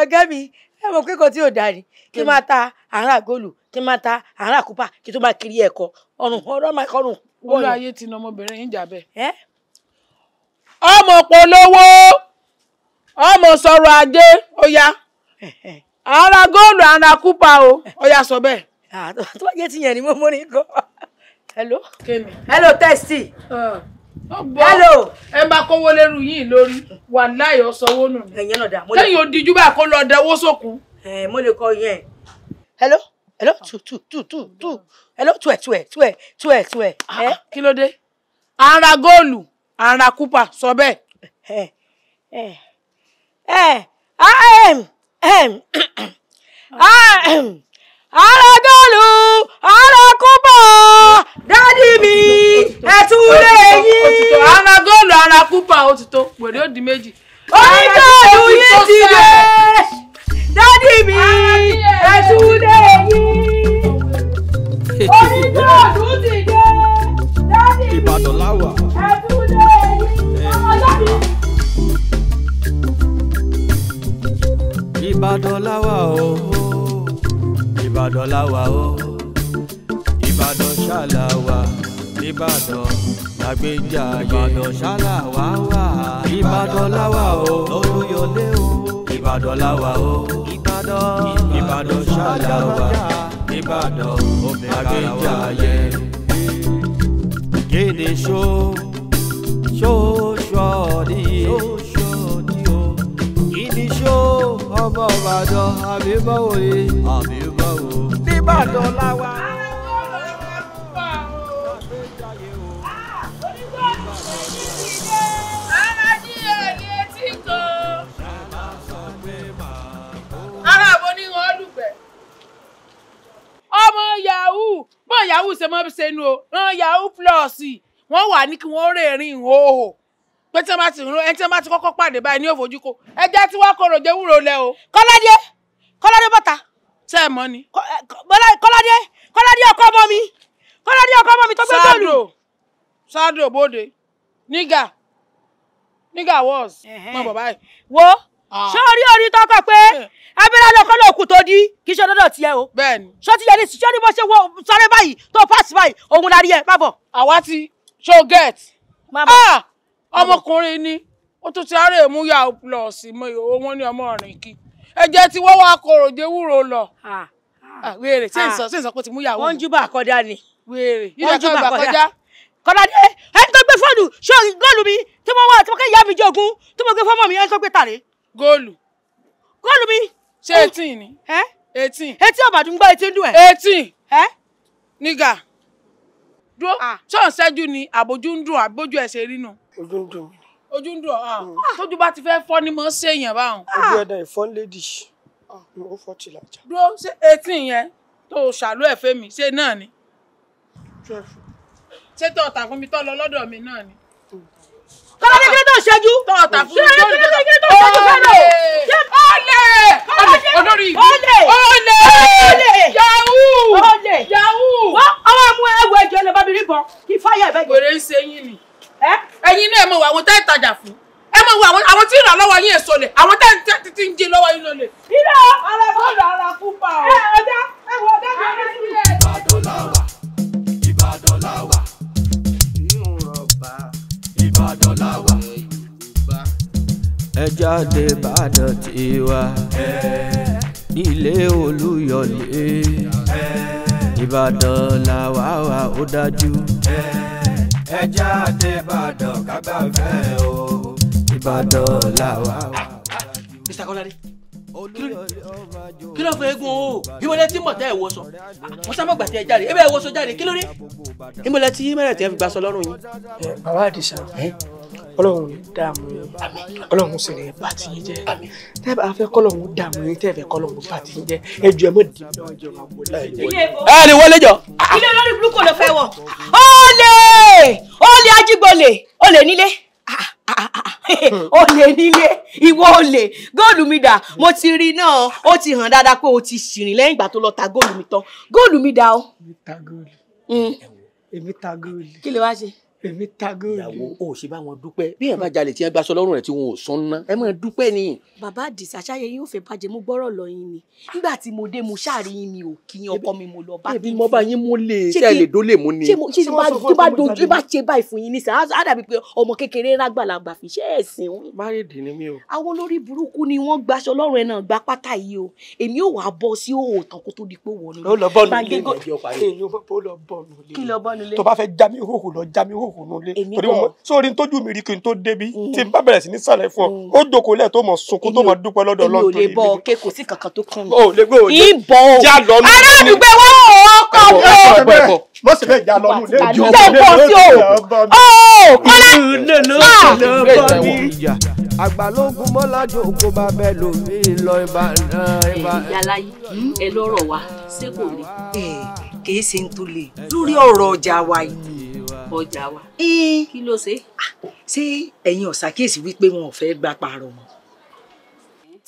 ọ̀gá mi ẹ mọ̀ pé kò tí ò darí kí n máa ta àárà góòlù kí n máa ta àárà kúpà kí n tó máa kiri ẹ̀kọ́ ọ̀run ọ̀rọ̀ máa kọ́run. olú ayé ti na ọmọbìnrin yín jà bẹ́ẹ̀. ọmọ polówó ọmọ sọ̀rọ̀ ajé ó yá àárà góòlù àárà o Oya yá sọ bẹ́ẹ̀. tó bá jẹ́ tiyẹn ni mo mọ́ ní kọ́ hello. Kẹ́mi. hello tẹ́sì. Ah. hello. ẹ máa kówó lẹ́rù yín lórí wàláhì ọ̀sánwó nù. ẹ̀yin ọ̀dà mo lè. kẹ́yìn òdijú bá kó lọ dẹwó sókun. ẹ eh, mo lè kọ yẹn. hello hello tu tu tu tu tu hello tu ẹ tu ẹ tu ẹ tu ẹ tu ẹ. kí ló dé à ń ra góòlù à ń ra kúpà sọ bẹ́ẹ̀. ẹ ẹ ẹ ẹ arágọ́lù arákúbọ̀ dádì mi ẹ̀tún lè yín. arágọ́lù arákúbọ̀ òtítọ́ pèrè òdì méjì. oníkàlù yín ti dé dádì mi ẹ̀tún lè yín. oníkàlù ti dé dádì mi ẹ̀tún yín. ọmọdé mi. Ìbàdàn láwà ìbàdàn láwa o ìbàdàn ṣàlàwà ìbàdàn làgbéjà ìbàdàn ṣàlàwà wà ìbàdàn láwa o olúyọlé o ìbàdàn láwa o ìbàdàn ṣàlàwà ìbàdàn làgbéjà yẹ. gèdè ṣó ṣó ṣọ́ọ̀dì ọmọ ìbàdàn àbí báwo ni. Ìbàdàn láwa. ara àbò ní wọn lùgbẹ. ọmọ yahoo bọ́ọ̀ yahoo ṣe máa ń ṣe nu o ran yahoo plus wọ́n wà ní kí wọ́n rèérín ìhòòhò pé tí wọ́n bá ti rún ẹni tí wọ́n bá ti kọ́kọ́ pàdé báyìí ní òfojúkọ ẹjẹ́ tí wọ́n kọ̀rọ̀ jẹ́ wúro lẹ o. kọ́ládé kọ́ládé bọ́ta ṣe é mọ ni. kọ́ládé kọ́ládé ọkọ ọmọ mi kọ́ládé ọkọ ọmọ mi tó gbé bọ́ọ̀lù. sádò sádò bóde nígà nígà wọ́ọ̀sì mọ bàbá yìí. wo ṣé orí orí tọkọ pé abẹ́rẹ́ ọkọ náà kù tó di kì í ṣe dọ́dọ̀ tiẹ̀ o. bẹ́ẹ̀ni. ṣé ti yẹ ni ṣé ni bó ṣe wọ sáré báyìí tó pass báyìí òun la rí ẹ má bọ̀. àwa ti ṣó get. Ah! má bọ̀ ọmọkùnrin ni ó tún ti àárẹ̀ mú yà ó lọ sí owó ní ọmọ rìn kí ẹ̀jẹ̀ tí wọ́n wá korò jẹ́ wúro lọ. Ah, wèrè ṣé ìsọ ṣé ìsọ pé ti mú yàwó. wọ́n ń júbà kọjá ni. wèrè yíyá kọjá kọjá. kọ́dádé ẹni tó gbé fóònù ṣé góòlù mi tí mo wá tí mo kẹ́ ìyá mi jogún tí mo gbé fọ́mọ mi ẹni tó gbé tàrí. góòlù. góòlù mi. ṣé oh. eighteen ni. eighteen. etí ọ̀bàdàn gbọ́ etí ń dùn ẹ̀. eighteen. nígà ah. dúró ṣé ni àbójú ń dùn àbójú ẹ̀ ṣe rí nù. ojú dùn mí ojú ń dùn ọ ah, hmm. ah. tójú bá ti fẹ́ fọ́ ni mo ń ṣèyàn báwọn. ojú ah. ẹ̀dá ìfọ́n lady mo fọ́ ti làjà. dúró ṣé etí yẹn tó o ṣàlù ẹ̀fẹ́ mi ṣé náà ni. ṣé tó o tà fún mi tó lọ lọ́dọ̀ mi náà ni. Hmm. kọ́lá ní kílódé tó ṣẹ́jú. Hmm. tó o tà fún mi tó lọ lọ́dọ̀ mi náà ni. olè olórí ìlú olè olè yahoo yahoo. ọmọ ẹmu ẹwọ ẹjọ lè bá mi rí bọ kí fáyà ẹ bẹ jẹ. wèrè ń ṣe yín ni ẹ̀yin náà ẹ mọ̀ wọ àwọn tẹ́ ìtajà fún ẹ mọ̀ wọ àwọn tí ìrànlọ́wọ́ yín èso lè àwọn tẹ́ ti ń jí lọ́wọ́ yín lólè. irọ́ ara bọ́ọ̀lù ara ẹ ọjà ẹ wọ ọjà mi ní sílẹ̀. Ìbàdàn la wà Ìbàdàn la wà. Ìbàdàn la ẹ jáde Ìbàdàn tiwa ilé Olúyọ̀lé eh. Ìbàdàn la wà ó dájú. Eh ẹ jáde ìbàdàn kágbáfẹ́ o ìbàdàn làwà wà. mr kọ́ládé kí ló fẹ́ egun o ìmọ̀lẹ́ tí mọ̀tẹ́ ẹ̀ wọṣọ wọ́n sábà gbà tí ẹ jáde ẹ bẹ́ẹ̀ wọṣọ jáde kí ló dé ìmọ̀lẹ́ tí mẹ́rẹ̀ẹ́tì ẹ fi gbàṣọ lọ́rùn yín. bàbá àdìsá ọlọ́run ní dààmú yín ọlọ́run sì ní bà tí yín jẹ́ tẹ́ bá fẹ́ kọ́lọ́run dààmú yín tẹ́ fẹ́ kọ́lọ́run bà tí yín jẹ́ ẹ jù ẹ mọ́ di ọjọ́ ọjọ́ máa wọ láìpẹ́. ẹ ní wọlé jọ. ilé lórí burúkú ló fẹ́ wọ̀ olè olè ajígbọ̀lè olè nílé olè nílé ìwọ olè góòlù mi dà mo ti rí náà ó ti hàn dáadáa pé o ti ṣìrìn lẹ́yìn ìgbà tó lọ ta góòlù mi tán góòlù mi dà o. èmi ta góòlù. Hmm. èmi ta góòlù. kí lè wá ṣe èmi ta góòlù ìyàwó o ṣe bá wọn dúpẹ́ bí ẹ bá jalè tí ẹ gbà sọ lọ́rùn rẹ tí wọn ò sọ ná ẹ máa dúpẹ́ ni. bàbá àdìsá ṣáyẹ yóò fẹ́ bàjẹ́ mo gbọ́rọ̀ lọ yín ni nígbà tí mo dé mo ṣáàrí yín mi ò kí yín ọkọ mi mo lọ bá kí n fi. mo bá yín mú e, lè ṣe lè dó lè mú ni. ṣé tí bá ṣe báyìí fún yín ní sàn á dàbí pé ọmọ kékeré rágbàlagbà fi ṣe é sìn wọn. bárèdè ni mí o. àwọn olórí burúkú ni wọ́n gbaṣọ lọ́rùn ẹ náà gba pátá yìí o èmi ò wá bọ́ sí òòtàn kó tó di pé wọ́n. ó lọ bọ́ọ̀nù ilé ìgbàgbé ọ̀pá yìí. kí lọ bọ́ọ̀nù ilé. tó bá fẹ́ já mi hóhù lọ já mi hóhù jókòó nulẹ torí mo sórí tójú mi rí kí n tó débi mm. tí n bá bẹ̀rẹ̀ sí ní sàlẹ̀ fún ọ mm. ó jókòó lẹ̀ tó mọ̀ sunkún tó mọ̀ dúpẹ́ lọ́dọ̀ lọ́dún torí mi. èmi kò sí kankan tó kàn mí. ìbọn o ará àdúgbò wọn ò ọkọ o. mo sì fẹ́ jà lọ́nu lé ìjọba lé ìjọba àgbàlógún mọ́lájò kó bá bẹ́ẹ̀ lómi lọ Ìbàdàn. ìyá láyé ẹ lọ́rọ̀ wa ṣé kò rí. Eh, kì í ṣe ń tó lórí ọ̀rọ̀ ọjà wa yìí ọjà wa. kí ló ṣe. Ah, ṣé ẹ̀yin ò ṣàkíyèsí wípé wọn ò fẹ́ gba pààrọ̀ mọ́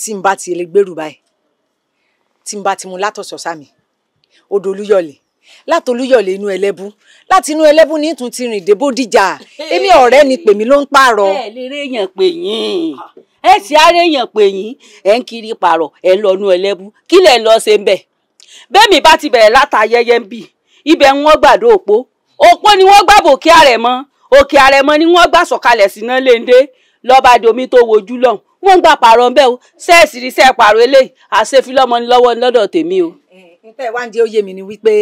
tí n bá ti lè gbèrú báyìí tí n bá ti mu látọ̀sọ̀ sámi odò olúyọ̀lẹ̀ látolúyọ̀lẹ̀ inú ẹlẹ́bú láti inú ẹlẹ́bú ní tún ti rìn dé bódìjà èmi ọ̀rẹ́ ni pèmí ló ń pààrọ̀. ẹ lè réèyàn pè yín ẹ sì á réèyàn pè yín ẹ ń kiri pààrọ̀ ẹ ń lọ inú ẹlẹ́bú kí lẹ̀ ń lọ ṣe ń bẹ̀ bẹ́ẹ̀ mi bá ti bẹ̀rẹ̀ látayẹyẹ ń bì ibẹ̀ ń wọ́n gbàdo òpó òpó ni wọ́n gbàbò òkè àrẹ̀mọ òkè àrẹ̀mọ ni wọ́n gbà sọ̀kalẹ̀ sí náà léńdé lọ́ba domi tó wojú lọ́hùn wọ́n ń gbà pààrọ̀ ńbẹ́ o sẹ́ẹ̀sì rí sẹ́ẹ̀ pààrọ̀ eléyìí àṣefí lọ́mọ ni lọ́wọ́ lọ́dọ̀ tèmi o. ntẹ́ wá ń jẹ́ òye mi ni wípé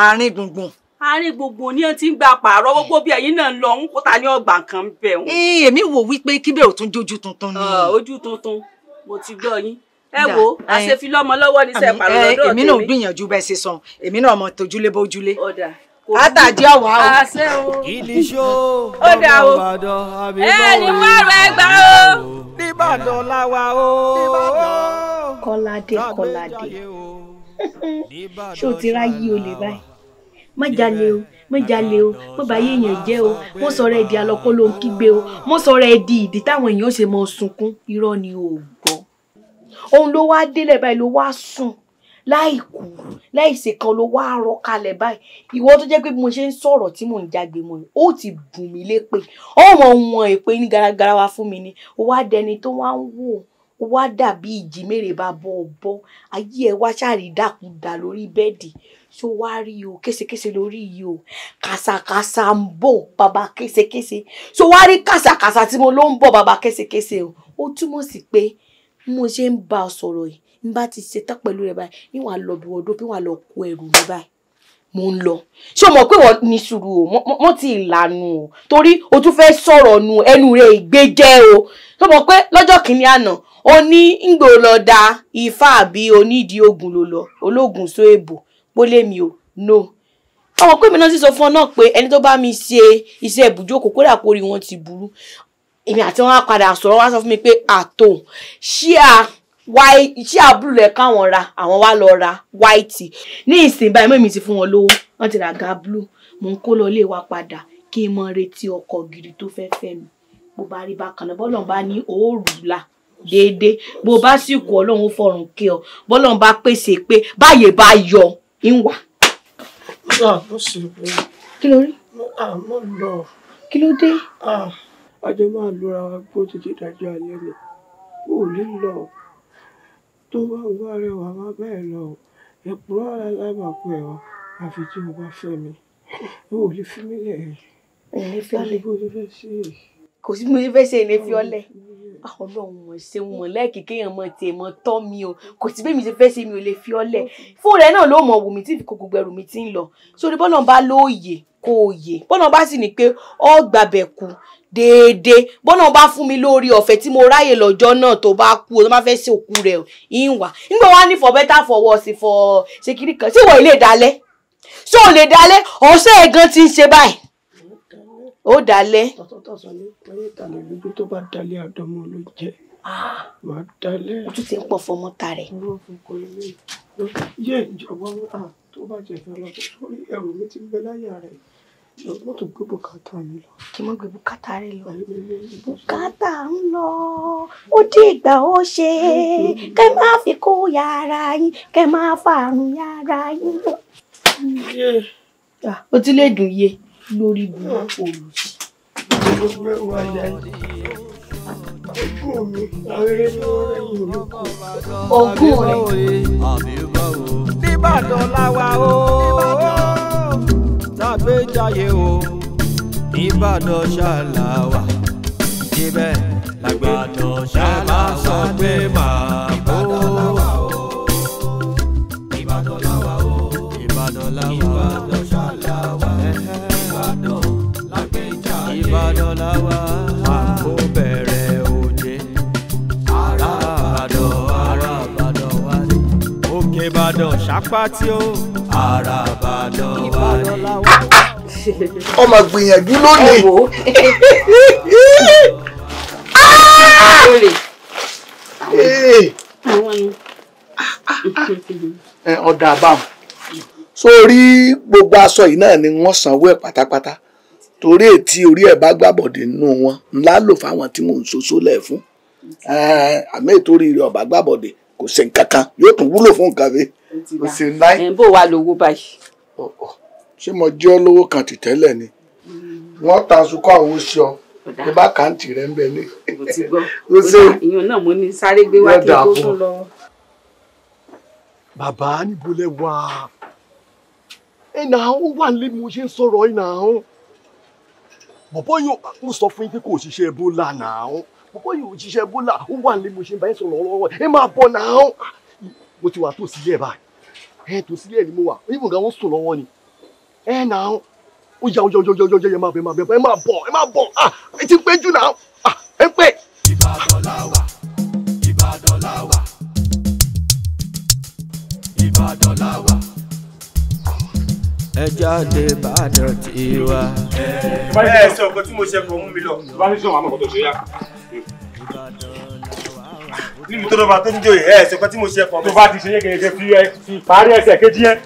àárín gbùngbùn. àárín gbùngbùn ni ó ti ń gbà pààrọ̀ gbogbo bí ẹ̀yin náà ń lọ ń kó ta ní ọgbà kan bẹ̀ wọ́n. èmi wò wípé kíbẹ̀ ò tún jójú tuntun ni. ojú tuntun mo ti gbọ́ yín ẹ wo àṣefí lọ́mọ lọ́wọ́ ni sẹ́ẹ̀ pààrọ̀ lọ́dọ̀ tèmi. èmi náà gbìyànjú bẹ́ẹ̀ ṣe sàn èmi náà mọ tojúlé bójúlé. ọ̀dà àtàjẹ ọwà o. àṣẹ o. ìlíṣó ọmọ ìbàdàn àbí bọ́wọ́ ẹ ní wàrà ẹgbà o. nìbàdàn làwà o. kọ́ládé kọ́ládé ṣó ti ráyé olè báyìí má jalè o má jalè o má bá yéèyàn jẹ́ o mo sọ̀rọ̀ ẹ̀dì àlọ́kọ́ ló ń kígbe o mo sọ̀rọ̀ ẹ̀dì ìdí táwọn èèyàn ṣe mọ sunkún irọ́ ni o gbọ́ ohun ló wá délẹ̀ báyìí ló wá sùn láìkú láìsè kan ló wá rọ kalẹ̀ báyìí ìwọ tó jẹ́ pé bí mo ṣe ń sọ̀rọ̀ tí mò ń jágbe mọ́ ó ti bù mí lépè ọmọ wọn èpè ní garagara wa fún mi ni ó wá dẹni tó wá ń wò ó wá dàbí ìjì mèrè bá bọ ọbọ ayé ẹ wá ṣáà rí dàkúdà lórí bẹ́ẹ̀dì tó wá rí o késekése lórí yìí o kàsàkàsà ń bọ̀ bàbá késekése tó wá rí kàsàkàsà tí mo ló ń bọ̀ bàbá késekése o ó túmọ̀ sí pé mo ṣe ń bá ọ sọ̀rọ̀ yìí n bá ti ṣetán pẹ̀lú rẹ̀ báyìí ní wàá lọ bí wọ́dọ́ bí wàá lọ kó ẹrù mi báyìí mo ń lọ ṣé o mọ̀ pé wọ́n ní sùúrù o mo ti lànà o torí o tún fẹ́ sọ̀rọ̀ nu ẹnu rẹ̀ ìgbéjẹ́ o ṣé o mọ̀ pé lọ́jọ́ kìíní àná o ní ngbò lọ da ifá àbí onídìí ogun ló lọ ológun so èbò pólé mi o no ọmọ pé mi náà sì sọ fún ọ náà pé ẹni tó bá mi ṣe iṣẹ́ ibùjókòó kódà kórìí wọn ti burú èmi àti wọn á padà sọ̀rọ̀ wọn á sọ fún mi pé àtò ṣíà iṣẹ́ àbúrò rẹ̀ káwọn ra àwọn wá lọ ra white ní ìsìn báyìí mẹ́mi ti fún wọn lówó wọ́n ti ra ga blue mò ń kó lọ ilé wa padà kí n mọ retí ọkọ gidi tó fẹ́ fẹ́ mi bó bá rí bákan náà bọ́lọ̀ bá ní òórùn la déédéé bó bá sì kú ọlọ́run ó fọ̀rùn kí ọ bọ́lọ̀ bá pèsè pé báyè bá yọ ń wà. Ah, kí ló rí. Ah, kí ló dé. àjọ ah, máa lura wa gbó títí dájú alẹ́ mi ò ní lọ. Tó bá wù rẹwà, má bẹ́ẹ̀ lọ o. Ẹ̀pùrọ́ alábàákú ẹ̀ o. Àfi tí o bá fẹ́ mi. O ò lè fi mí lẹ̀. Ẹ̀lẹ́ fi ọlẹ̀. Kò sí bó ṣe fẹ́ ṣe. Kò sí bó fẹ́ ṣe ẹ̀lẹ́ fi ọlẹ̀. Ah, Ọlọ́run mọ̀ ṣe mọ̀ lẹ́ẹ̀kì kéèyàn mọ̀ tiẹ̀ mọ̀ tọ́ mi o. Kò sí bẹ́ẹ̀ mi ṣe fẹ́ ṣe mi ò lè fi ọlẹ̀. Fóònù rẹ̀ náà ló mọ̀ wù mí tí kò gbogbo ẹrù mi ti ń lọ. Sórí bọ́lọ̀ bá lóòyè kó o yè. bá sì ní pé ọ́ gbàbẹ̀ kú déédéé bọ́nà bá fún mi lórí ọ̀fẹ́ tí mo ráyè lọ́jọ́ náà tó bá kú o tó bá fẹ́ sí òkú rẹ̀ ìwà nígbà wá ní for better for worse for ṣe kiri kan ṣé ìwọ ilé ìdálẹ́ ṣé ò lè dálẹ́ ọ̀sẹ̀ ẹ̀gán ti ń ṣe báyìí ó dálẹ́. tọ́tọ́tọ́sọ o tún ti ń pọ̀ fọmọ ta rẹ̀. yé ìjọba ah, tó bá jẹ fẹ́ lọ sórí ẹrù mi ti bẹ láyà rẹ̀ ṣùgbọ́n tó gbé bùkátà mi lọ. kí mo gbé bùkátà rẹ lọ. bùkátà ń lọ ó ìgbà ó ṣe kẹ máa fi kó yàrá yín kẹ máa fàrùn yàrá yín lọ. ó ti lè dùn yé lórí bu olùsí. ogún rẹ̀. nígbà tó la wa o lágbèjáyé o Ìbàdàn ṣàlàwà ibẹ̀ làgbàdàn ṣàlàwà pé màá bọ̀. apáti o. àràbà dọ̀wà ni. ọmọ gbìyànjú lónìí. ọ̀dà àbámu sórí gbogbo aṣọ yìí náà ni wọ́n sanwó ẹ̀ pátápátá torí ètí orí ẹ̀ bá gbàbọ̀dé nínú wọn ńlá lò fáwọn tí mò ń ṣoṣo lẹ̀ fún àmì ìtorí ọ̀bá gbàbọ̀dé kò ṣe nǹkan kan yóò tún wúlò fún nǹkan mi. o sì láì. ẹ̀ ń bò wá lówó báyìí. ṣé mo jẹ́ olówó kan ti tẹ́lẹ̀ ni mm. wọ́n ta sukọ́ àwọn oṣù ọ ní bá kàǹtì rẹ̀ ń bẹ ní. mo ti gbọ́ ó ṣe ìyọ̀n náà mo ní sáré gbé wá kí n tó tún lọ. bàbá níbo lẹ wà ẹ nà ó wà lé mo ṣe ń sọ̀rọ̀ ẹ nà án yóò mo sọ fún yín pé kò ṣiṣẹ́ ebola nà án bọ́bọ́ yìí ò ṣiṣẹ́ bólà ó wà ní mo ṣe bá yín sọ̀rọ̀ ọ̀rọ̀ ẹ máa bọ̀ náà mo ti wà tó sílẹ̀ báyìí ẹ tó sílẹ̀ ni mo wà ibùn gan ó sùn lọ́wọ́ ni ẹ náà ó yà ó yà ó yà ẹ máa bọ̀ máa bọ̀ ẹ máa bọ̀ ẹ máa bọ̀ ẹ ti pẹ́ jù náà ẹ pẹ́. Ìbàdàn la wà Ìbàdàn la wà Ìbàdàn la wà ẹ jáde bàdàn tí wá. ẹ sọ ọkọ tí mo ṣe kọ mú mi lọ tó bá ní sọ àwọn ọmọkọ tó ṣe yá. níbi tó lọ́ba tó ń jòyè ẹ sọ ọkọ tí mo ṣe kọ. tó bá ti ṣe yégeyege fi parí ẹsẹ̀ kejì yẹn.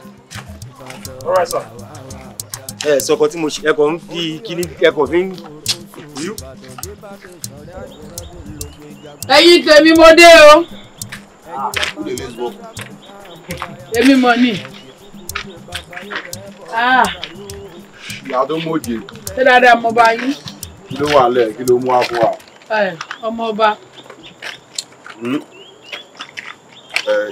ẹ sọ ọkọ tí mo ṣe ẹkọ ń fi kíní ẹkọ fi ń yú. ẹ̀yin tèmi mo dé o. Ah, èmi mọ̀ ni. Ah. ìyá tó mòjé. ṣé dáadáa mo bá yín. kí ló wà lẹ kí ló mú wá fún wa. ọmọ ọba. Hmm.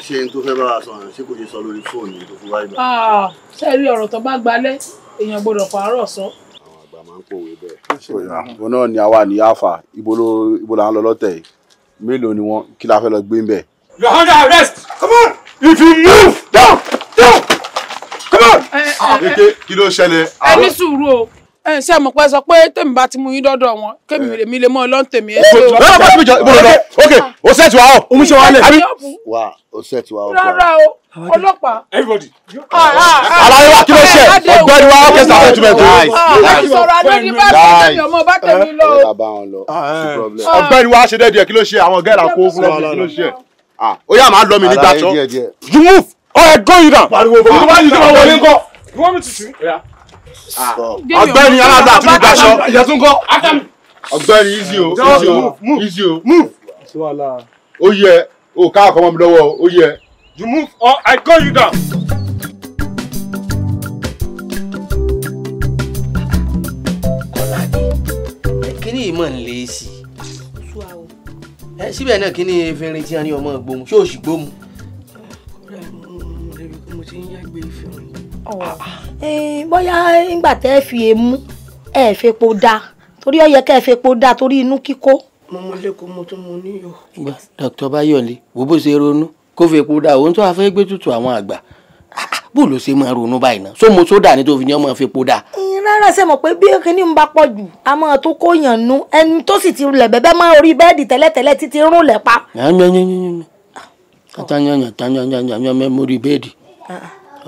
ṣé n tó fẹ́ bá wa sọ àná ṣé kò ṣe sọ lórí fóònù tó fi wáyé bá. Ah, ṣé rí ọ̀rọ̀ tó bá gbalẹ̀ èèyàn gbọ́dọ̀ pààrọ̀ sọ. àwọn àgbà máa ń pòwe bẹ́ẹ̀. òun náà ni àwa ní àfà ibo la ń lọ lọ́tẹ̀ yìí mélòó ni wọ́n kí la fẹ́ lọ gbé ń bẹ̀. you are under arrest come on if you move ike kí ló ṣẹlẹ̀. ẹ ní sùúrù o ẹ ṣe mọ̀ pé sọ pé tèmi bá ti mú yín dọ́dọ̀ wọn kémi lèmi lè mọ́ ọlọ́run tèmi ẹ tó. lọ́wọ́ bá tìmí jọ ìbò lọ́dọ̀ ok o set wa o omi ṣe wa lẹ̀. wa o set wa o. rárá o ọlọ́pàá. everybody. àlàyé wa kí ló ṣe ọgbẹ́ni wa orchestra settlement o. láti sọ̀rọ̀ adéjì bá tẹ̀mí ọmọ bá tẹ̀mí lọ o. ọgbẹ́ni wa ṣe dẹ́ẹ̀dì ẹ̀ kí ló ṣe àwọn gẹ́rà kó fún ọ kí ló ṣe. ó yà máa lọ mi nígbà tó. you move. ọ̀rẹ́ gọ́yìn náà. pariwo fún mi. You want me to shoot? Yeah. Ah. Ọ̀gbẹ́ni aláàbá àti ìgbàṣọ. Ìyàtún kọ́. Ọ̀gbẹ́ni easy o. Easy o. Easy o. Move. Ó Oh o ká àkọ́mọ́ mi lọ́wọ́ o. Ó yẹ. You move or I gun you down. Kíní yìí mọ̀ ń lé sí i. Síbẹ̀ náà kíní efinrin tí a ní ọmọ gbóhùn. Ṣé o sì gbóhùn? Mo ti ń yàgbé efinrin. Ah, ah. Eh, bóyá nígbà tẹ́ ẹ fi èémú ẹ fẹ́po dá torí ó yẹ kẹ́ ẹ fẹ́po dá torí inú kíkó. mo mọ lẹkọọ mo tún mo níyọ. dr bayọ̀lé wo bó ṣe ronú kó fẹ́po dá òun tó a fẹ́ gbé tutù àwọn àgbà ah, bó ló ṣe máa ronú báyìí náà sómo sódà ni tó fi ní ọmọ fẹ́po dá. Eh, rárá ṣe mọ̀ pé bí kinní ń bá pọ̀ jù a máa tó kó yàn nú ẹni tó sì ti rúlẹ̀ bẹ́ẹ̀ máa orí bẹ́ẹ̀dì tẹ́lẹ̀tẹ́lẹ̀ títí rún lẹ̀ pa. àtàyànyàn tàyànyàn tàyànyàn mórí bẹ́ẹ̀dì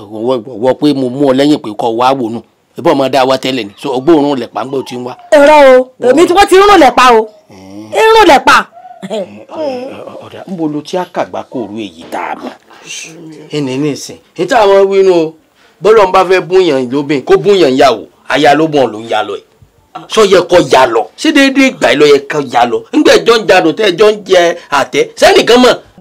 ọwọ́ pé mo mú ọ lẹ́yìn pé kọ́ wá wò nù ìbá ọmọ dá wa tẹ́lẹ̀ ni so ọgbóòórùn lẹ̀pà ń gbọ́ tí ń wá. ẹ̀rọ o èmi tí wọ́n ti rún lẹ̀pà o rún lẹ̀pà. ọ̀dà ń bolo tí a kàgbá kò èyí tá a mọ̀. ẹnì ní ní tí àwọn wínú bọ́lọ̀ ń bá fẹ́ búyàn lóbìn kó búyàn yà wò aya ló bọ̀ ló ń ya lọ ẹ̀ sọ yẹ kọ ya lọ ṣé déédéé ẹ lọ yẹ kọ ya lọ ńgbà ẹjọ́ ń jalò tẹ́ ẹjọ́ ń jẹ àtẹ sẹ́nìkan mọ̀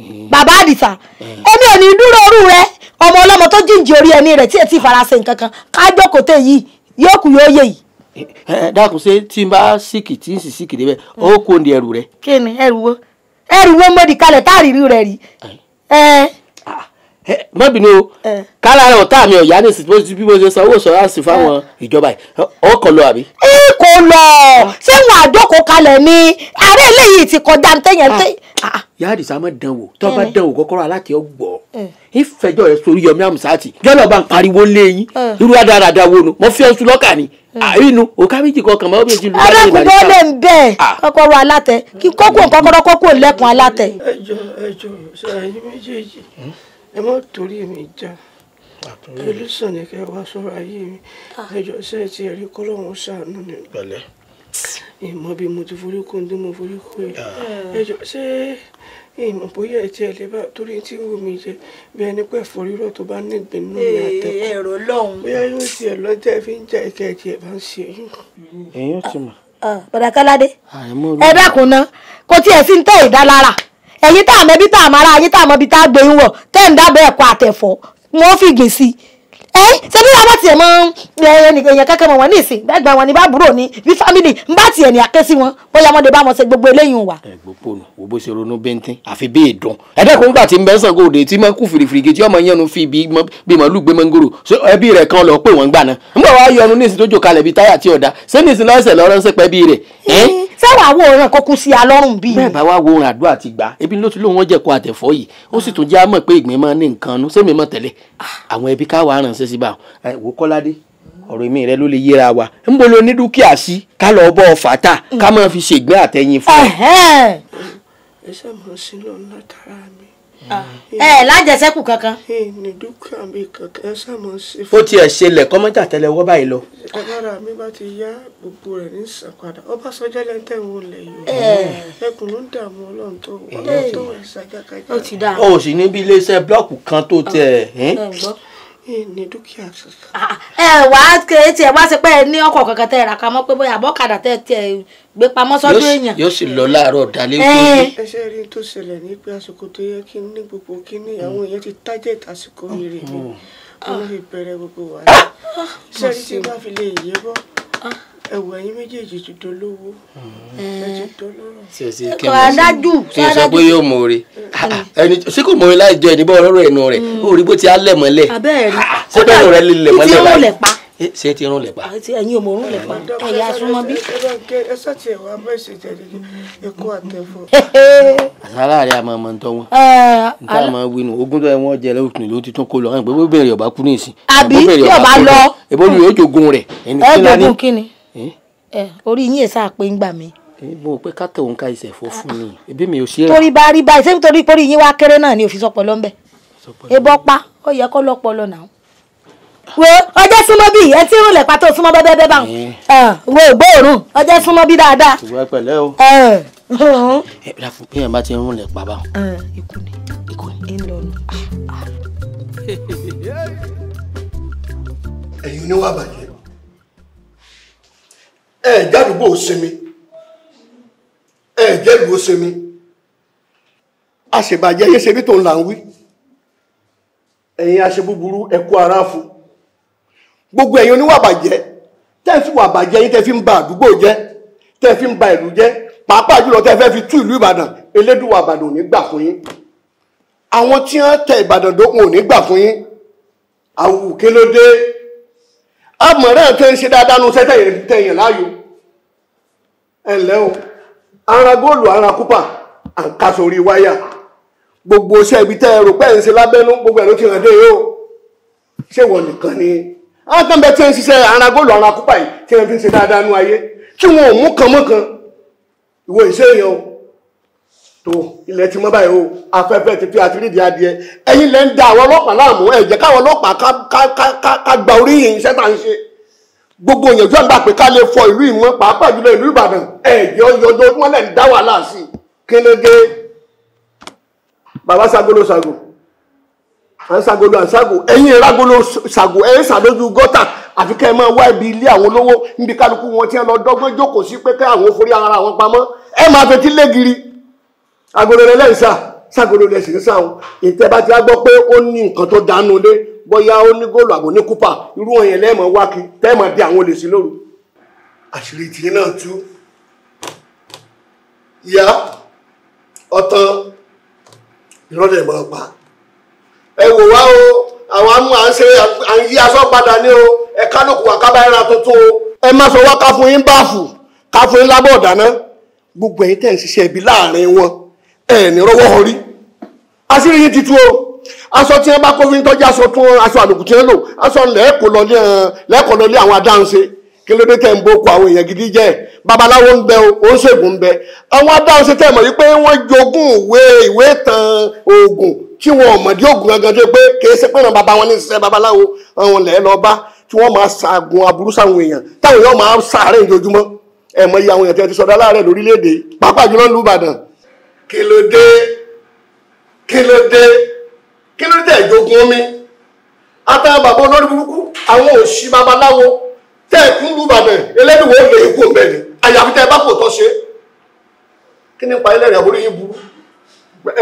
bàbá àdìsá èmi ò ní dúró orú rẹ ọmọ ọlọ́mọ tó jíǹjì orí ẹni rẹ tí ẹ ti farasin nǹkan kan kájọ kò tẹ yìí yóò kù yóò yẹ yìí. ẹ dákun ṣé tí n bá síkì tí n sì síkì débẹ̀ ó kò ní ẹrù rẹ. kí ni ẹrù wo ẹrù wo mo dì kalẹ̀ táàrí rẹ rí má bínú o kára rẹ ọ̀tá mi ọ̀yá nìsí bí mo ṣe sanwó sọ́ráàsì fáwọn ìjọba yìí ọkọ̀ lọ àbí. ẹ kò lọ ṣé wọn àjọkò kalẹ̀ ni ààrẹ eléyìí ti kọjá ntẹ́yẹn ah, tẹ́. Ah, ah. yáàdì sá mọ́ dán wò tó bá dán wò kọ́kọ́rọ́ aláàtì ọgbọ́ ìfẹjọ́ rẹ sórí yọmí àmùsáàtì yọlọ bá ń pariwo lé yín irú adarada wo nu mo fi ẹsùn lọ́kà ni àyínú òkà méjì kọkàn mọ́ méjì lu wáyé ìlànà. arákùnrin lè ń bẹ kọ́kọ́rọ́ alátẹ kí kókó kọ́kọ́rọ́ kókó lẹ́kùn alátẹ. ẹjọ ẹjọ sọ ẹyin méjèèjì hmm? ẹ má torí mi já olùsàn ni kẹ wá sọ̀rọ̀ ayé mi ah. ẹjọ́ sẹ ti ẹrí kọlọrun ṣàánú ni ìmọ̀ bí mo ti forúkọ ní mo forúkọ ah. ẹ ẹjọ́ sẹ ìmọ̀ bóyá ẹ tiẹ̀ lè bá torí tí wù mí jẹ bí ẹni pẹ́ fọ rírọ̀ tó bá nígbè nínú mi eh, àtẹ̀kọ́ ẹ̀rọ lọ́hùn. bóyá yóò tiẹ̀ lọ́jọ́ ẹ fi ń jẹ́ ìkẹ́ ẹ̀ tiẹ̀ bá ń ṣe yín. èyí ò ti mọ̀. Ah, bàdàkáládé ẹ dákun ná kò tiẹ̀ sí ń tẹ̀ ìdálára ẹ̀yin tá àmọ́ ibi tá àmọ́ ara yín tá àmọ́ ibi tá gbé ń wọ̀ tẹ́ ń dábọ̀ ẹ̀kọ́ àtẹ̀fọ́ wọ́n fìgì sí i ẹ ṣe bí wọn bá tiẹ̀ mọ èèyàn kankan mọ̀ wọ́n ní ìsìn gbàgbà wọn ní bá búrò ní bí fámìlì ń bá tiẹ̀ ní àké sí wọn bóyá wọn lè bá wọn ṣe gbogbo eléyìí wà. ẹgbẹ́ pònú wo bó ṣe ronú bẹ́ńtín àfi bí èdùn ẹ̀dẹ́kùn nígbà tí mbẹ́sàn kò dé tí máa ń kú fìrìfìrì tí ọmọ yẹnu fi bí màálù gbé mọ́ngòrò ẹbí rẹ̀ kan lọ pé wọ́n gbà náà nígbà wàá yọnu ní ìsìn tó jò kalẹ̀ bíi táyà tí ọ̀dà ṣé ní ìsìn lọ́sẹ̀ lọ́rọ́ ń sẹ́pẹ́ bí rẹ̀ sáwọn àwọn òòràn kókó sí alọ́rùn bíi. bẹ́ẹ̀ bá wá wo òòrùn àdúrà ti gbà ebi ló ti lóun wọ́n jẹ̀kọ́ àtẹ̀fọ́ yìí ó sì tún já mọ̀ pé ìgbín máa ní nǹkan nu sẹ́mi mọ̀ tẹ́lẹ̀ ah, àwọn ẹbí káwa ràn ṣe sí bá wò kọ́ládé ọ̀rọ̀ èmi rẹ ló lè yéra wa ń bolo ní dúkìá sí ká lọ bọ́ ọ fàtà ká máa fi ṣègbín àtẹ̀yìn fún ẹ. ẹ ṣe mọ̀ sí lọ́nà tara mi ẹ ah. hmm. eh, lájẹsẹ́kù kankan. Hmm, ní dúkìá mi kankan ẹ sá mọ sí. ó tiẹ̀ ṣe lẹ̀kọ́ mọ́jà tẹ́lẹ̀ wọ́ báyìí lọ. agbára mi bá ti yá gbogbo rẹ̀ ní ìsàpadà Ọbásanjọ́ lẹ́ńtẹ̀ wo lẹ̀ yìí. Eh. ẹkùn ló ń dààmú ọlọ́run tó eh. ọlọ́run tó wẹ̀ ṣàgàgàgà. ó ti dáa. o sì níbi iléeṣẹ́ búlọ́ọ̀kù kan tó tẹ̀ ah. ẹ́ ní dúkìá kankan. Ah, ẹ wá kéétì ẹ wá sí pé ẹ ní ọkọ̀ kankan tẹ ra pamọ́ pé bóyá àbọ̀kadà tẹ tiẹ̀ gbé pamọ́ sọ́dún èèyàn. yóò sì lọ láàárọ̀ dalẹ́ òkú. ẹ ṣe rí tó ṣẹlẹ̀ ní pé àsìkò tó yẹ kí ní gbogbo kí ní àwọn mm. èèyàn ti target àsìkò mm. rere ni wọ́n mm. ah. fi bẹ̀rẹ̀ gbogbo wa. Ah. ṣé rí tí wọ́n fi lè yé bọ́ ẹwọ ẹyin méjèèjì ti dolówó mm-hmm. ẹ ti dolóró. kò adájú ṣe sọ pé yóò mọ̀ọ́re mm. ẹni ṣé kò mọ̀ọ́re láì jọ ẹni bọ́ ọ̀rọ̀ ẹnu rẹ̀ mm. ó rí bó ti á lẹ̀ mọ́lẹ̀ ah, ṣé bẹ́ẹ̀ rẹ̀ lè lẹ̀ mọ́lẹ̀ báyìí eh, ṣé ti rún lẹ̀ pa. Ah, ẹ̀yin ò mọ̀ rún lẹ̀ pa ẹ̀yà súnmọ́ bí. ẹ sọ ti ẹ̀wà bẹ́ẹ̀ ṣe tẹ̀lé ikú àtẹ̀fọ́. aláàárẹ̀ àmọ́ ọmọ ntọ́ wọn. nta máa wí nu ogún tó ẹ wọ́n jẹ lẹ́wọ̀tún ló ti tún kó lọ ẹ̀ pé bó bẹ̀rẹ̀ ọ̀bá kú ní ìsìn. àbí tí ọba lọ. ìbọn mi jogun rẹ̀. ẹ jogun kí ni. orí yín èsà pé ń gbà mí. mo pé ká tòun ka ìṣẹ̀ fún fún mi ebi mi ò ṣe é. torí bá rí báyìí sẹ́mi torí pé náà ni òfin sọpọ̀ lọ́nbẹ̀. pa ó yẹ kó lọ́pọ̀ lọ náà. wo ọjọ́ súnmọ́ bí ẹ tí súnmọ́ bẹ́ẹ̀ bẹ́ẹ̀ bá wo gbóòórùn ọjọ́ súnmọ́ bí dáadáa. pẹ̀lẹ́ o. bá ti rún pa ẹ jádùúgbò sinmi ẹ jẹ́lùú sinmi àṣebàjẹ́ yé ṣebí tó ń là ń wí ẹ̀yin aṣebúburú ẹ kú ara fún gbogbo ẹ̀yin oníwà bàjẹ́ tẹ́ fi wà bàjẹ́ yín tẹ́ fi ń ba àdúgbò jẹ́ tẹ́ fi ń ba ìlú jẹ́ pàápàá jùlọ tẹ́ fẹ́ fi tú ìlú Ìbàdàn elédùwà Ìbàdàn ò ní gbà fún yín àwọn tí wọ́n tẹ Ìbàdàn dókun ò gbà fún yín àwùkélódé àmọ̀ràn tẹ́ ń ṣe dáadáa nu sẹ́tẹ̀ tẹ̀yìn láàyò ẹ ǹlẹ́ o ara góòlù ara kúpà à ń ka sórí wáyà gbogbo iṣẹ́ ibi tẹ́ ẹ rò pé ẹ̀ ń ṣe lábẹ́nú gbogbo ẹ̀ ló ti hàn dé ṣé wọ́n nìkan ni àtàǹbẹ̀ tí ń ṣiṣẹ́ ara góòlù ara kúpà yìí tí wọ́n fi ṣe dáadáa nu ayé tí wọn mú kan mọ́ kan ìwọ ìṣe èèyàn o tó ilẹ̀ ti mọ́ báyìí o afẹ́fẹ́ ti fi àtìrídìí adìẹ ẹ̀yin lẹ́ ń da àwọn ọlọ́pàá láàmú ẹ jẹ́ káwọn ọlọ́pàá ká gba orí yìí iṣẹ́ tá à ń ṣe gbogbo òyìnbó àgbà pé ká lè fọ ìlú ìmọ̀ pàápàá jùlọ ìlú Ìbàdàn ẹ̀jẹ̀ ọyọjọ wọn lẹ̀ ń dá wàhálà sí i kílódé bàbá sagolo sago à ń sagolo à ń sago ẹ̀yin ìragolo sago ẹ̀yin sàdójú gọ́tà àfi ká ẹ máa wá ibi ilé àwọn olówó níbi kálukú wọn tí wọn lọ dọ́gbọ́n jókòó sí pé ká àwọn forí ara wọn pamọ́ ẹ máa fetí lé giri agololẹ lẹ́yìn sá ságololẹ sì ń sá o ti gbọ́ pé ó ní nǹkan tó dánú lé bóyá ó ní góòlù àbò ní kúpà irú ọ̀yẹn lẹ́ẹ̀mọ̀ wá kí tẹ́ẹ̀mọ̀ dé àwọn olè sí lóru. àṣírí tìyẹ náà tú ìyá ọ̀tàn ìrọ̀lẹ́ mọ̀ pa ẹ wò wá o àwọn amú à ń ṣe à ń yí aṣọ padà ní o ẹ kálukú wà kábàá ẹran tuntun o ẹ má sọ wá ká yín báàfù yín lábọ̀ ọ̀dáná gbogbo ẹ̀yin tẹ̀ ń ṣiṣẹ́ ibi láàrin wọn ẹ̀ ní rọwọ́ orí àṣírí yín ti tú o aṣọ tí wọ́n bá kó fi ń tọ́jú aṣọ tún aṣọ àlòkù tí wọ́n lò aṣọ lẹ́ẹ̀kọ́ lọ ní àwọn adáhunṣe kí ló dé tẹ̀ ń boko àwọn èèyàn gidi jẹ́ babaláwo ń bẹ oníṣègùn ń bẹ àwọn adáhunṣe tẹ̀ mọ̀ wípé wọ́n jogún ìwé ìwé tan oògùn tí wọn ò mọ̀dí oògùn gangan tó pé kìí ṣe pé ràn bàbá wọn ní ṣiṣẹ́ babaláwo àwọn lẹ́ẹ̀ lọ bá tí wọ́n máa ṣàgùn àbúrú sáwọn èèyàn táwọn èèyàn máa ṣàárẹ̀ ìjojúmọ́ ẹ̀mọ iye àwọn èèyàn tẹ́ ti sọdá láàárẹ̀ lórílẹ̀‐èdè pàápàá jùlọ ní Ìbàdàn kí ló dé kí ló dé kí ló dé ìjogún omi àtàwọn bàbá olórí burúkú àwọn òṣì babaláwo tẹ ẹ kún lù bàbẹ ẹlẹ́dùnwó lè kú ọ̀bẹ ni àyàfi tẹ ẹ bá kò tọ́ ṣe kí nípa ẹlẹ́rìí àbúrò yín burú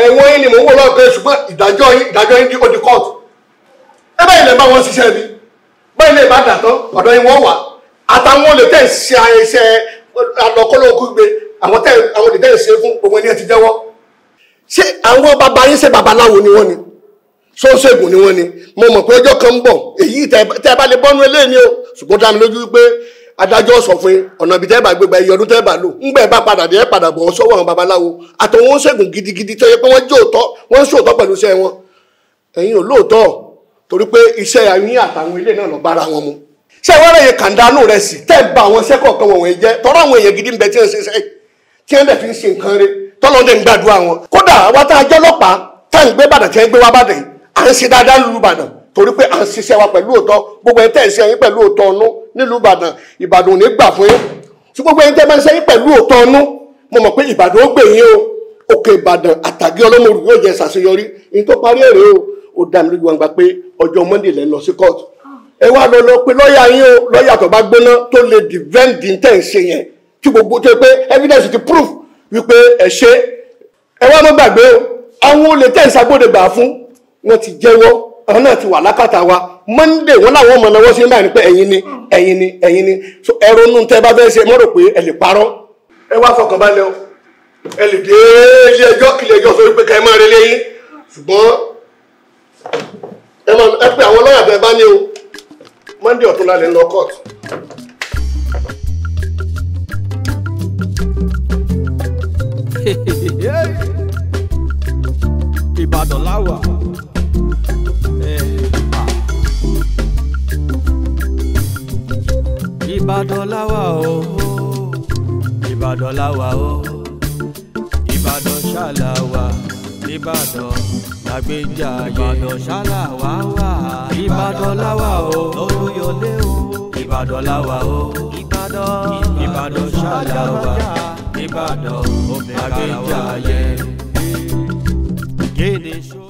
ẹ̀wọ̀n yín ni mò ń wò lọ́ọ̀kẹ́ ṣùgbọ́n ìdájọ́ yín ìdájọ́ yín di odi kóòtù ẹ báyìí lè bá wọn ṣiṣẹ́ ni báyìí lè bá dàtọ́ ọ̀dọ́ yín wọ́n wà àtàwọn olè tẹ̀ ṣe àìṣe àlọ́kọ́lọ́ òkú gbé àwọn tẹ àwọn ìdẹ́yìn ṣe fún gbogbo ẹni ẹ ti jẹ́wọ́ ṣé àwọn bàbá yín ṣe babaláwo ni wọ́n ni ṣóṣègùn ni wọ́n ni mo mọ̀ pé ọjọ́ kan ń bọ̀ èyí tẹ́ ẹ bá lè bọ́nu eléyìí ni o ṣùgbọ́n dá mi lójú pé adájọ́ sọ fún ọ̀nà ibi tẹ́ẹ̀bà gbégbá iye ọdún tẹ́ẹ̀bà lò ńgbẹ́ bá padà dé padà bọ̀ sọ́wọ́ àwọn babaláwo àtọ̀wọ́n ṣègùn gidigidi tó yẹ pé wọ́n jóòtọ́ wọ́n ṣòótọ́ pẹ̀lú iṣẹ́ wọn ẹ̀yin ò lóòótọ́ torí pé iṣẹ́ àyín àtàwọn ilé náà lọ bára wọn mu. ṣé wọ́n rẹ̀ yẹ kàńdánù rẹ̀ sí tẹ́ẹ̀ bá àwọn iṣẹ́ kọ̀ọ̀kan wọ̀nyẹn jẹ́ tọ́rọ àwọn èèyàn gidi ń bẹ tí ń ṣiṣẹ́ yìí tí wọ́n dẹ̀ fi ń ṣe nǹkan rẹ̀ tọ́lọ́ ń gbàdúrà wọn. kódà àwa tá a jẹ́ ọlọ́pàá tá à ń gbé bàdàn tí wọ́n gbé wá bàdàn yìí à ń ṣe dáadáa lùlù bàdàn torí pé à ń ṣiṣẹ́ wa pẹ̀lú òótọ́ gbogbo ẹni tẹ́ ń ṣe yín pẹ̀lú òótọ́ ọ̀nú nílùú ìbàdàn ìbàdàn ò ní gbà fún yín tí gbogbo ẹni tẹ́ máa ṣe yín pẹ̀lú òótọ́ ọ̀nú mo mọ̀ pé ìbàdàn ó gbè yín o òkè ìbàdàn àtàgé ọlọ́mọrù yóò jẹ́ ṣàṣeyọrí ní tó parí èrè o ó dá mi gbangba pé ọjọ́ monday lẹ́ lọ sí kóòtù ẹ wá lọ lọ pé lọ́ọ̀yà yín o lọ́ọ̀yà tó bá gbóná tó lè dìvẹ́ǹdì tẹ̀ ń ṣe yẹn kí gbogbo tó pé evidence ti proof wípé ẹ ṣe ẹ wá ló gbàgbé o àwọn olè tẹ̀ ń fún wọn ti jẹ́wọ́ àwọn náà wà lákàtà wa Monday wọn làwọn ọmọ náà wọ́n ṣe báyìí pé ẹ̀yin ni ẹ̀yin so ẹ ronú tẹ́ bá ṣe mọ́rò pé ẹ lè parọ́ ẹ wá fọkàn o ẹ lè dé ilé ẹjọ́ kílẹ̀ ẹjọ́ sórí pé máa relé yín ṣùgbọ́n ẹ pé àwọn lọ́yà bá ní o Monday Ibadolawa, láwà. Ìbàdàn láwà o, Ibadolawa ah. láwà o, Ìbàdàn ṣàlàwà, Ìbàdàn làgbéjà yẹ. Ìbàdàn ṣàlàwà wà, Ìbàdàn o, Olúyọlé o, Ìbàdàn o, Ìbàdàn Ìbàdàn Ìbàdàn àgbéjáyé.